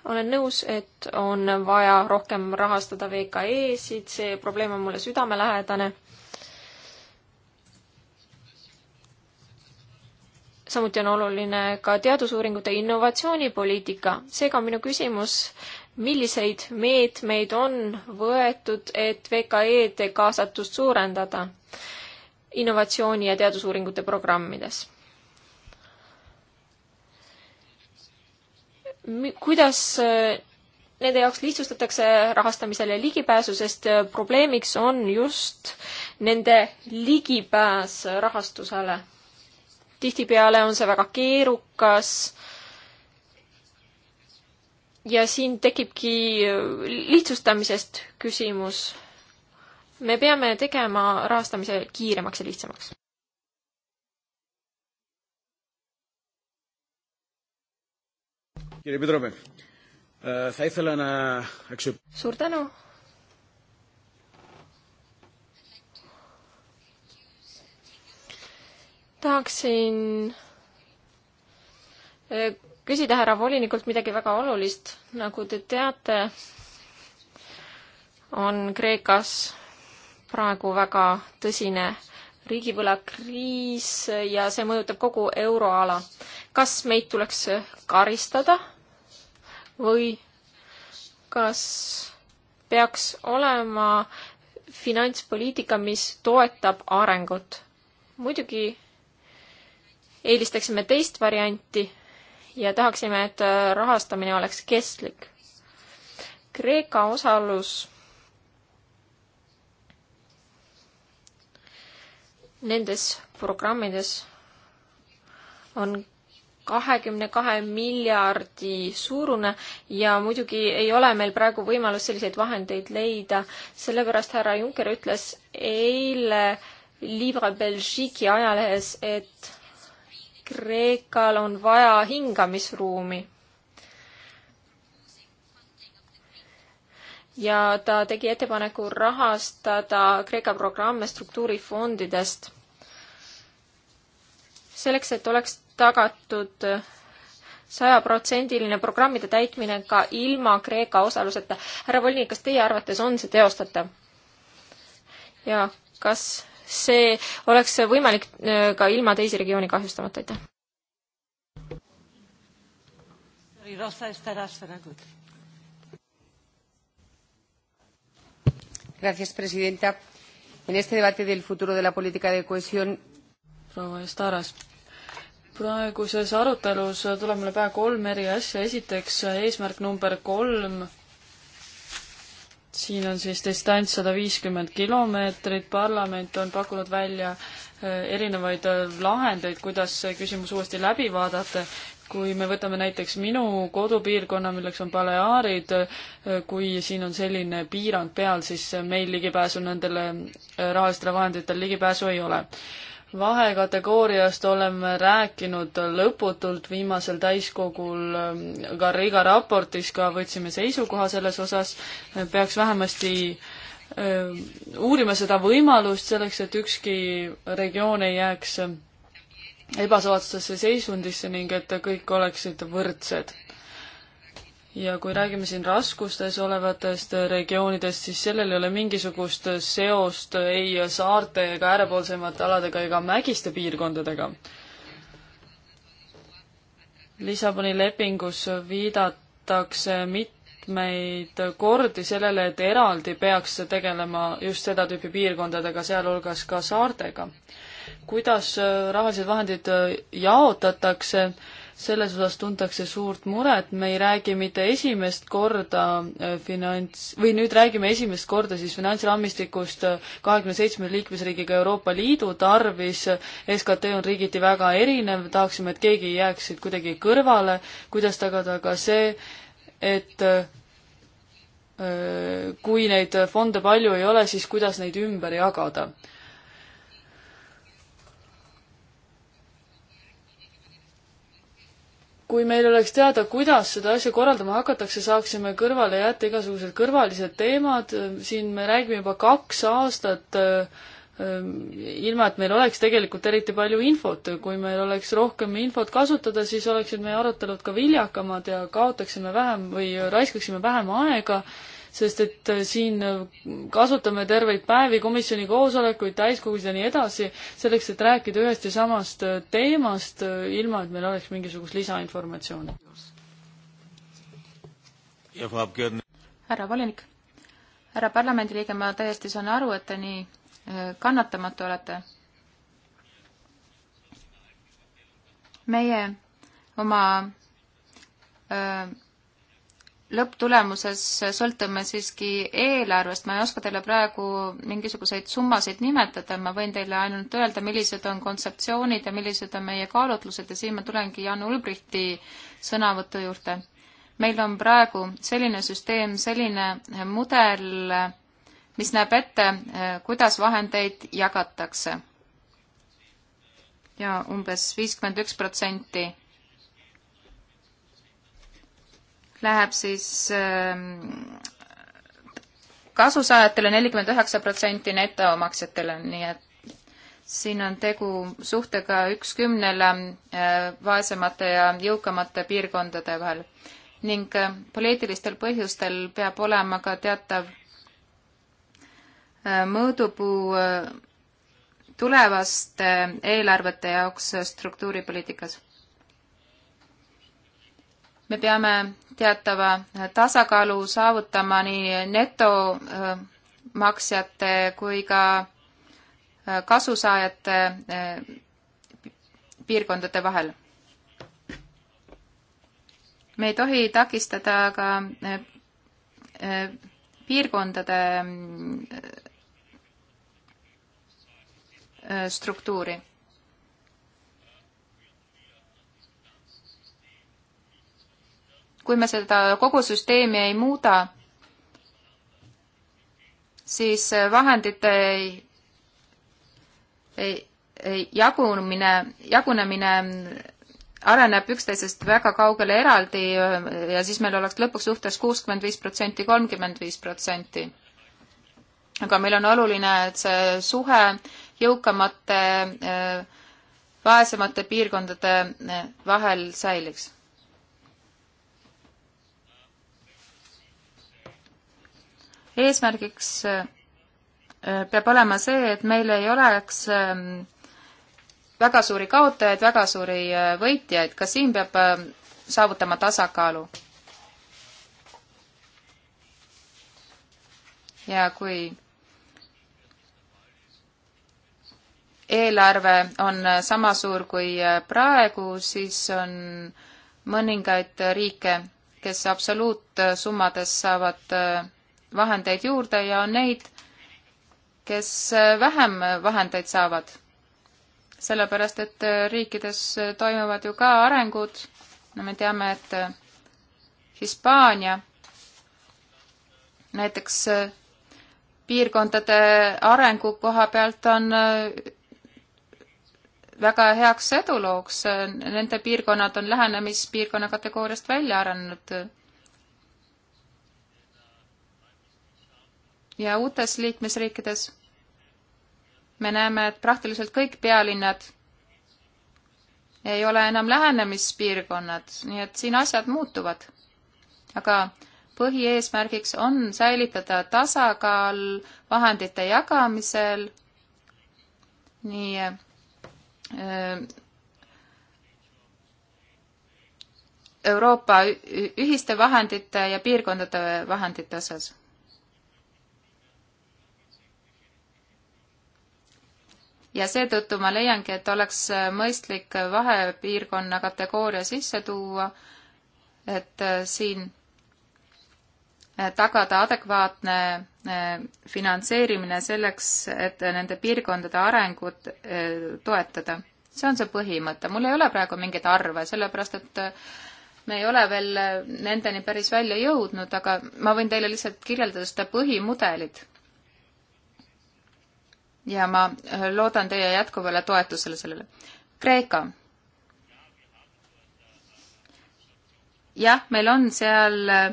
olen nõus, et on vaja rohkem rahastada VKE-sid, see probleem on mulle südamelähedane. samuti on oluline ka teadusuuringute innovatsioonipoliitika, seega on minu küsimus, milliseid meetmeid on võetud, et VKE-de kaasatust suurendada innovatsiooni ja teadusuuringute programmides kuidas äh, nende jaoks lihtsustatakse rahastamisele ligipääsu, sest äh, probleemiks on just nende ligipääs rahastusele. tihtipeale on see väga keerukas ja siin tekibki äh, lihtsustamisest küsimus. me peame tegema rahastamise kiiremaks ja lihtsamaks. suur tänu. tahaksin e, küsida härra volinikult midagi väga olulist. nagu te teate, on Kreekas praegu väga tõsine riigivõlakriis ja see mõjutab kogu euroala. kas meid tuleks karistada või kas peaks olema finantspoliitika, mis toetab arengut? muidugi eelistaksime teist varianti ja tahaksime, et äh, rahastamine oleks kestlik. Kreeka osalus nendes programmides on kahekümne kahe miljardi suurune ja muidugi ei ole meil praegu võimalus selliseid vahendeid leida, sellepärast härra Juncker ütles eile Libre Belgique'i ajalehes, et Kreekal on vaja hingamisruumi. ja ta tegi ettepaneku rahastada Kreeka programme struktuurifondidest selleks, et oleks tagatud sajaprotsendiline programmide täitmine ka ilma Kreeka osaluseta. härra volinik, kas teie arvates on see teostatav? ja kas see oleks võimalik äh, ka ilma teisi regioone kahjustamata, aitäh? Gracias, presidenta. En este debate del futuro de la política de cohesión. proua Estaras praeguses arutelus tuleb mulle pähe kolm eri asja, esiteks eesmärk number kolm, siin on siis distants sada viiskümmend kilomeetrit, parlament on pakkunud välja eh, erinevaid eh, lahendeid, kuidas see küsimus uuesti läbi vaadata, kui me võtame näiteks minu kodupiirkonna, milleks on Baleaarid, eh, kui siin on selline piirang peal, siis meil ligipääsu nendele rahalistele vahenditele ligipääsu ei ole vahekategooriast oleme rääkinud lõputult viimasel täiskogul ähm, ka Riga raportis ka võtsime seisukoha selles osas, peaks vähemasti öö, ähm, uurima seda võimalust selleks, et ükski regioon ei jääks ähm, ebasoodsasse seisundisse ning et kõik oleksid võrdsed ja kui räägime siin raskustes olevatest regioonidest, siis sellel ei ole mingisugust seost ei saarte ega äärepoolsemate aladega ega mägiste piirkondadega. Lissaboni lepingus viidatakse mitmeid kordi sellele, et eraldi peaks tegelema just seda tüüpi piirkondadega, sealhulgas ka saartega. kuidas rahalised vahendid jaotatakse selles osas tuntakse suurt muret, me ei räägi mitte esimest korda äh, finants, või nüüd räägime esimest korda siis finantsraamistikust äh, kahekümne seitsme liikmesriigiga Euroopa Liidu tarvis, SKT on riigiti väga erinev, tahaksime, et keegi ei jääks siit kuidagi kõrvale, kuidas tagada ka see, et äh, kui neid fonde palju ei ole, siis kuidas neid ümber jagada kui meil oleks teada, kuidas seda asja korraldama hakatakse, saaksime kõrvale jätta igasugused kõrvalised teemad, siin me räägime juba kaks aastat äh, ilma, et meil oleks tegelikult eriti palju infot, kui meil oleks rohkem infot kasutada, siis oleksid meie arutelud ka viljakamad ja kaotaksime vähem või raiskaksime vähem aega äh, sest et äh, siin äh, kasutame terveid päevi, komisjoni koosolekuid, täiskogusid ja nii edasi, selleks, et rääkida ühest ja samast äh, teemast, ilma et meil oleks mingisugust lisainformatsiooni. härra volinik, härra parlamendiliige, ma täiesti saan aru, et te nii kannatamatu olete. meie oma öö, lõpptulemuses sõltume siiski eelarvest, ma ei oska teile praegu mingisuguseid summasid nimetada, ma võin teile ainult öelda, millised on kontseptsioonid ja millised on meie kaalutlused ja siin ma tulengi Jan Ulbrichti sõnavõtu juurde. meil on praegu selline süsteem, selline mudel, mis näeb ette, kuidas vahendeid jagatakse. ja umbes viiskümmend üks protsenti läheb siis ähm, kasusaajatele nelikümmend üheksa protsenti netomaksjatele, nii et siin on tegu suhtega üks kümnele äh, vaesemate ja jõukamate piirkondade vahel ning äh, poliitilistel põhjustel peab olema ka teatav äh, mõõdupuu tulevaste eelarvete jaoks struktuuripoliitikas me peame teatava tasakaalu saavutama nii netomaksjate äh, kui ka äh, kasusaajate äh, piirkondade vahel. me ei tohi takistada ka piirkondade struktuuri kui me seda kogu süsteemi ei muuda, siis vahendite jagunemine, jagunemine areneb üksteisest väga kaugele eraldi ja siis meil oleks lõpuks suhtes kuuskümmend viis protsenti, kolmkümmend viis protsenti. aga meil on oluline, et see suhe jõukamate, vaesemate piirkondade vahel säiliks eesmärgiks äh, peab olema see, et meil ei oleks ähm, väga suuri kaotajaid, väga suuri äh, võitjaid, ka siin peab äh, saavutama tasakaalu. ja kui eelarve on sama suur kui praegu, siis on mõningaid riike, kes absoluutsummades saavad vahendeid juurde ja on neid, kes äh, vähem vahendeid saavad. sellepärast, et äh, riikides äh, toimuvad ju ka arengud, no me teame, et Hispaania näiteks piirkondade arengu koha pealt on väga heaks edulooks, nende piirkonnad on lähenemispiirkonna kategooriast välja arenenud ja uutes liikmesriikides me näeme, et praktiliselt kõik pealinnad ei ole enam lähenemispiirkonnad, nii et siin asjad muutuvad. aga põhieesmärgiks on säilitada tasakaal vahendite jagamisel nii Euroopa ühiste vahendite ja piirkondade vahendite osas ja seetõttu ma leiangi, et oleks äh, mõistlik äh, vahepiirkonna kategooria sisse tuua, et äh, siin tagada adekvaatne finantseerimine selleks, et nende piirkondade arengut toetada. see on see põhimõte, mul ei ole praegu mingeid arve, sellepärast et me ei ole veel nendeni päris välja jõudnud, aga ma võin teile lihtsalt kirjeldada seda põhimudelit ja ma äh, loodan teie jätkuvale toetusele sellele. Kreeka. jah, meil on seal äh,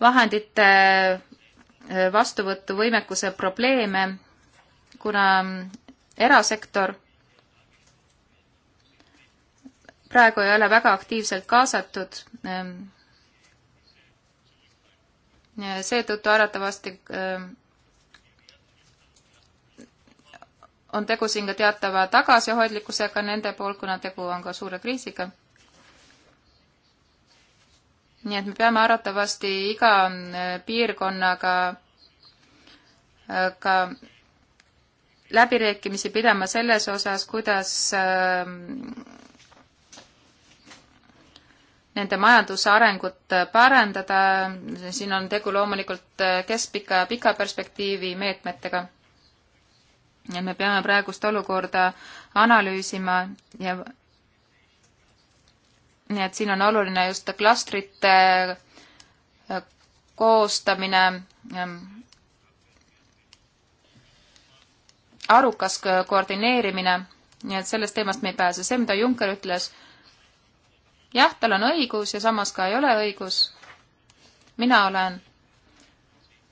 vahendite äh, vastuvõtuvõimekuse probleeme, kuna mm, erasektor praegu ei ole väga aktiivselt kaasatud. Ähm, seetõttu arvatavasti ähm, on tegu siin ka teatava tagasihoidlikkusega nende poolt, kuna tegu on ka suure kriisiga. nii et me peame arvatavasti iga e, piirkonnaga e, ka läbirääkimisi pidama selles osas, kuidas e, nende majanduse arengut parandada, siin on tegu loomulikult keskpika ja pika perspektiivi meetmetega me peame praegust olukorda analüüsima ja nii et siin on oluline just klastrite äh, koostamine, ähm, arukas koordineerimine, nii et sellest teemast me ei pääse. see, mida Juncker ütles, jah, tal on õigus ja samas ka ei ole õigus. mina olen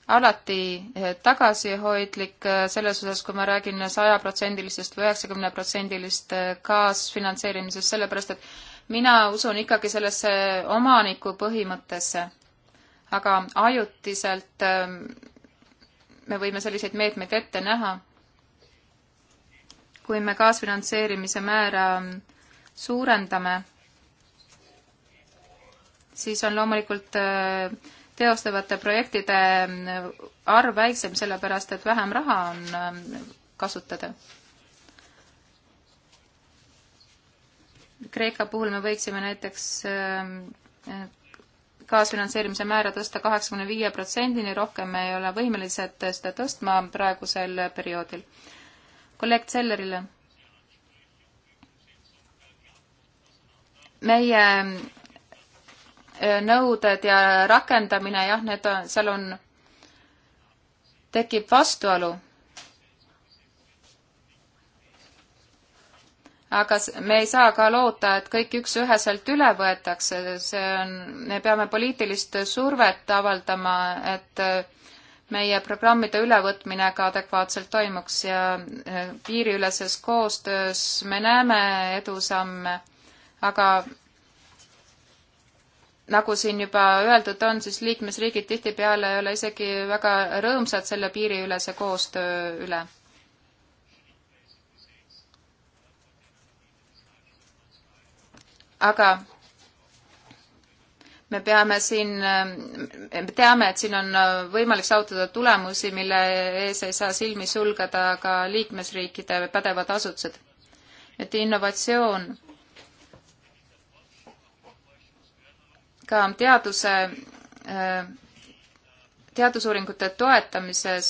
alati eh, tagasihoidlik eh, selles osas, kui ma räägin sajaprotsendilisest või üheksakümneprotsendilist eh, kaasfinantseerimisest, sellepärast et mina usun ikkagi sellesse omaniku põhimõttesse. aga ajutiselt ehm, me võime selliseid meetmeid ette näha. kui me kaasfinantseerimise määra mm, suurendame, siis on loomulikult äh, teostavate projektide arv väiksem, sellepärast et vähem raha on ähm, kasutada. Kreeka puhul me võiksime näiteks ähm, kaasfinantseerimise määra tõsta kaheksakümne viie protsendini, rohkem me ei ole võimelised seda tõstma praegusel perioodil. kolleeg Sellerile. meie nõuded ja rakendamine, jah, need on, seal on, tekib vastuolu. aga me ei saa ka loota, et kõik üks-üheselt üle võetakse, see on, me peame poliitilist survet avaldama, et äh, meie programmide ülevõtmine ka adekvaatselt toimuks ja äh, piiriüleses koostöös me näeme edusamme, aga nagu siin juba öeldud on, siis liikmesriigid tihtipeale ei ole isegi väga rõõmsad selle piiriülese koostöö üle. aga me peame siin, me teame, et siin on võimalik saavutada tulemusi, mille ees ei saa silmi sulgeda ka liikmesriikide pädevad asutused. et innovatsioon ka teaduse, teadusuuringute toetamises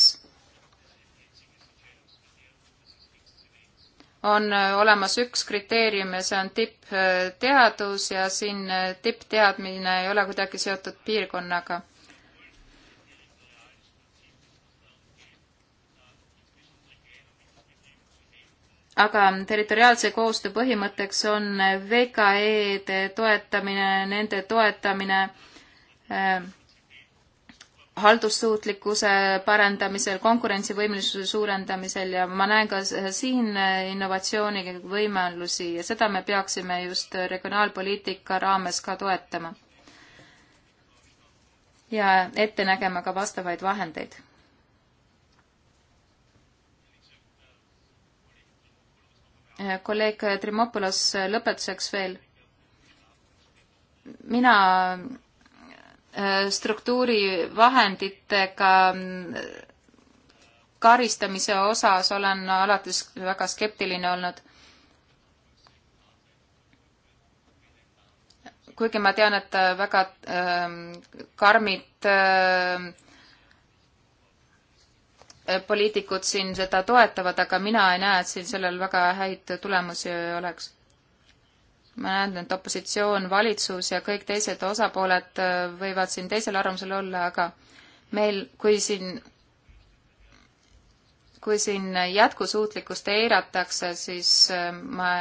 on olemas üks kriteerium ja see on tippteadus ja siin tippteadmine ei ole kuidagi seotud piirkonnaga aga territoriaalse koostöö põhimõtteks on VKE-de toetamine, nende toetamine äh, haldussuutlikkuse parendamisel, konkurentsivõimelisuse suurendamisel ja ma näen ka siin innovatsiooni võimalusi ja seda me peaksime just regionaalpoliitika raames ka toetama. ja ette nägema ka vastavaid vahendeid Eh, kolleeg Trimopolos eh, lõpetuseks veel. mina eh, struktuurivahenditega mm, karistamise osas olen alati väga skeptiline olnud. kuigi ma tean, et väga äh, karmid äh, poliitikud siin seda toetavad, aga mina ei näe, et siin sellel väga häid tulemusi oleks. ma näen, et opositsioon, valitsus ja kõik teised osapooled äh, võivad siin teisel arvamusel olla, aga meil, kui siin, kui siin jätkusuutlikkust eiratakse, siis äh, ma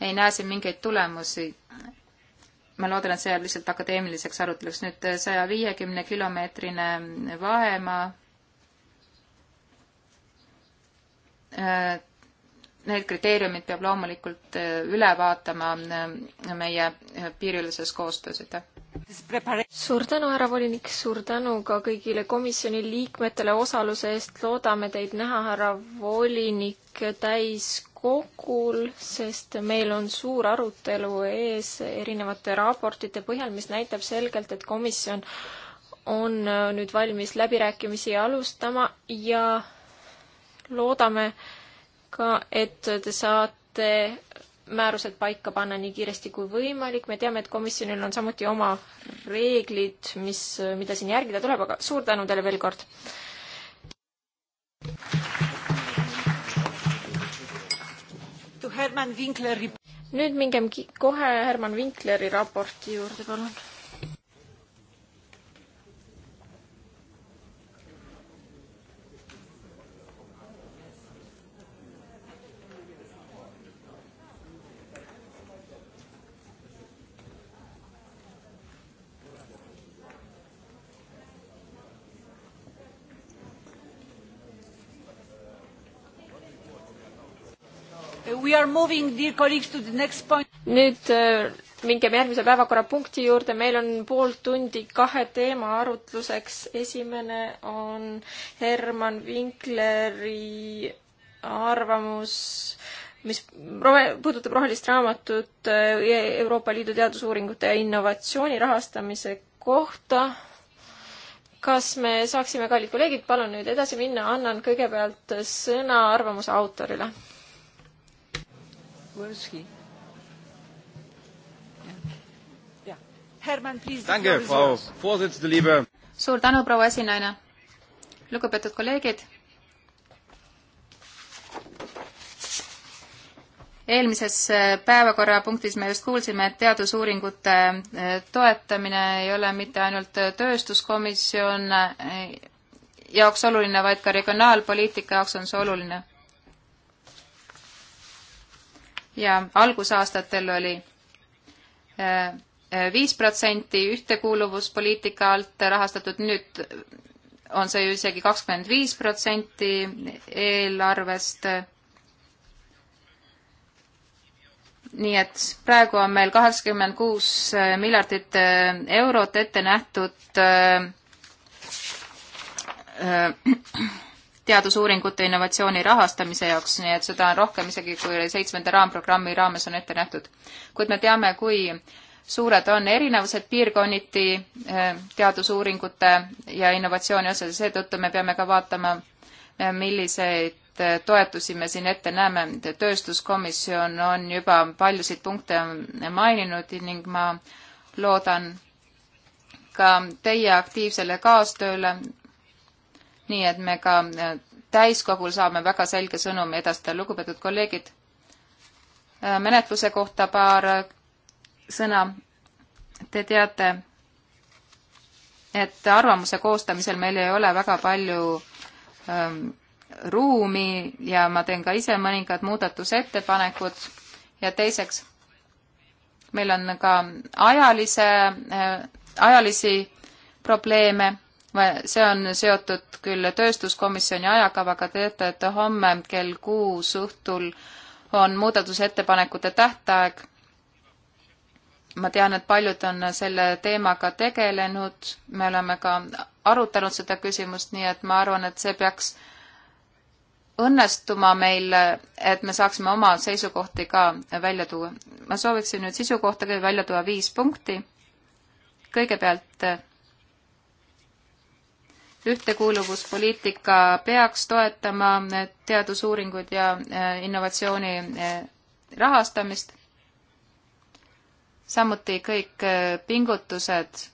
ei näe siin mingeid tulemusi. ma loodan, et see jääb lihtsalt akadeemiliseks aruteluks. nüüd äh, saja viiekümne kilomeetrine vahemaa Äh, need kriteeriumid peab loomulikult äh, üle vaatama äh, meie piiriüleses koostöös, aitäh! suur tänu, härra volinik, suur tänu ka kõigile komisjoni liikmetele osaluse eest, loodame teid näha, härra volinik, täiskogul, sest meil on suur arutelu ees erinevate raportite põhjal, mis näitab selgelt, et komisjon on nüüd valmis läbirääkimisi alustama ja loodame ka, et te saate määrused paika panna nii kiiresti kui võimalik, me teame, et komisjonil on samuti oma reeglid, mis, mida siin järgida tuleb, aga suur tänu teile veel kord! nüüd mingem kohe Herman Winkleri raporti juurde, palun nüüd äh, mingime järgmise päevakorrapunkti juurde, meil on pool tundi kahe teema arutluseks. esimene on Herman Vinkleri arvamus, mis rohe, puudutab rohelist raamatut äh, Euroopa Liidu teadusuuringute ja innovatsiooni rahastamise kohta kas me saaksime, kallid kolleegid, palun nüüd edasi minna, annan kõigepealt sõna arvamuse autorile Where is he? Yeah. Herman, please. Danke, Frau Vorsitzende, liebe. suur tänu, proua esinaine. lugupeetud kolleegid. eelmises äh, päevakorrapunktis me just kuulsime, et teadusuuringute äh, toetamine ei ole mitte ainult äh, tööstuskomisjon jaoks oluline, vaid ka regionaalpoliitika jaoks on see oluline ja algusaastatel oli äh, viis protsenti ühtekuuluvuspoliitika alt rahastatud, nüüd on see ju isegi kakskümmend viis protsenti eelarvest. nii et praegu on meil kaheksakümmend kuus äh, miljardit äh, eurot ette nähtud äh, äh, teadusuuringute innovatsiooni rahastamise jaoks, nii et seda on rohkem isegi, kui seitsmenda raamprogrammi raames on ette nähtud. kuid me teame, kui suured on erinevused piirkonniti eh, teadusuuringute ja innovatsiooni osas ja seetõttu me peame ka vaatama, eh, milliseid eh, toetusi me siin ette näeme. tööstuskomisjon on juba paljusid punkte maininud ning ma loodan ka teie aktiivsele kaastööle nii et me ka äh, täiskogul saame väga selge sõnumi edastada. lugupeetud kolleegid, äh, menetluse kohta paar äh, sõna. Te teate, et arvamuse koostamisel meil ei ole väga palju ähm, ruumi ja ma teen ka ise mõningad muudatusettepanekud ja teiseks, meil on ka ajalise äh,, ajalisi probleeme see on seotud küll tööstuskomisjoni ajakavaga, teate, et homme kell kuus õhtul on muudatusettepanekute tähtaeg. ma tean, et paljud on selle teemaga tegelenud, me oleme ka arutanud seda küsimust, nii et ma arvan, et see peaks õnnestuma meil, et me saaksime oma seisukohti ka välja tuua. ma sooviksin nüüd sisu kohta välja tuua viis punkti. kõigepealt ühtekuuluvuspoliitika peaks toetama teadusuuringuid ja äh, innovatsiooni äh, rahastamist, samuti kõik äh, pingutused,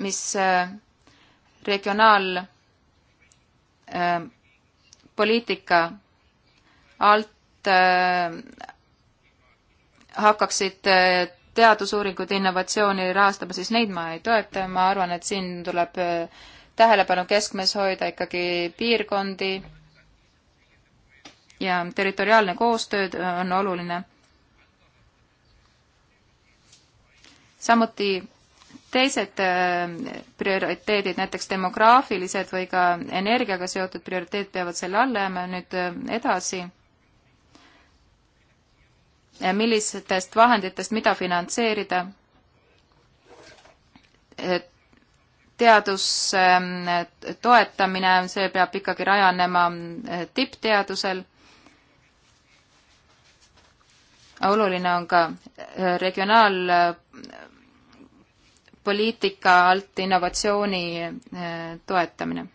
mis regionaalpoliitika alt hakkaksid teadusuuringuid, innovatsiooni rahastama, siis neid ma ei toeta ja ma arvan, et siin tuleb äh, tähelepanu keskmes hoida ikkagi piirkondi ja territoriaalne koostöö äh, on oluline. samuti teised äh, prioriteedid, näiteks demograafilised või ka energiaga seotud prioriteedid peavad selle alla jääma nüüd edasi millistest vahenditest mida finantseerida teaduse ähm, toetamine, see peab ikkagi rajanema äh, tippteadusel. oluline on ka äh, regionaalpoliitika äh, alt innovatsiooni toetamine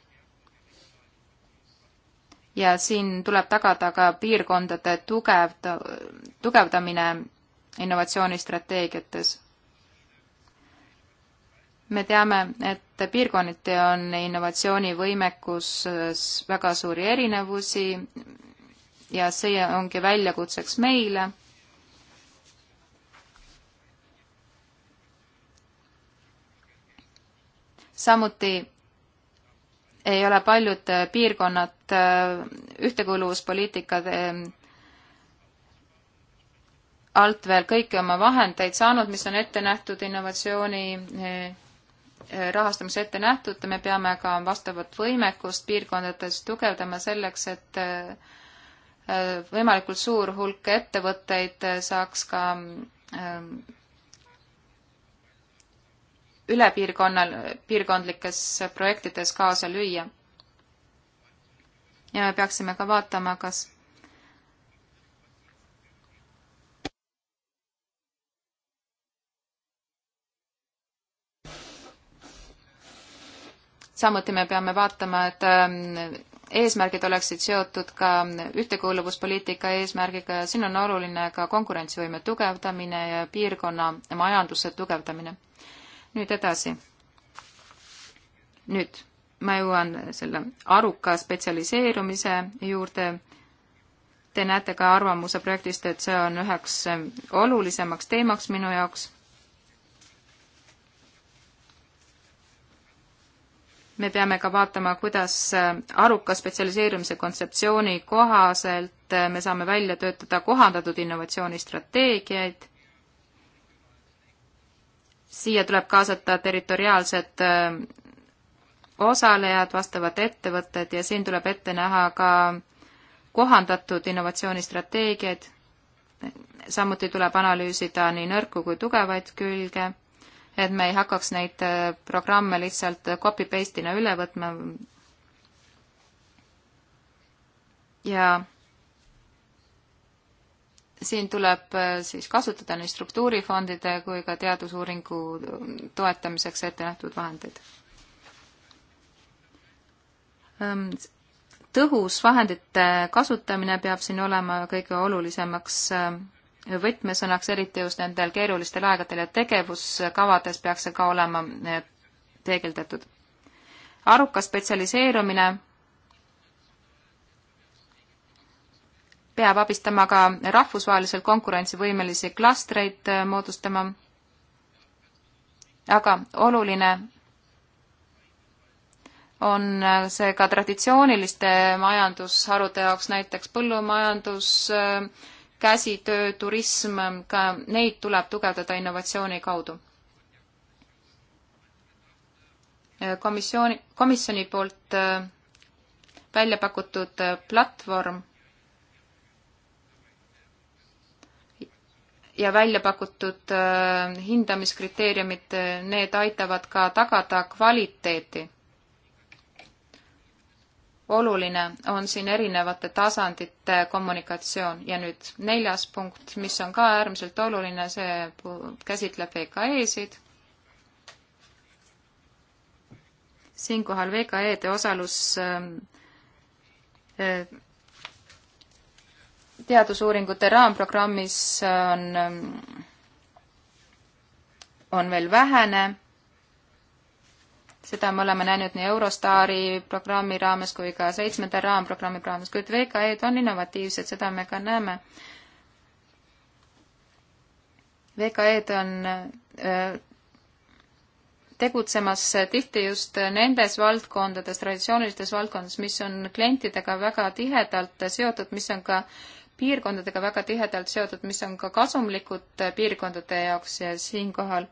ja siin tuleb tagada ka piirkondade tugevda, tugevdamine innovatsioonistrateegiates. me teame, et piirkonniti on innovatsioonivõimekuses äh, väga suuri erinevusi ja see ongi väljakutseks meile samuti ei ole paljud äh, piirkonnad äh, ühtekuuluvuspoliitika äh, alt veel kõiki oma vahendeid saanud, mis on ette nähtud innovatsiooni rahastamise ette nähtud, me peame ka vastavat võimekust piirkondades tugevdama selleks, et võimalikult suur hulk ettevõtteid saaks ka üle piirkonnal, piirkondlikes projektides kaasa lüüa. ja me peaksime ka vaatama, kas samuti me peame vaatama, et ähm, eesmärgid oleksid seotud ka ühtekuuluvuspoliitika eesmärgiga ja siin on oluline ka konkurentsivõime tugevdamine ja piirkonna majanduse tugevdamine nüüd edasi. nüüd ma jõuan selle aruka spetsialiseerumise juurde. Te näete ka arvamuse projektist, et see on üheks olulisemaks teemaks minu jaoks. me peame ka vaatama, kuidas aruka spetsialiseerumise kontseptsiooni kohaselt me saame välja töötada kohandatud innovatsioonistrateegiaid siia tuleb kaasata territoriaalsed äh, osalejad, vastavad ettevõtted ja siin tuleb ette näha ka kohandatud innovatsioonistrateegiaid. samuti tuleb analüüsida nii nõrku kui tugevaid külge, et me ei hakkaks neid äh, programme lihtsalt copy-paste'ina üle võtma. ja siin tuleb äh, siis kasutada nii struktuurifondide kui ka teadusuuringu äh, toetamiseks ette nähtud vahendeid. Ähm, tõhus vahendite kasutamine peab siin olema kõige olulisemaks äh, võtmesõnaks, eriti just nendel keerulistel aegadel ja tegevuskavades peaks see ka olema peegeldatud. arukas spetsialiseerumine peab abistama ka rahvusvaheliselt konkurentsivõimelisi klastreid äh, moodustama. aga oluline on äh, see ka traditsiooniliste majandusharude jaoks, näiteks põllumajandus, äh, käsitöö, turism, ka neid tuleb tugevdada innovatsiooni kaudu. komisjoni, komisjoni poolt välja pakutud platvorm ja välja pakutud äh, hindamiskriteeriumid, äh, need aitavad ka tagada kvaliteeti. oluline on siin erinevate tasandite kommunikatsioon ja nüüd neljas punkt, mis on ka äärmiselt oluline, see käsitleb VKE-sid. siinkohal VKE-de osalus ähm, äh, teadusuuringute raamprogrammis on, on veel vähene seda me oleme näinud nii Eurostari programmi raames kui ka seitsmenda raamprogrammi raames, kuid VKE-d on innovatiivsed, seda me ka näeme. VKE-d on tegutsemas tihti just nendes valdkondades, traditsioonilistes valdkondades, mis on klientidega väga tihedalt seotud, mis on ka äh, piirkondadega väga tihedalt seotud, mis on ka kasumlikud äh, piirkondade jaoks ja siinkohal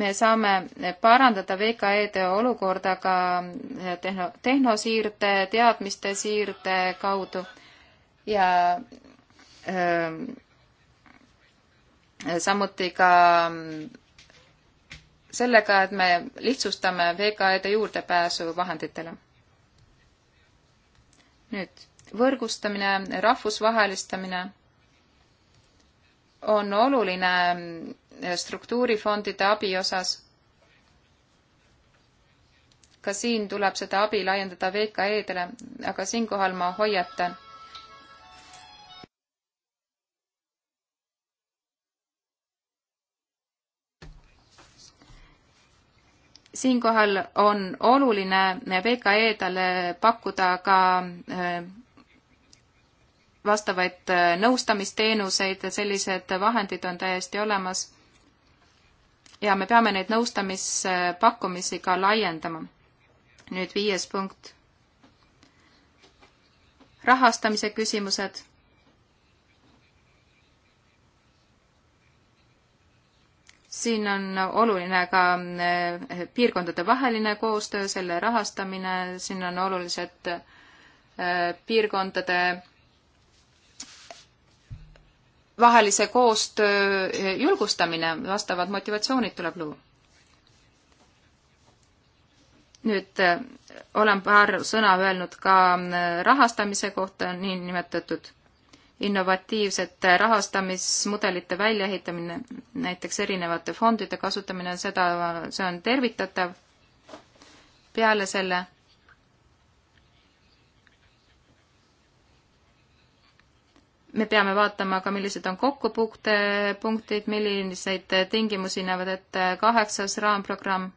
me saame parandada VKE-de olukorda ka äh, tehno, tehnosiirde, teadmiste siirde kaudu ja öö, ähm, samuti ka mm, sellega, et me lihtsustame VKE-de juurdepääsu vahenditele. nüüd võrgustamine, rahvusvahelistamine on oluline eh, struktuurifondide abi osas. ka siin tuleb seda abi laiendada VKE-dele, aga siinkohal ma hoiatan siinkohal on oluline VKE-dele pakkuda ka eh, vastavaid äh, nõustamisteenuseid, sellised vahendid on täiesti olemas. ja me peame neid nõustamispakkumisi ka laiendama. nüüd viies punkt. rahastamise küsimused. siin on oluline ka äh, piirkondade vaheline koostöö, selle rahastamine, siin on olulised äh, piirkondade vahelise koostöö eh, julgustamine, vastavad motivatsioonid tuleb luua. nüüd eh, olen paar sõna öelnud ka eh, rahastamise kohta, niinimetatud innovatiivsete rahastamismudelite väljaehitamine, näiteks erinevate fondide kasutamine, seda, see on tervitatav. peale selle me peame vaatama ka, millised on kokkupunktid, milliseid tingimusi näevad ette kaheksas raamprogramm.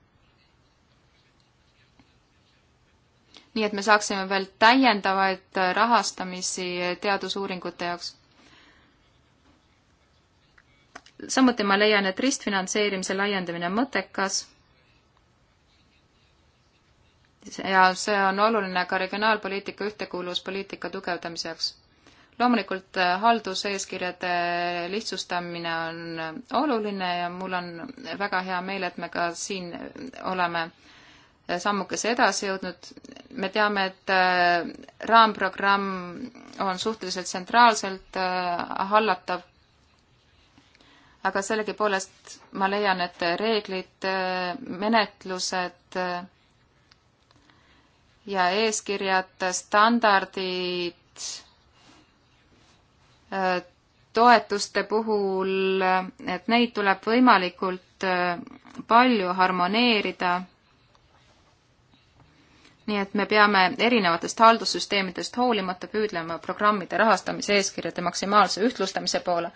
nii et me saaksime veel täiendavaid rahastamisi teadusuuringute jaoks. samuti ma leian, et ristfinantseerimise laiendamine on mõttekas ja see on oluline ka regionaalpoliitika ühtekuuluvuspoliitika tugevdamise jaoks loomulikult äh, halduseeskirjade lihtsustamine on äh, oluline ja mul on väga hea meel, et me ka siin oleme äh, sammukese edasi jõudnud. me teame, et raamprogramm on suhteliselt tsentraalselt hallatav, aga sellegipoolest ma leian, et reeglid, menetlused ja eeskirjad, standardid toetuste puhul, et neid tuleb võimalikult äh, palju harmoneerida. nii et me peame erinevatest haldussüsteemidest hoolimata püüdlema programmide rahastamise eeskirjade maksimaalse ühtlustamise poole.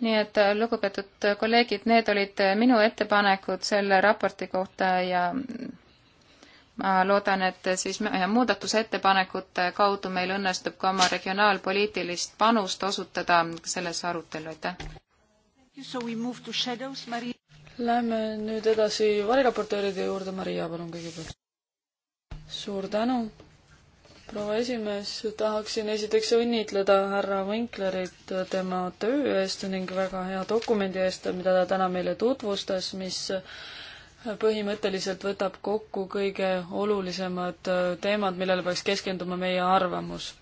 nii et äh, lugupeetud kolleegid, need olid minu ettepanekud selle raporti kohta ja ma loodan, et siis muudatusettepanekute kaudu meil õnnestub ka oma regionaalpoliitilist panust osutada sellesse arutellu, aitäh! Lähme nüüd edasi variraportööride juurde, Maria, palun kõigepealt. suur tänu, proua esimees, tahaksin esiteks õnnitleda härra Winklerit tema töö eest ning väga hea dokumendi eest, mida ta täna meile tutvustas, mis põhimõtteliselt võtab kokku kõige olulisemad äh, teemad, millele peaks keskenduma meie arvamus.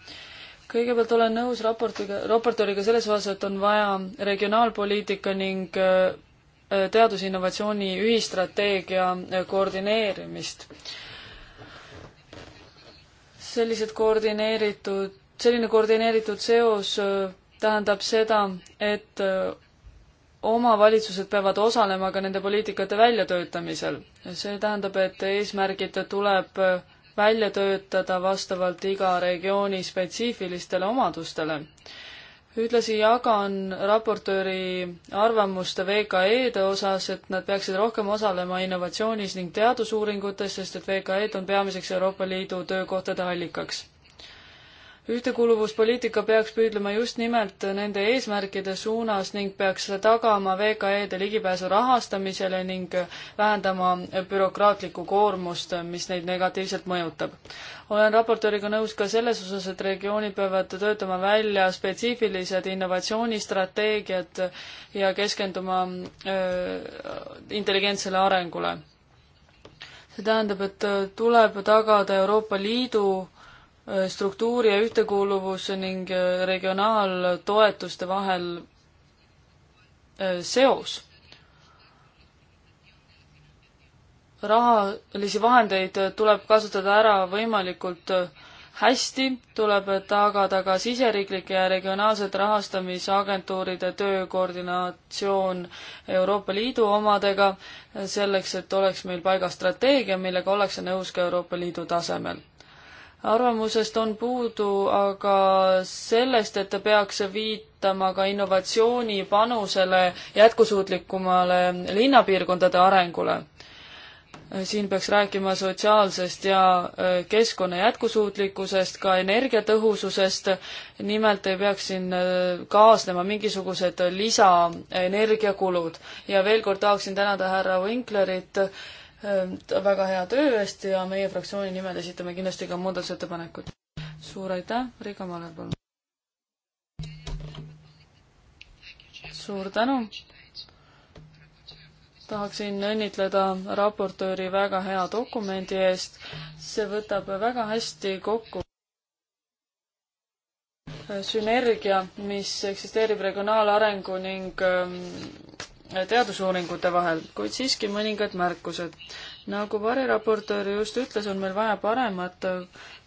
kõigepealt olen nõus raportiga, raportööriga selles osas, et on vaja regionaalpoliitika ning äh, äh, teadusinnovatsiooni ühistrateegia koordineerimist. sellised koordineeritud, selline koordineeritud seos tähendab seda, et omavalitsused peavad osalema ka nende poliitikate väljatöötamisel. see tähendab, et eesmärgid tuleb välja töötada vastavalt iga regiooni spetsiifilistele omadustele. ühtlasi jagan raportööri arvamust VKE-de osas, et nad peaksid rohkem osalema innovatsioonis ning teadusuuringutes, sest et VKE-d on peamiseks Euroopa Liidu töökohtade allikaks ühtekuuluvuspoliitika peaks püüdlema just nimelt nende eesmärkide suunas ning peaks tagama VKE-de ligipääsu rahastamisele ning vähendama bürokraatlikku koormust, mis neid negatiivselt mõjutab. olen raportööriga nõus ka selles osas, et regioonid peavad töötama välja spetsiifilised innovatsioonistrateegiad ja keskenduma öö, intelligentsele arengule. see tähendab, et tuleb tagada Euroopa Liidu struktuuri ja ühtekuuluvuse ning äh, regionaaltoetuste vahel äh, seos. rahalisi vahendeid äh, tuleb kasutada ära võimalikult hästi, tuleb tagada ka siseriiklike ja regionaalsete rahastamisagentuuride töö koordinatsioon Euroopa Liidu omadega, selleks et oleks meil paigas strateegia, millega ollakse nõus ka Euroopa Liidu tasemel arvamusest on puudu aga sellest, et ta peaks viitama ka innovatsiooni panusele jätkusuutlikumale linnapiirkondade arengule. siin peaks rääkima sotsiaalsest ja keskkonna jätkusuutlikkusest, ka energiatõhususest, nimelt ei peaks siin kaasnema mingisugused lisaenergiakulud. ja veel kord tahaksin tänada härra Winklerit, Ehm, väga hea töö eest ja meie fraktsiooni nimel esitame kindlasti ka muudatusettepanekud. suur aitäh, Riika Maler, palun. suur tänu. tahaksin õnnitleda raportööri väga hea dokumendi eest. see võtab väga hästi kokku sünergia, mis eksisteerib regionaalarengu ning ehm, teadusuuringute vahel, kuid siiski mõningad märkused. nagu variraportöör just ütles, on meil vaja paremat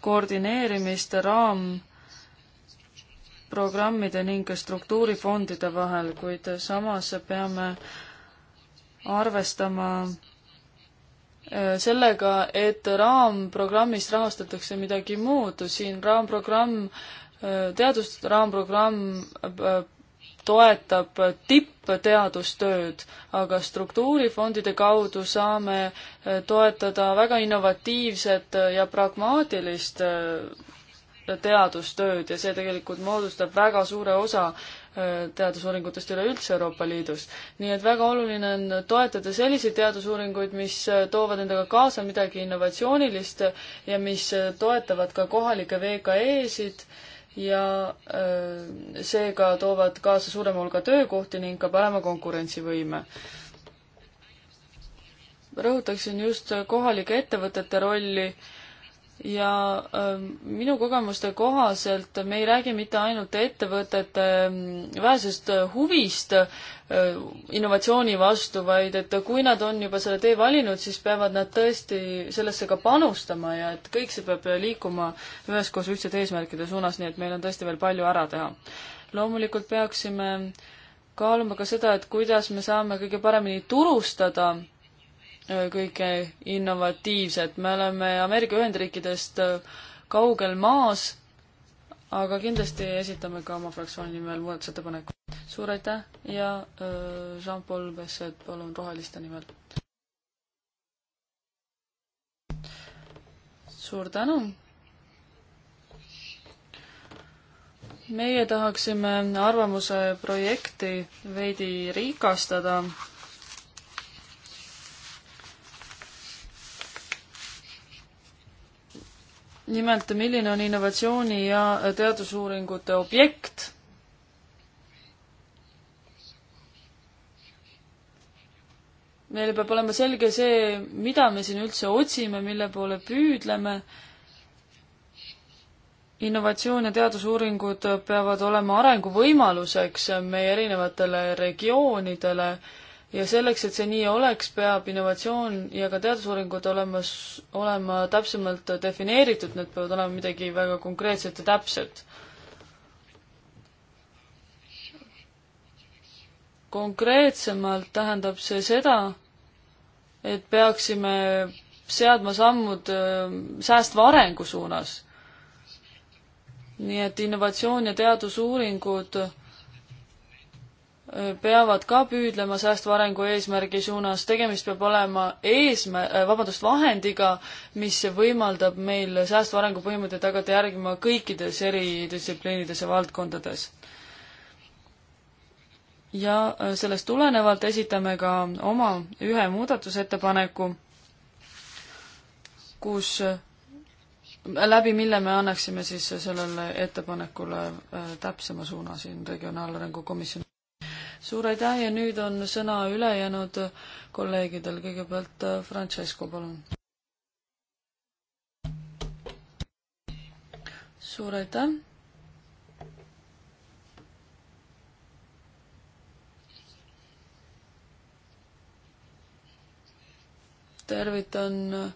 koordineerimist raamprogrammide ning struktuurifondide vahel, kuid samas peame arvestama äh, sellega, et raamprogrammist rahastatakse midagi muud, siin raamprogramm, äh, teadusraamprogramm äh, toetab tippteadustööd, aga struktuurifondide kaudu saame eh, toetada väga innovatiivset ja pragmaatilist eh, teadustööd ja see tegelikult moodustab väga suure osa eh, teadusuuringutest üleüldse Euroopa Liidus. nii et väga oluline on toetada selliseid teadusuuringuid, mis toovad endaga kaasa midagi innovatsioonilist ja mis toetavad ka kohalikke VKE-sid ja äh, seega toovad kaasa suurema hulga töökohti ning ka parema konkurentsivõime. rõhutaksin just kohalike ettevõtete rolli ja ähm, minu kogemuste kohaselt me ei räägi mitte ainult ettevõtete ähm, vähesest äh, huvist äh, innovatsiooni vastu, vaid et kui nad on juba selle tee valinud, siis peavad nad tõesti sellesse ka panustama ja et kõik see peab äh, liikuma üheskoos ühtsete eesmärkide suunas, nii et meil on tõesti veel palju ära teha. loomulikult peaksime kaaluma ka seda, et kuidas me saame kõige paremini turustada kõige innovatiivsed. me oleme Ameerika Ühendriikidest äh, kaugel maas, aga kindlasti esitame ka oma fraktsiooni nimel muudatusettepaneku. suur aitäh ja äh, Jean-Paul Besset, palun, Roheliste nimel. suur tänu meie tahaksime arvamuse projekti veidi rikastada nimelt, milline on innovatsiooni ja teadusuuringute objekt meil peab olema selge see, mida me siin üldse otsime, mille poole püüdleme. innovatsioon ja teadusuuringud peavad olema arenguvõimaluseks meie erinevatele regioonidele ja selleks, et see nii oleks, peab innovatsioon ja ka teadusuuringud olema, olema täpsemalt defineeritud, need peavad olema midagi väga konkreetset ja täpset. konkreetsemalt tähendab see seda, et peaksime seadma sammud ähm, säästva arengu suunas. nii et innovatsioon ja teadusuuringud peavad ka püüdlema säästva arengu eesmärgi suunas, tegemist peab olema eesmär-, äh, vabandust, vahendiga, mis võimaldab meil säästva arengu põhimõtteid hakata järgima kõikides eridistsipliinides ja valdkondades. ja äh, sellest tulenevalt esitame ka oma ühe muudatusettepaneku, kus, äh, läbi mille me annaksime siis sellele ettepanekule täpsema suuna siin Regionaalarengu komisjonile suur aitäh ja nüüd on sõna ülejäänud kolleegidel, kõigepealt äh, Francesco, palun. suur aitäh tervitan äh,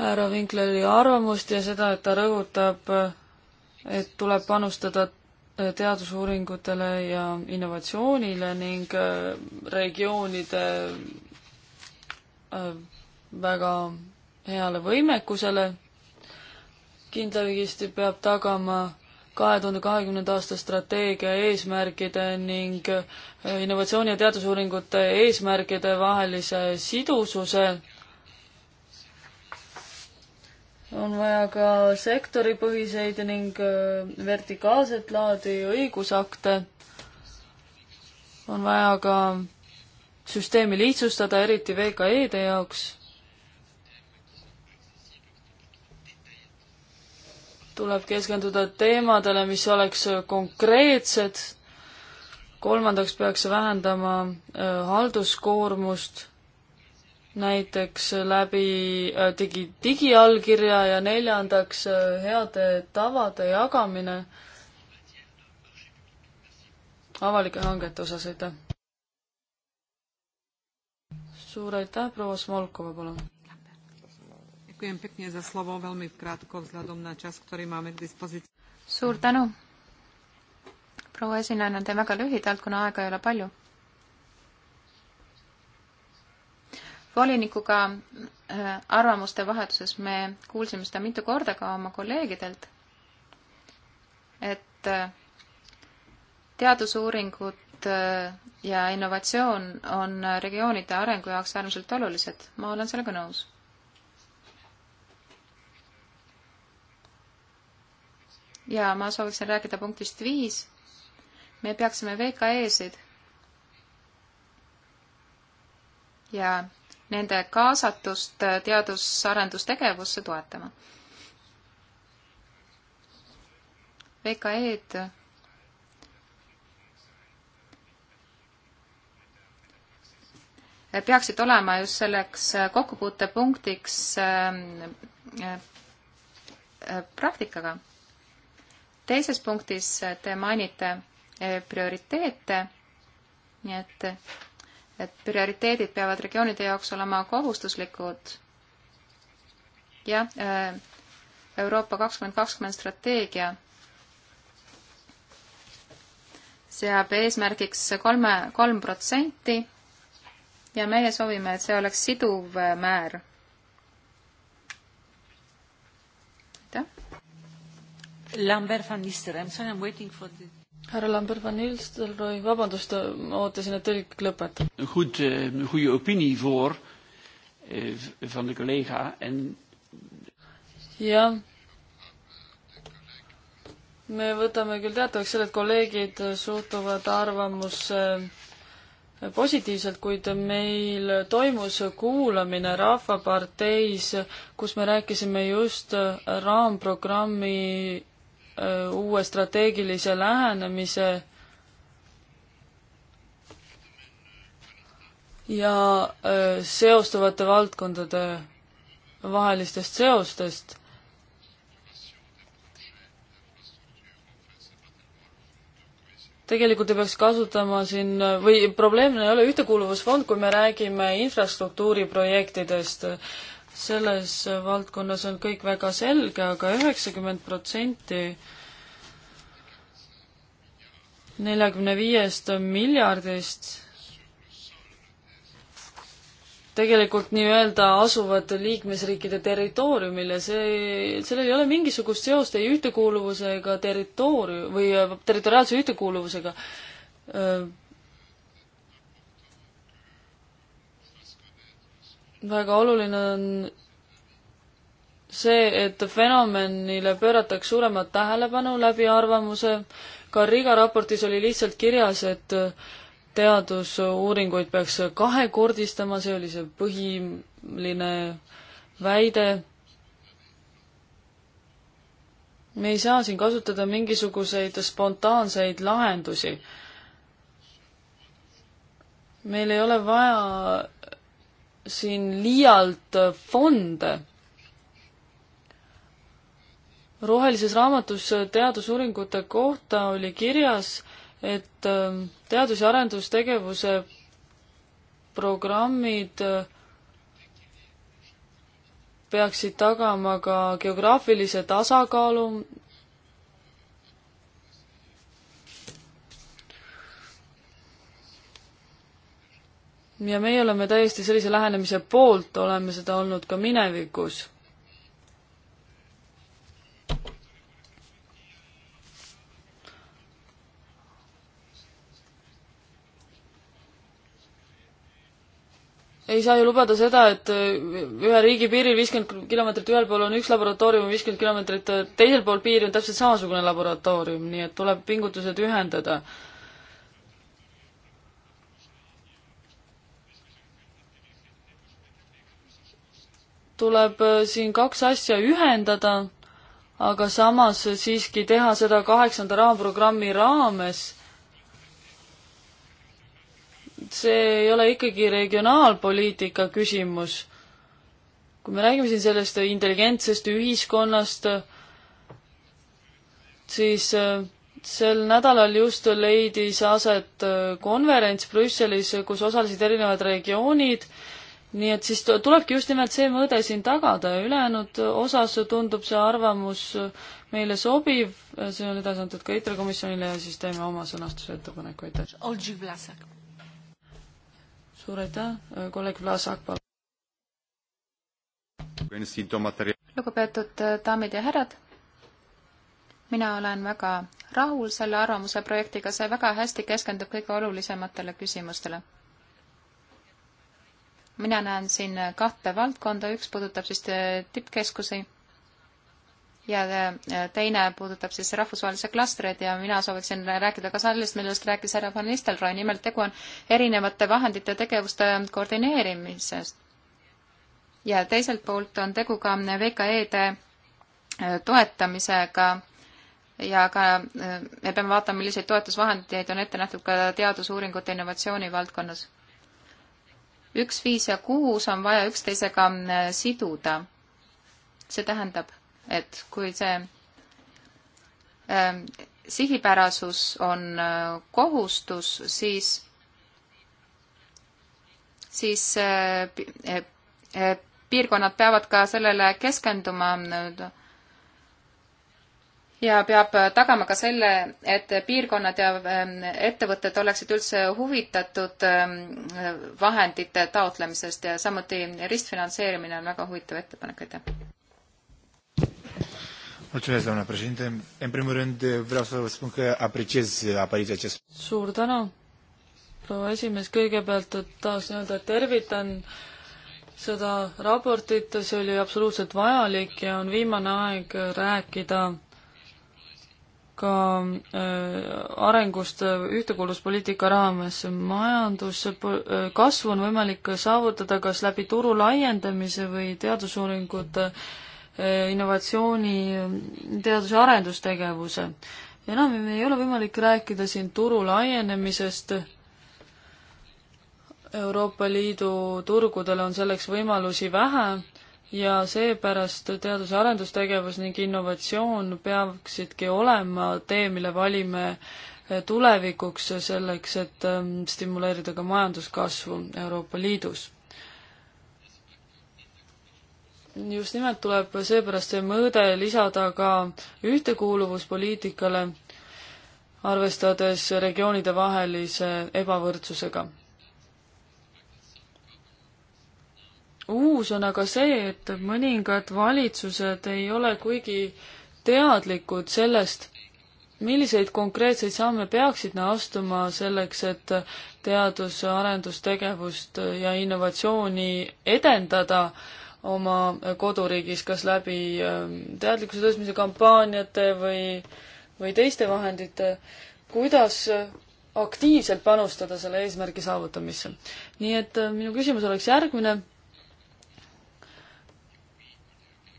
härra Vinkleri arvamust ja seda, et ta rõhutab, äh, et tuleb panustada teadusuuringutele ja innovatsioonile ning äh, regioonide äh, väga heale võimekusele. kindlasti peab tagama kahe tuhande kahekümnenda aasta strateegia eesmärgide ning äh, innovatsiooni ja teadusuuringute eesmärgide vahelise sidususe on vaja ka sektoripõhiseid ning äh, vertikaalset laadi õigusakte. on vaja ka süsteemi lihtsustada, eriti VKE-de jaoks. tuleb keskenduda teemadele, mis oleks konkreetsed. kolmandaks peaks vähendama äh, halduskoormust näiteks läbi digi, äh, digiallkirja ja neljandaks äh, heade tavade jagamine avalike hangete osas, aitäh! suur aitäh, proua Smolkova, palun! suur tänu! proua esinaine, teen väga lühidalt, kuna aega ei ole palju volinikuga äh, arvamuste vahetuses me kuulsime seda mitu korda ka oma kolleegidelt, et äh, teadusuuringud äh, ja innovatsioon on regioonide arengu jaoks äärmiselt olulised. ma olen sellega nõus. ja ma sooviksin rääkida punktist viis. me peaksime VKE-sid ja nende kaasatust teadus-arendustegevusse toetama. VKE-d peaksid olema just selleks kokkupuutepunktiks ähm, äh, praktikaga. teises punktis te mainite äh, prioriteete, nii et et prioriteedid peavad regioonide jaoks olema kohustuslikud. jah, äh, Euroopa kakskümmend kakskümmend strateegia seab eesmärgiks kolme, kolm protsenti ja meie soovime, et see oleks siduv määr. aitäh. Lambert van Nistelrooy, I am waiting for the härra Lambert van Nistelrooy, vabandust, ma ootasin, et tõlk lõpetab. Goed, eh, goede opinie voor eh, van de collega en. jah. me võtame küll teatavaks selle, et kolleegid suhtuvad arvamusse eh, positiivselt, kuid meil toimus kuulamine Rahvaparteis, kus me rääkisime just raamprogrammi Äh, uue strateegilise lähenemise ja äh, seostuvate valdkondade vahelistest seostest. tegelikult ei peaks kasutama siin või probleemne ei ole ühtekuuluvusfond, kui me räägime infrastruktuuriprojektidest selles valdkonnas on kõik väga selge aga, aga üheksakümmend protsenti neljakümne viiest miljardist tegelikult nii-öelda asuvad liikmesriikide territooriumil ja see, sellel ei ole mingisugust seost ei ühtekuuluvuse ega territoorium- või territoriaalse ühtekuuluvusega väga oluline on see, et fenomenile pööratakse suuremat tähelepanu läbi arvamuse. ka Riga raportis oli lihtsalt kirjas, et teadusuuringuid peaks kahekordistama, see oli see põhiline väide. me ei saa siin kasutada mingisuguseid spontaanseid lahendusi. meil ei ole vaja siin liialt äh, fonde. rohelises raamatus äh, teadusuuringute kohta oli kirjas, et äh, teadus- ja arendustegevuse programmid peaksid tagama ka geograafilise tasakaalu ja meie oleme täiesti sellise lähenemise poolt, oleme seda olnud ka minevikus. ei saa ju lubada seda, et ühe riigi piiril viiskümmend kilomeetrit ühel pool on üks laboratoorium, viiskümmend kilomeetrit teisel pool piiri on täpselt samasugune laboratoorium, nii et tuleb pingutused ühendada tuleb äh, siin kaks asja ühendada, aga samas siiski teha seda kaheksanda raamprogrammi raames. see ei ole ikkagi regionaalpoliitika küsimus. kui me räägime siin sellest intelligentsest ühiskonnast, siis äh, sel nädalal just leidis aset äh, konverents Brüsselis, kus osalesid erinevad regioonid nii et siis tulebki just nimelt see mõõde siin tagada ja ülejäänud osas tundub see arvamus meile sobiv, see on edasi antud ka ITRE komisjonile ja siis teeme oma sõnastuse ettepaneku, aitäh. suur aitäh, kolleeg Vlasak, palun. lugupeetud äh, daamid ja härrad, mina olen väga rahul selle arvamuse projektiga, see väga hästi keskendub kõige olulisematele küsimustele mina näen siin kahte valdkonda, üks puudutab siis äh, tippkeskusi ja äh, teine puudutab siis rahvusvahelisi klastreid ja mina sooviksin rääkida ka sellest, millest rääkis härra Van Nistelrooy, nimelt tegu on erinevate vahendite tegevuste koordineerimisest. ja teiselt poolt on tegu ka VKE-de äh, toetamisega ja ka me peame vaatama, milliseid toetusvahendeid on ette nähtud ka teadusuuringute innovatsiooni valdkonnas üks, viis ja kuus on vaja üksteisega äh, siduda. see tähendab, et kui see äh, sihipärasus on äh, kohustus, siis, siis äh, äh, äh piirkonnad peavad ka sellele keskenduma ja peab tagama ka selle, et piirkonnad ja ähm, ettevõtted oleksid üldse huvitatud ähm, vahendite taotlemisest ja samuti ristfinantseerimine on väga huvitav ettepanek, aitäh. Mulțumesc, doamna președinte. În primul rând, vreau să vă spun că apreciez apariția acestui. Suur tänu, proua esimees. Kõigepealt tahaksin öelda, et tervitan seda raportit, see oli absoluutselt vajalik ja on viimane aeg rääkida ka äh, arengust äh, ühtekuuluvuspoliitika raames. majanduskasvu äh, on võimalik saavutada kas läbi turu laiendamise või teadusuuringute innovatsiooni teadus- ja arendustegevuse. enam ei ole võimalik rääkida siin turu laienemisest, Euroopa Liidu turgudel on selleks võimalusi vähe ja seepärast teadus- ja arendustegevus ning innovatsioon peaksidki olema tee, mille valime eh, tulevikuks selleks, et eh, stimuleerida ka majanduskasvu Euroopa Liidus. just nimelt tuleb seepärast see mõõde lisada ka ühtekuuluvuspoliitikale, arvestades regioonide vahelise ebavõrdsusega uus on aga see, et mõningad valitsused ei ole kuigi teadlikud sellest, milliseid konkreetseid samme peaksid nad astuma selleks, et teadus- ja arendustegevust ja innovatsiooni edendada oma koduriigis, kas läbi ähm, teadlikkuse tõstmise kampaaniate või, või teiste vahendite, kuidas aktiivselt panustada selle eesmärgi saavutamisse. nii et äh, minu küsimus oleks järgmine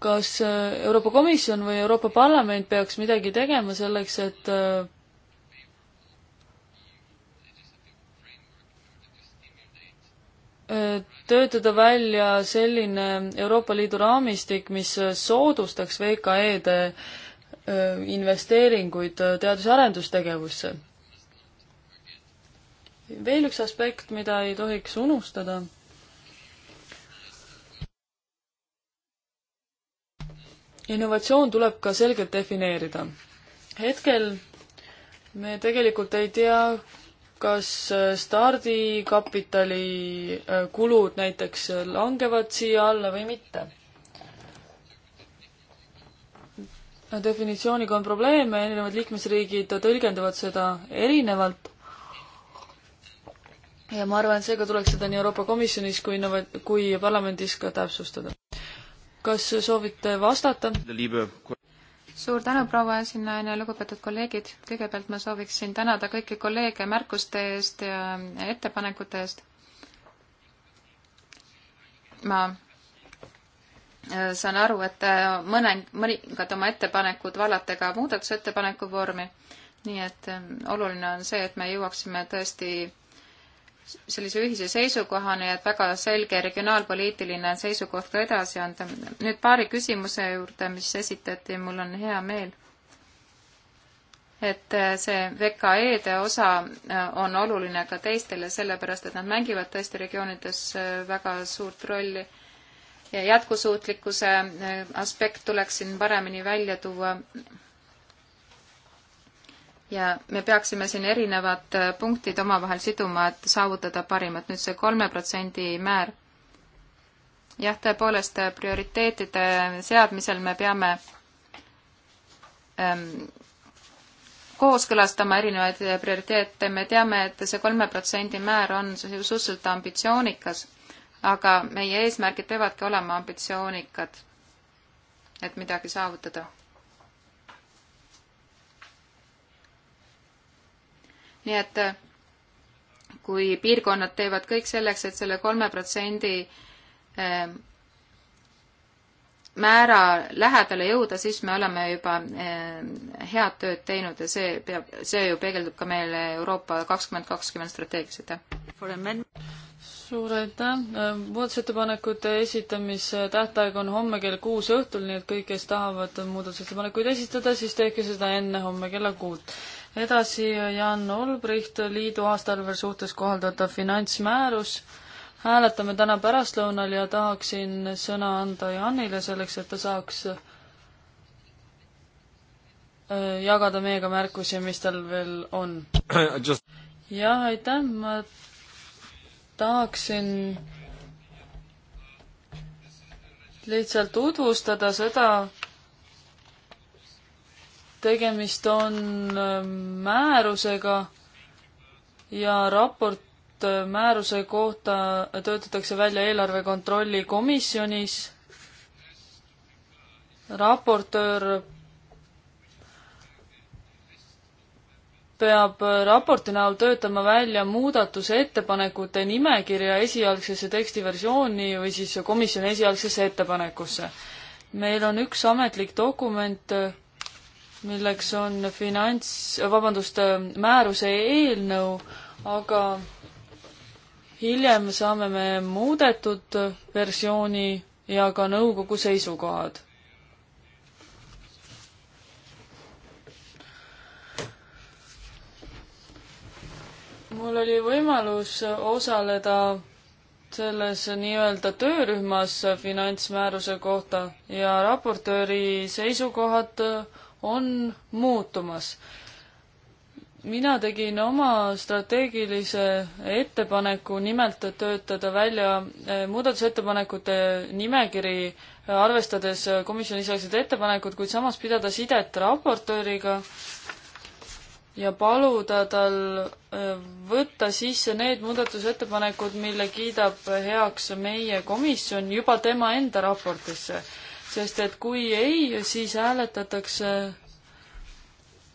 kas äh, Euroopa Komisjon või Euroopa Parlament peaks midagi tegema selleks, et äh, töötada välja selline Euroopa Liidu raamistik, mis soodustaks VKE-de äh, investeeringuid teadus- ja arendustegevusse. veel üks aspekt, mida ei tohiks unustada innovatsioon tuleb ka selgelt defineerida. hetkel me tegelikult ei tea, kas äh, stardikapitali äh, kulud näiteks äh, langevad siia alla või mitte. definitsiooniga on probleeme, erinevad liikmesriigid tõlgendavad seda erinevalt ja ma arvan, et seega tuleks seda nii Euroopa Komisjonis kui innova-, kui parlamendis ka täpsustada kas soovite vastata? suur tänu, proua esinaine, lugupeetud kolleegid. kõigepealt ma sooviksin tänada kõiki kolleege märkuste eest ja ettepanekute eest. ma äh, saan aru, et äh, mõne, mõningad oma ettepanekud vallate ka muudatusettepaneku vormi, nii et äh, oluline on see, et me jõuaksime tõesti sellise ühise seisukohani, et väga selge regionaalpoliitiline seisukoht ka edasi anda. nüüd paari küsimuse juurde, mis esitati, mul on hea meel, et see VKE-de osa äh, on oluline ka teistele, sellepärast et nad mängivad tõesti regioonides äh, väga suurt rolli ja jätkusuutlikkuse äh, aspekt tuleks siin paremini välja tuua ja me peaksime siin erinevad äh, punktid omavahel siduma, et saavutada parimat. nüüd see kolme protsendi määr. jah, tõepoolest äh, prioriteetide seadmisel me peame ähm, kooskõlastama erinevaid äh, prioriteete, me teame, et see kolme protsendi määr on suhteliselt ambitsioonikas, aga meie eesmärgid peavadki olema ambitsioonikad, et midagi saavutada nii et äh, kui piirkonnad teevad kõik selleks, et selle kolme protsendi ähm, määra lähedale jõuda, siis me oleme juba ähm, head tööd teinud ja see peab, see ju peegeldub ka meile Euroopa kakskümmend kakskümmend strateegias, aitäh! suur aitäh! Ähm, muudatusettepanekute esitamise tähtaeg on homme kell kuus õhtul, nii et kõik, kes tahavad muudatusettepanekuid esitada, siis tehke seda enne homme kella kuut edasi Jan Olbricht, liidu aastaarve suhtes kohaldatav finantsmäärus. hääletame täna pärastlõunal ja tahaksin sõna anda Janile selleks, et ta saaks äh, jagada meiega märkusi, mis tal veel on. jah, aitäh, ma tahaksin lihtsalt tutvustada seda, tegemist on ähm, määrusega ja raport äh, määruse kohta töötatakse välja eelarve kontrolli komisjonis. raportöör peab äh, raporti näol töötama välja muudatusettepanekute nimekirja esialgsesse tekstiversiooni või siis komisjoni esialgsesse ettepanekusse. meil on üks ametlik dokument äh, milleks on finants, vabandust, määruse eelnõu, aga hiljem saame me muudetud versiooni ja ka nõukogu seisukohad. mul oli võimalus osaleda selles nii-öelda töörühmas finantsmääruse kohta ja raportööri seisukohad on muutumas. mina tegin oma strateegilise ettepaneku nimelt töötada välja eh, muudatusettepanekute nimekiri, eh, arvestades eh, komisjoni esialgset ettepanekut, kuid samas pidada sidet raportööriga ja paluda tal võtta sisse need muudatusettepanekud, mille kiidab heaks meie komisjon juba tema enda raportisse sest et kui ei, siis hääletatakse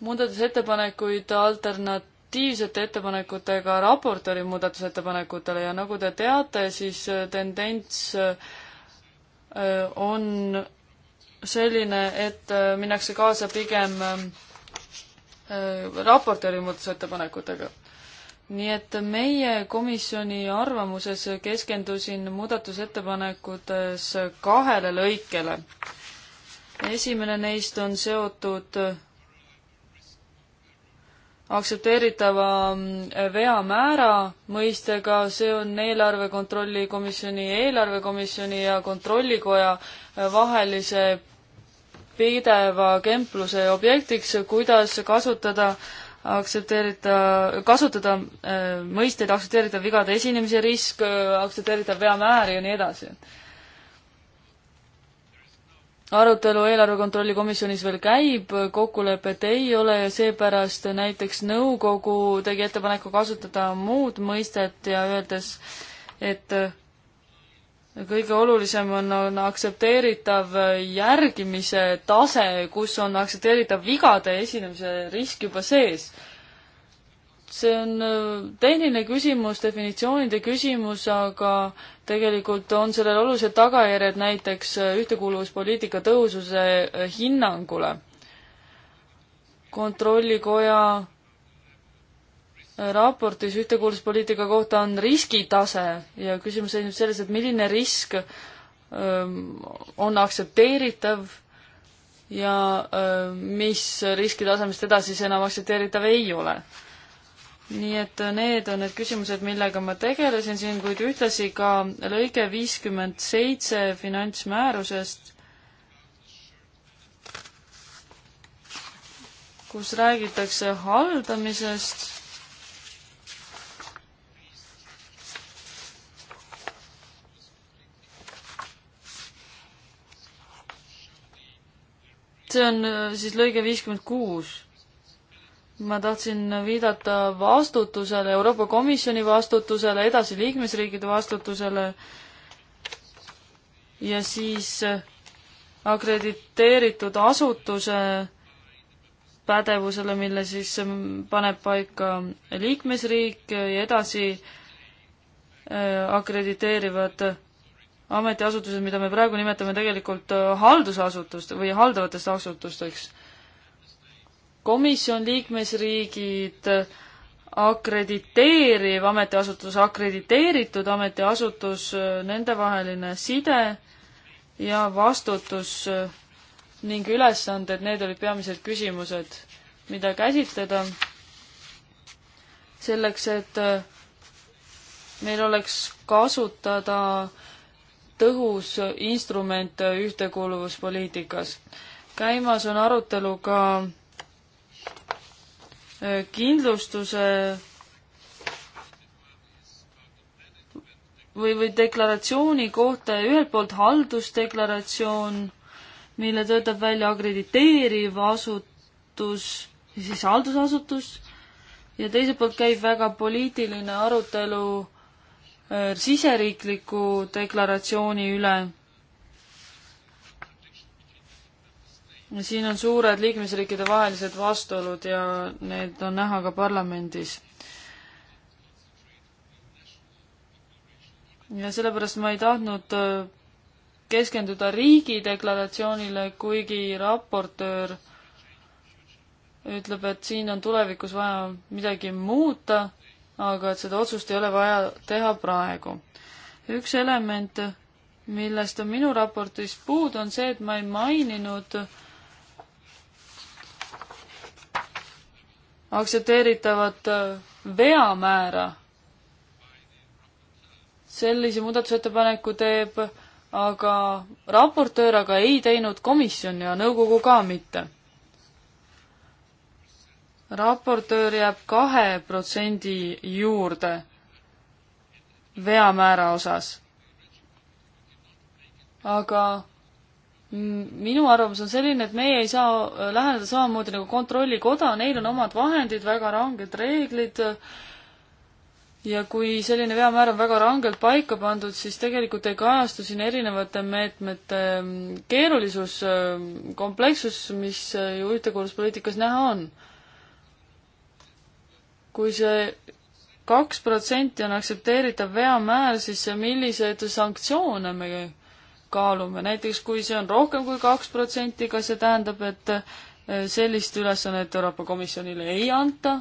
muudatusettepanekuid alternatiivsete ettepanekutega raportööri muudatusettepanekutele ja nagu te teate, siis tendents äh, on selline, et äh, minnakse kaasa pigem äh, raportööri muudatusettepanekutega nii et meie komisjoni arvamuses keskendusin muudatusettepanekutes kahele lõikele. esimene neist on seotud aktsepteeritava veamäära mõistega, see on eelarve kontrolli komisjoni, eelarvekomisjoni ja kontrollikoja vahelise pideva kempluse objektiks, kuidas kasutada äh, aktsepteerida, kasutada äh, mõisteid, aktsepteerida vigade esinemise risk, äh, aktsepteerida veamäär ja nii edasi. arutelu eelarve kontrolli komisjonis veel käib, kokkulepet ei ole ja seepärast näiteks nõukogu tegi ettepaneku kasutada muud mõistet ja öeldes, et kõige olulisem on, on aktsepteeritav järgimise tase, kus on aktsepteeritav vigade esinemise risk juba sees. see on äh, tehniline küsimus, definitsioonide küsimus, aga tegelikult on sellel olulised tagajärjed näiteks äh, ühtekuuluvuspoliitika tõhususe äh, hinnangule. kontrollikoja raportis ühtekuuluvuspoliitika kohta on riskitase ja küsimus seisneb selles, et milline risk ähm, on aktsepteeritav ja ähm, mis riskitasemest edasi siis enam aktsepteeritav ei ole. nii et äh, need on need küsimused, millega ma tegelesin siin, kuid ühtlasi ka lõige viiskümmend seitse finantsmäärusest, kus räägitakse haldamisest see on äh, siis lõige viiskümmend kuus. ma tahtsin viidata vastutusele, Euroopa Komisjoni vastutusele, edasi liikmesriikide vastutusele ja siis äh, akrediteeritud asutuse pädevusele, mille siis äh, paneb paika liikmesriik ja edasi akrediteerivad ametiasutused, mida me praegu nimetame tegelikult äh, haldusasutust või haldavateks asutusteks. komisjon, liikmesriigid, akrediteeriv ametiasutus, akrediteeritud ametiasutus, äh, nendevaheline side ja vastutus äh, ning ülesanded, need olid peamised küsimused, mida käsitleda selleks, et meil oleks kasutada äh, tõhus instrument ühtekuuluvuspoliitikas. käimas on arutelu ka äh, kindlustuse või, või deklaratsiooni kohta ja ühelt poolt haldusdeklaratsioon, mille töötab välja akrediteeriv asutus, siis haldusasutus, ja teiselt poolt käib väga poliitiline arutelu Äh, siseriikliku deklaratsiooni üle. siin on suured liikmesriikide vahelised vastuolud ja need on näha ka parlamendis ja sellepärast ma ei tahtnud äh, keskenduda riigi deklaratsioonile, kuigi raportöör ütleb, et siin on tulevikus vaja midagi muuta aga et seda otsust ei ole vaja teha praegu. üks element, millest on minu raportis puudu, on see, et ma ei maininud aktsepteeritavat veamäära. sellise muudatusettepaneku teeb aga raportöör, aga ei teinud komisjon ja nõukogu ka mitte raportöör jääb kahe protsendi juurde veamäära osas. aga minu arvamus on selline, et meie ei saa läheneda samamoodi nagu Kontrollikoda, neil on omad vahendid, väga ranged reeglid ja kui selline veamäär on väga rangelt paika pandud, siis tegelikult ei kajastu siin erinevate meetmete keerulisus, komplekssus, mis ju ühtekuuluvuspoliitikas näha on kui see kaks protsenti on aktsepteeritav veamäär, siis milliseid sanktsioone me kaalume, näiteks kui see on rohkem kui kaks protsenti, kas see tähendab, et eh, sellist ülesannet Euroopa Komisjonile ei anta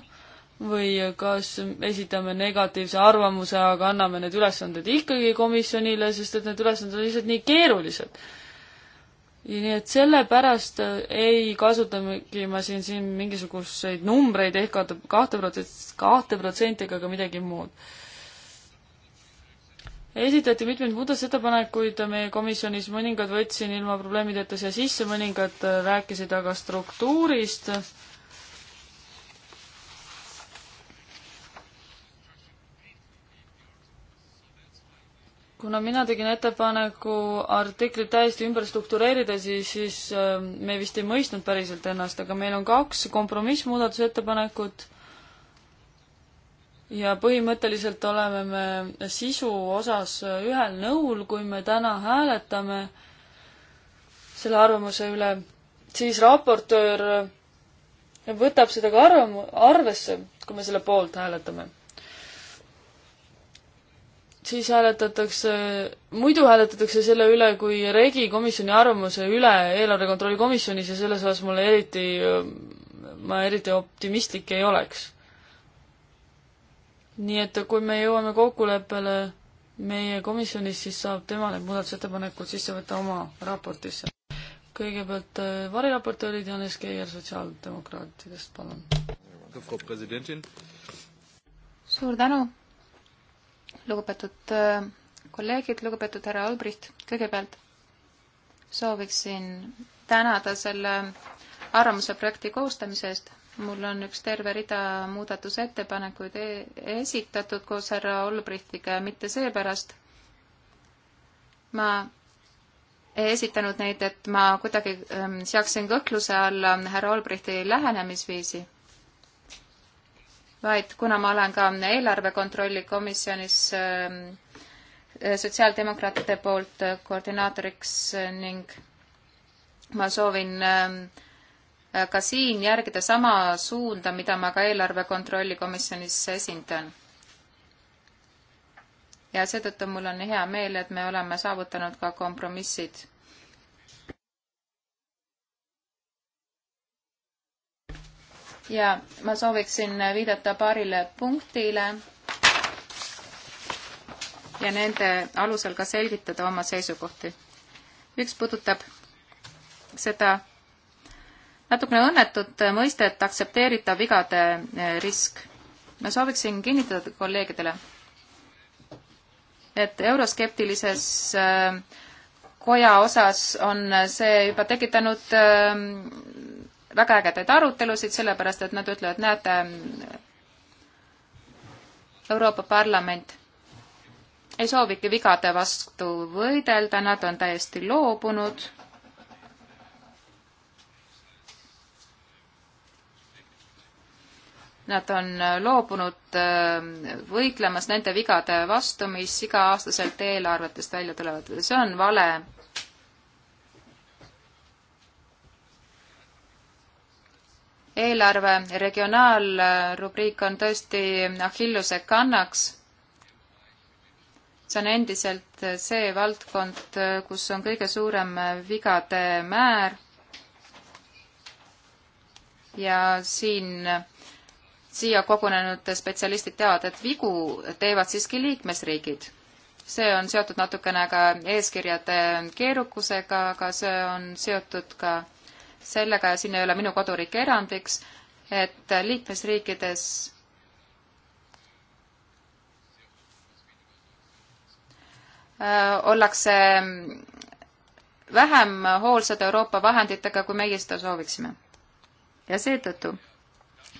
või kas esitame negatiivse arvamuse, aga anname need ülesanded ikkagi komisjonile, sest et need ülesanded on lihtsalt nii keerulised nii et sellepärast äh, ei kasutamegi ma siin, siin mingisuguseid numbreid ehk kahte protsenti, kahte protsenti ega ka midagi muud. esitati mitmeid muudatusettepanekuid meie komisjonis, mõningad võtsin ilma probleemideta siia sisse, mõningad äh, rääkisid aga struktuurist kuna mina tegin ettepaneku artiklit täiesti ümber struktureerida, siis, siis äh, me vist ei mõistnud päriselt ennast, aga meil on kaks kompromissmuudatusettepanekut ja põhimõtteliselt oleme me sisu osas ühel nõul, kui me täna hääletame selle arvamuse üle, siis raportöör võtab seda ka arvam-, arvesse, kui me selle poolt hääletame siis hääletatakse, muidu hääletatakse selle üle kui regi komisjoni arvamuse üle eelarve kontrolli komisjonis ja selles osas mulle eriti, ma eriti optimistlik ei oleks. nii et kui me jõuame kokkuleppele meie komisjonis, siis saab tema need muudatusettepanekud sisse võtta oma raportisse. kõigepealt äh, variraportöörid Janes Keier sotsiaaldemokraatidest, palun. suur tänu lugupeetud äh, kolleegid, lugupeetud härra Albrecht, kõigepealt sooviksin tänada selle arvamuse projekti koostamise eest. mul on üks terve rida muudatusettepanekuid e esitatud koos härra Olbrichtiga ja mitte seepärast ma ei esitanud neid, et ma kuidagi ähm, seaksin kõhkluse alla härra Olbrichti lähenemisviisi vaid kuna ma olen ka eelarve kontrolli komisjonis äh, äh, sotsiaaldemokraatide poolt äh, koordinaatoriks ning ma soovin ka siin järgida sama suunda, mida ma ka eelarve kontrolli komisjonis esindan. ja seetõttu mul on hea meel, et me oleme saavutanud ka kompromissid ja ma sooviksin viidata paarile punktile ja nende alusel ka selgitada oma seisukohti. üks puudutab seda natukene õnnetut mõistet aktsepteeritav vigade eh, risk. ma sooviksin kinnitada kolleegidele, et euroskeptilises eh, koja osas on see juba tekitanud eh, väga ägedaid arutelusid, sellepärast et nad ütlevad, näete, mm, Euroopa Parlament ei soovigi vigade vastu võidelda, nad on täiesti loobunud. Nad on loobunud äh, võitlemas nende vigade vastu, mis iga-aastaselt eelarvetest välja tulevad. See on vale eelarve regionaalrubriik on tõesti Achilluse kannaks. see on endiselt see valdkond, kus on kõige suurem vigade määr. ja siin siia kogunenud spetsialistid teavad, et vigu teevad siiski liikmesriigid. see on seotud natukene ka eeskirjade keerukusega, aga see on seotud ka sellega ja siin ei ole minu koduriik erandiks, et liikmesriikides äh, ollakse vähem hoolsad Euroopa vahenditega, kui meie seda sooviksime. ja seetõttu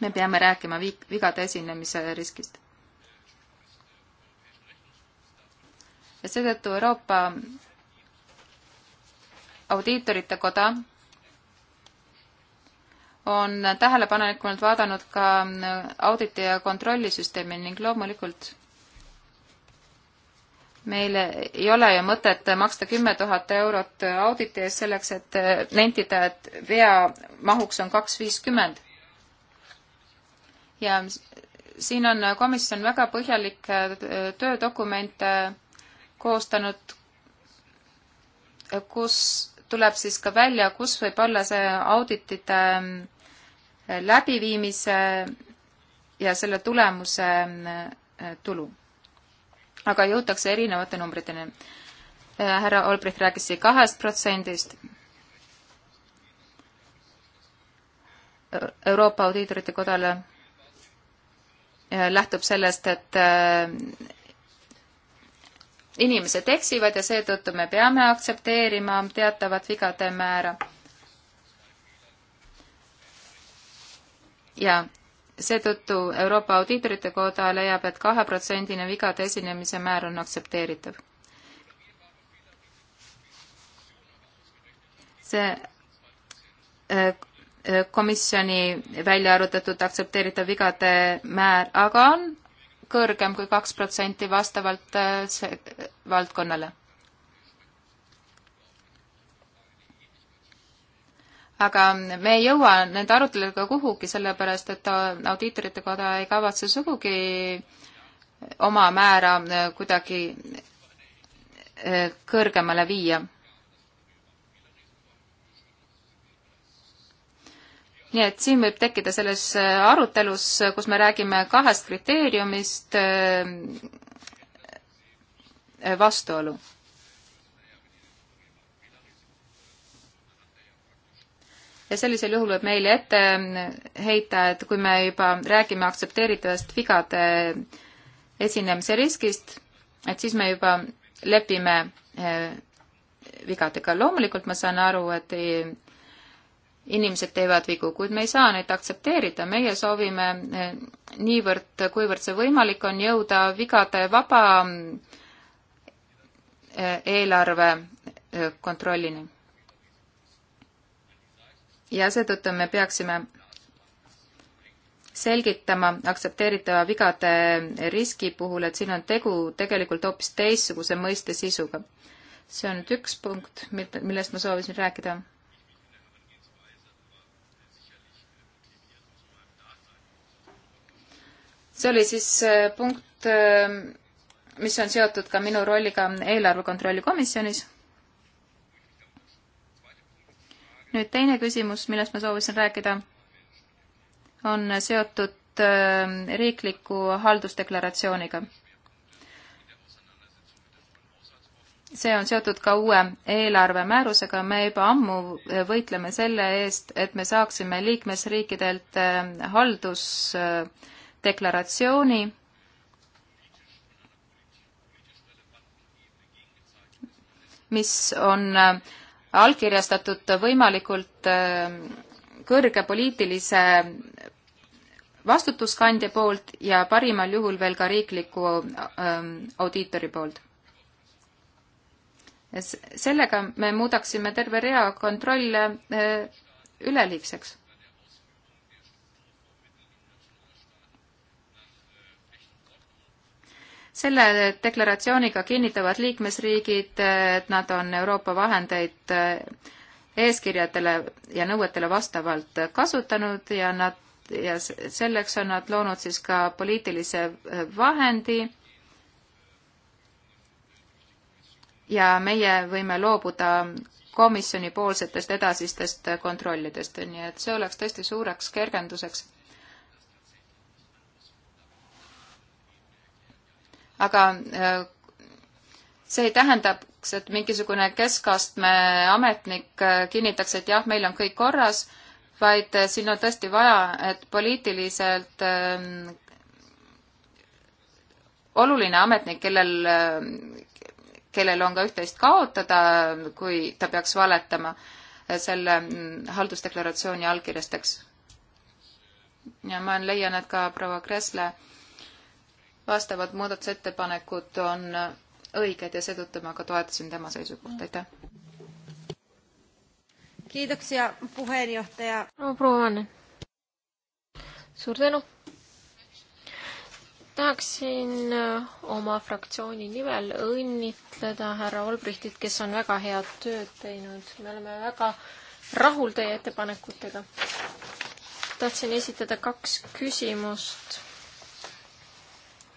me peame rääkima viik-, vigade esinemise riskist. ja seetõttu Euroopa Audiitorite Koda on tähelepanelikumalt vaadanud ka äh, auditi ja kontrollisüsteemi ning loomulikult meil ei ole ju mõtet maksta kümme tuhat eurot auditi eest selleks, et äh, nentida, et vea mahuks on kaks viiskümmend. ja siin on komisjon väga põhjalikke äh, töödokumente koostanud, kus tuleb siis ka välja, kus võib olla see auditite mm, läbiviimise ja selle tulemuse äh, tulu. aga jõutakse erinevate numbriteni. Äh, härra Olbrich rääkis siin kahest protsendist. Äh, Euroopa Audiitorite Kodale lähtub sellest, et inimesed eksivad ja seetõttu me peame aktsepteerima teatavat vigade määra ja seetõttu Euroopa Audiitorite Koda leiab, et kaheprotsendine vigade esinemise määr on aktsepteeritav. see äh, äh, komisjoni välja arvutatud aktsepteeritav vigade määr aga on kõrgem kui kaks protsenti vastavalt äh, valdkonnale aga me ei jõua nende aruteludega kuhugi, sellepärast et audiitorite koda ei kavatse sugugi oma määra äh, kuidagi äh, kõrgemale viia. nii et siin võib tekkida selles äh, arutelus, kus me räägime kahest kriteeriumist, vastuolu ja sellisel juhul võib meile ette heita, et kui me juba räägime aktsepteeritavast vigade esinemise riskist, et siis me juba lepime eh, vigadega. loomulikult ma saan aru, et ei, inimesed teevad vigu, kuid me ei saa neid aktsepteerida, meie soovime eh, niivõrd, kuivõrd see võimalik on, jõuda vigade vaba eh, eelarve kontrollini ja seetõttu me peaksime selgitama aktsepteeritava vigade riski puhul, et siin on tegu tegelikult hoopis teistsuguse mõiste sisuga. see on nüüd üks punkt, millest ma soovisin rääkida. see oli siis äh, punkt, äh, mis on seotud ka minu rolliga eelarve kontrolli komisjonis nüüd teine küsimus, millest ma soovisin rääkida, on seotud äh, riikliku haldusdeklaratsiooniga. see on seotud ka uue eelarvemäärusega, me juba ammu äh, võitleme selle eest, et me saaksime liikmesriikidelt äh, haldusdeklaratsiooni, mis on äh, allkirjastatud võimalikult äh, kõrge poliitilise vastutuskandja poolt ja parimal juhul veel ka riikliku ähm, audiitori poolt. sellega me muudaksime terve rea kontrolle äh, üleliigseks selle deklaratsiooniga kinnitavad liikmesriigid, et nad on Euroopa vahendeid eh, eeskirjadele ja nõuetele vastavalt kasutanud ja nad ja selleks on nad loonud siis ka poliitilise eh, vahendi ja meie võime loobuda komisjonipoolsetest edasistest kontrollidest, nii et see oleks tõesti suureks kergenduseks aga äh, see tähendaks, et mingisugune keskastme ametnik äh, kinnitaks, et jah, meil on kõik korras, vaid äh, siin on tõesti vaja, et poliitiliselt ähm, oluline ametnik, kellel, kellel on ka üht-teist kaotada, kui ta peaks valetama selle mm, haldusdeklaratsiooni allkirjastaks. ja ma leian, et ka proua Kresle äh, vastavad muudatusettepanekud on õiged ja seetõttu ma ka toetasin tema seisukohta, aitäh. kiitoksia, puheenjohtaja. no proua Anne. suur tänu. tahaksin äh, oma fraktsiooni nimel õnnitleda härra Olbrichtit, kes on väga head tööd teinud. me oleme väga rahul teie ettepanekutega. tahtsin esitada kaks küsimust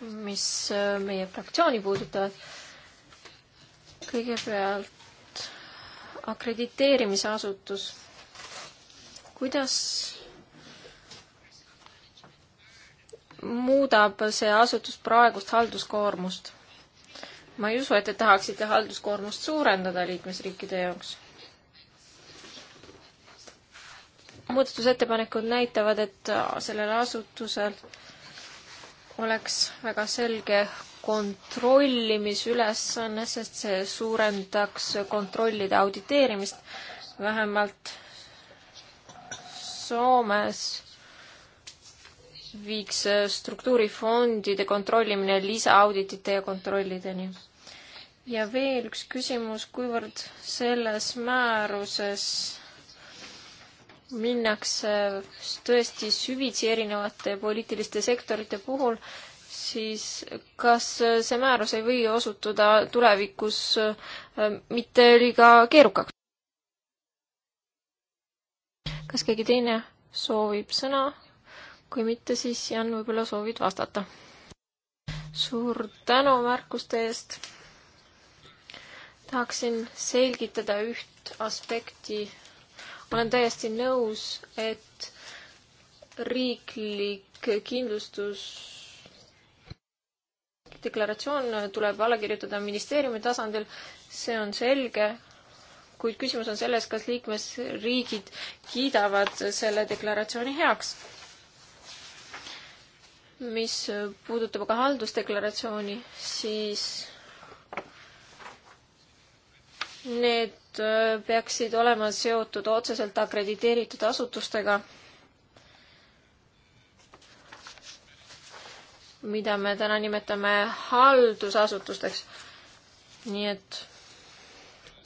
mis äh, meie fraktsiooni puudutavad. kõigepealt akrediteerimise asutus. kuidas muudab see asutus praegust halduskoormust? ma ei usu, et te tahaksite halduskoormust suurendada liikmesriikide jaoks. muudatusettepanekud näitavad, et sellel asutusel äh, oleks väga selge kontrollimisülesanne, sest see suurendaks kontrollide auditeerimist. vähemalt Soomes viiks struktuurifondide kontrollimine lisaauditite ja kontrollideni. ja veel üks küsimus, kuivõrd selles määruses minnakse tõesti süvitsi erinevate poliitiliste sektorite puhul, siis kas see määrus ei või osutuda tulevikus äh, mitte liiga keerukaks? kas keegi teine soovib sõna? kui mitte, siis Jan, võib-olla soovid vastata? suur tänu märkuste eest. tahaksin selgitada üht aspekti ma olen täiesti nõus, et riiklik kindlustus deklaratsioon tuleb alla kirjutada ministeeriumi tasandil, see on selge, kuid küsimus on selles, kas liikmesriigid kiidavad selle deklaratsiooni heaks. mis puudutab aga haldusdeklaratsiooni, siis Need äh, peaksid olema seotud otseselt akrediteeritud asutustega, mida me täna nimetame haldusasutusteks. nii et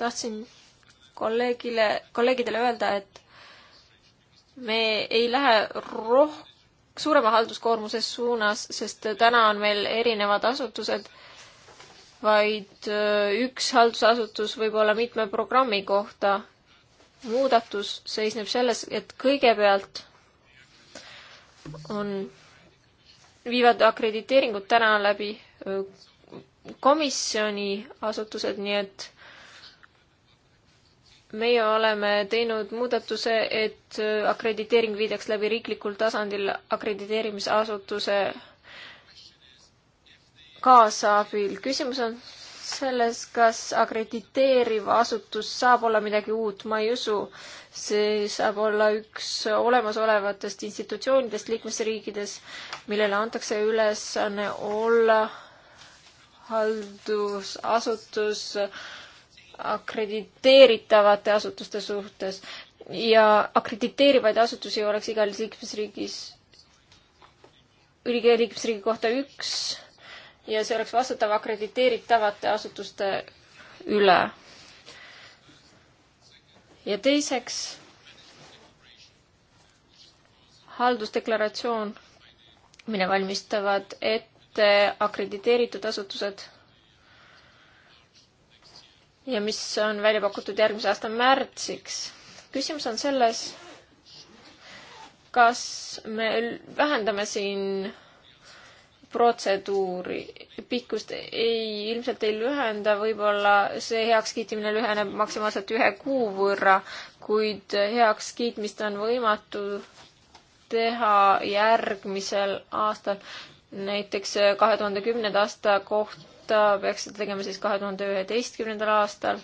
tahtsin kolleegile, kolleegidele öelda, et me ei lähe roh-, suurema halduskoormuse suunas, sest täna on meil erinevad asutused vaid äh, üks haldusasutus võib olla mitme programmi kohta. muudatus seisneb selles, et kõigepealt on, viivad akrediteeringud täna läbi äh, komisjoni asutused, nii et meie oleme teinud muudatuse, et äh, akrediteering viidaks läbi riiklikul tasandil akrediteerimisasutuse kaasabil. küsimus on selles, kas akrediteeriv asutus saab olla midagi uut, ma ei usu. see saab olla üks olemasolevatest institutsioonidest liikmesriikides, millele antakse ülesanne olla haldusasutus akrediteeritavate asutuste suhtes ja akrediteerivaid asutusi oleks igal liikmesriigis, liikmesriigi kohta üks ja see oleks vastutav akrediteeritavate asutuste üle. ja teiseks, haldusdeklaratsioon, mille valmistavad ette akrediteeritud asutused ja mis on välja pakutud järgmise aasta märtsiks. küsimus on selles, kas me vähendame siin protseduuri pikkust ei, ilmselt ei lühenda, võib-olla see heakskiitmine lüheneb maksimaalselt ühe kuu võrra, kuid heakskiitmist on võimatu teha järgmisel aastal. näiteks kahe tuhande kümnenda aasta kohta peaks seda tegema siis kahe tuhande üheteistkümnendal aastal.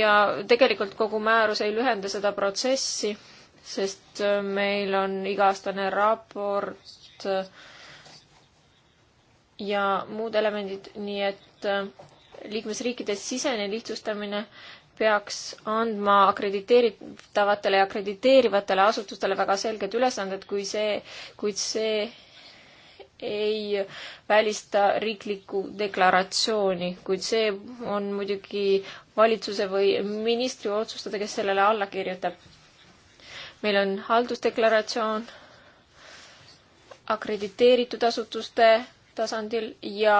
ja tegelikult kogu määrus ei lühenda seda protsessi sest äh, meil on iga-aastane raport äh, ja muud elemendid, nii et äh, liikmesriikides sisene lihtsustamine peaks andma akrediteeritavatele ja akrediteerivatele asutustele väga selged ülesanded, kui see, kuid see ei välista riiklikku deklaratsiooni, kuid see on muidugi valitsuse või ministri otsustada, kes sellele alla kirjutab meil on haldusdeklaratsioon akrediteeritud asutuste tasandil ja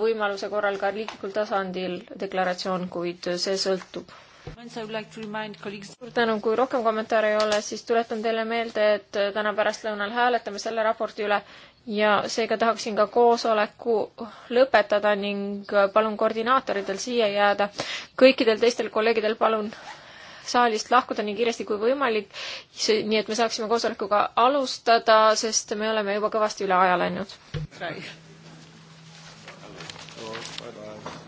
võimaluse korral ka riiklikul tasandil deklaratsioon, kuid see sõltub. suur tänu, kui rohkem kommentaare ei ole, siis tuletan teile meelde, et täna pärastlõunal hääletame selle raporti üle ja seega tahaksin ka koosoleku lõpetada ning palun koordinaatoritel siia jääda. kõikidel teistel kolleegidel palun saalist lahkuda nii kiiresti kui võimalik, nii et me saaksime koosolekuga alustada, sest me oleme juba kõvasti üle aja läinud.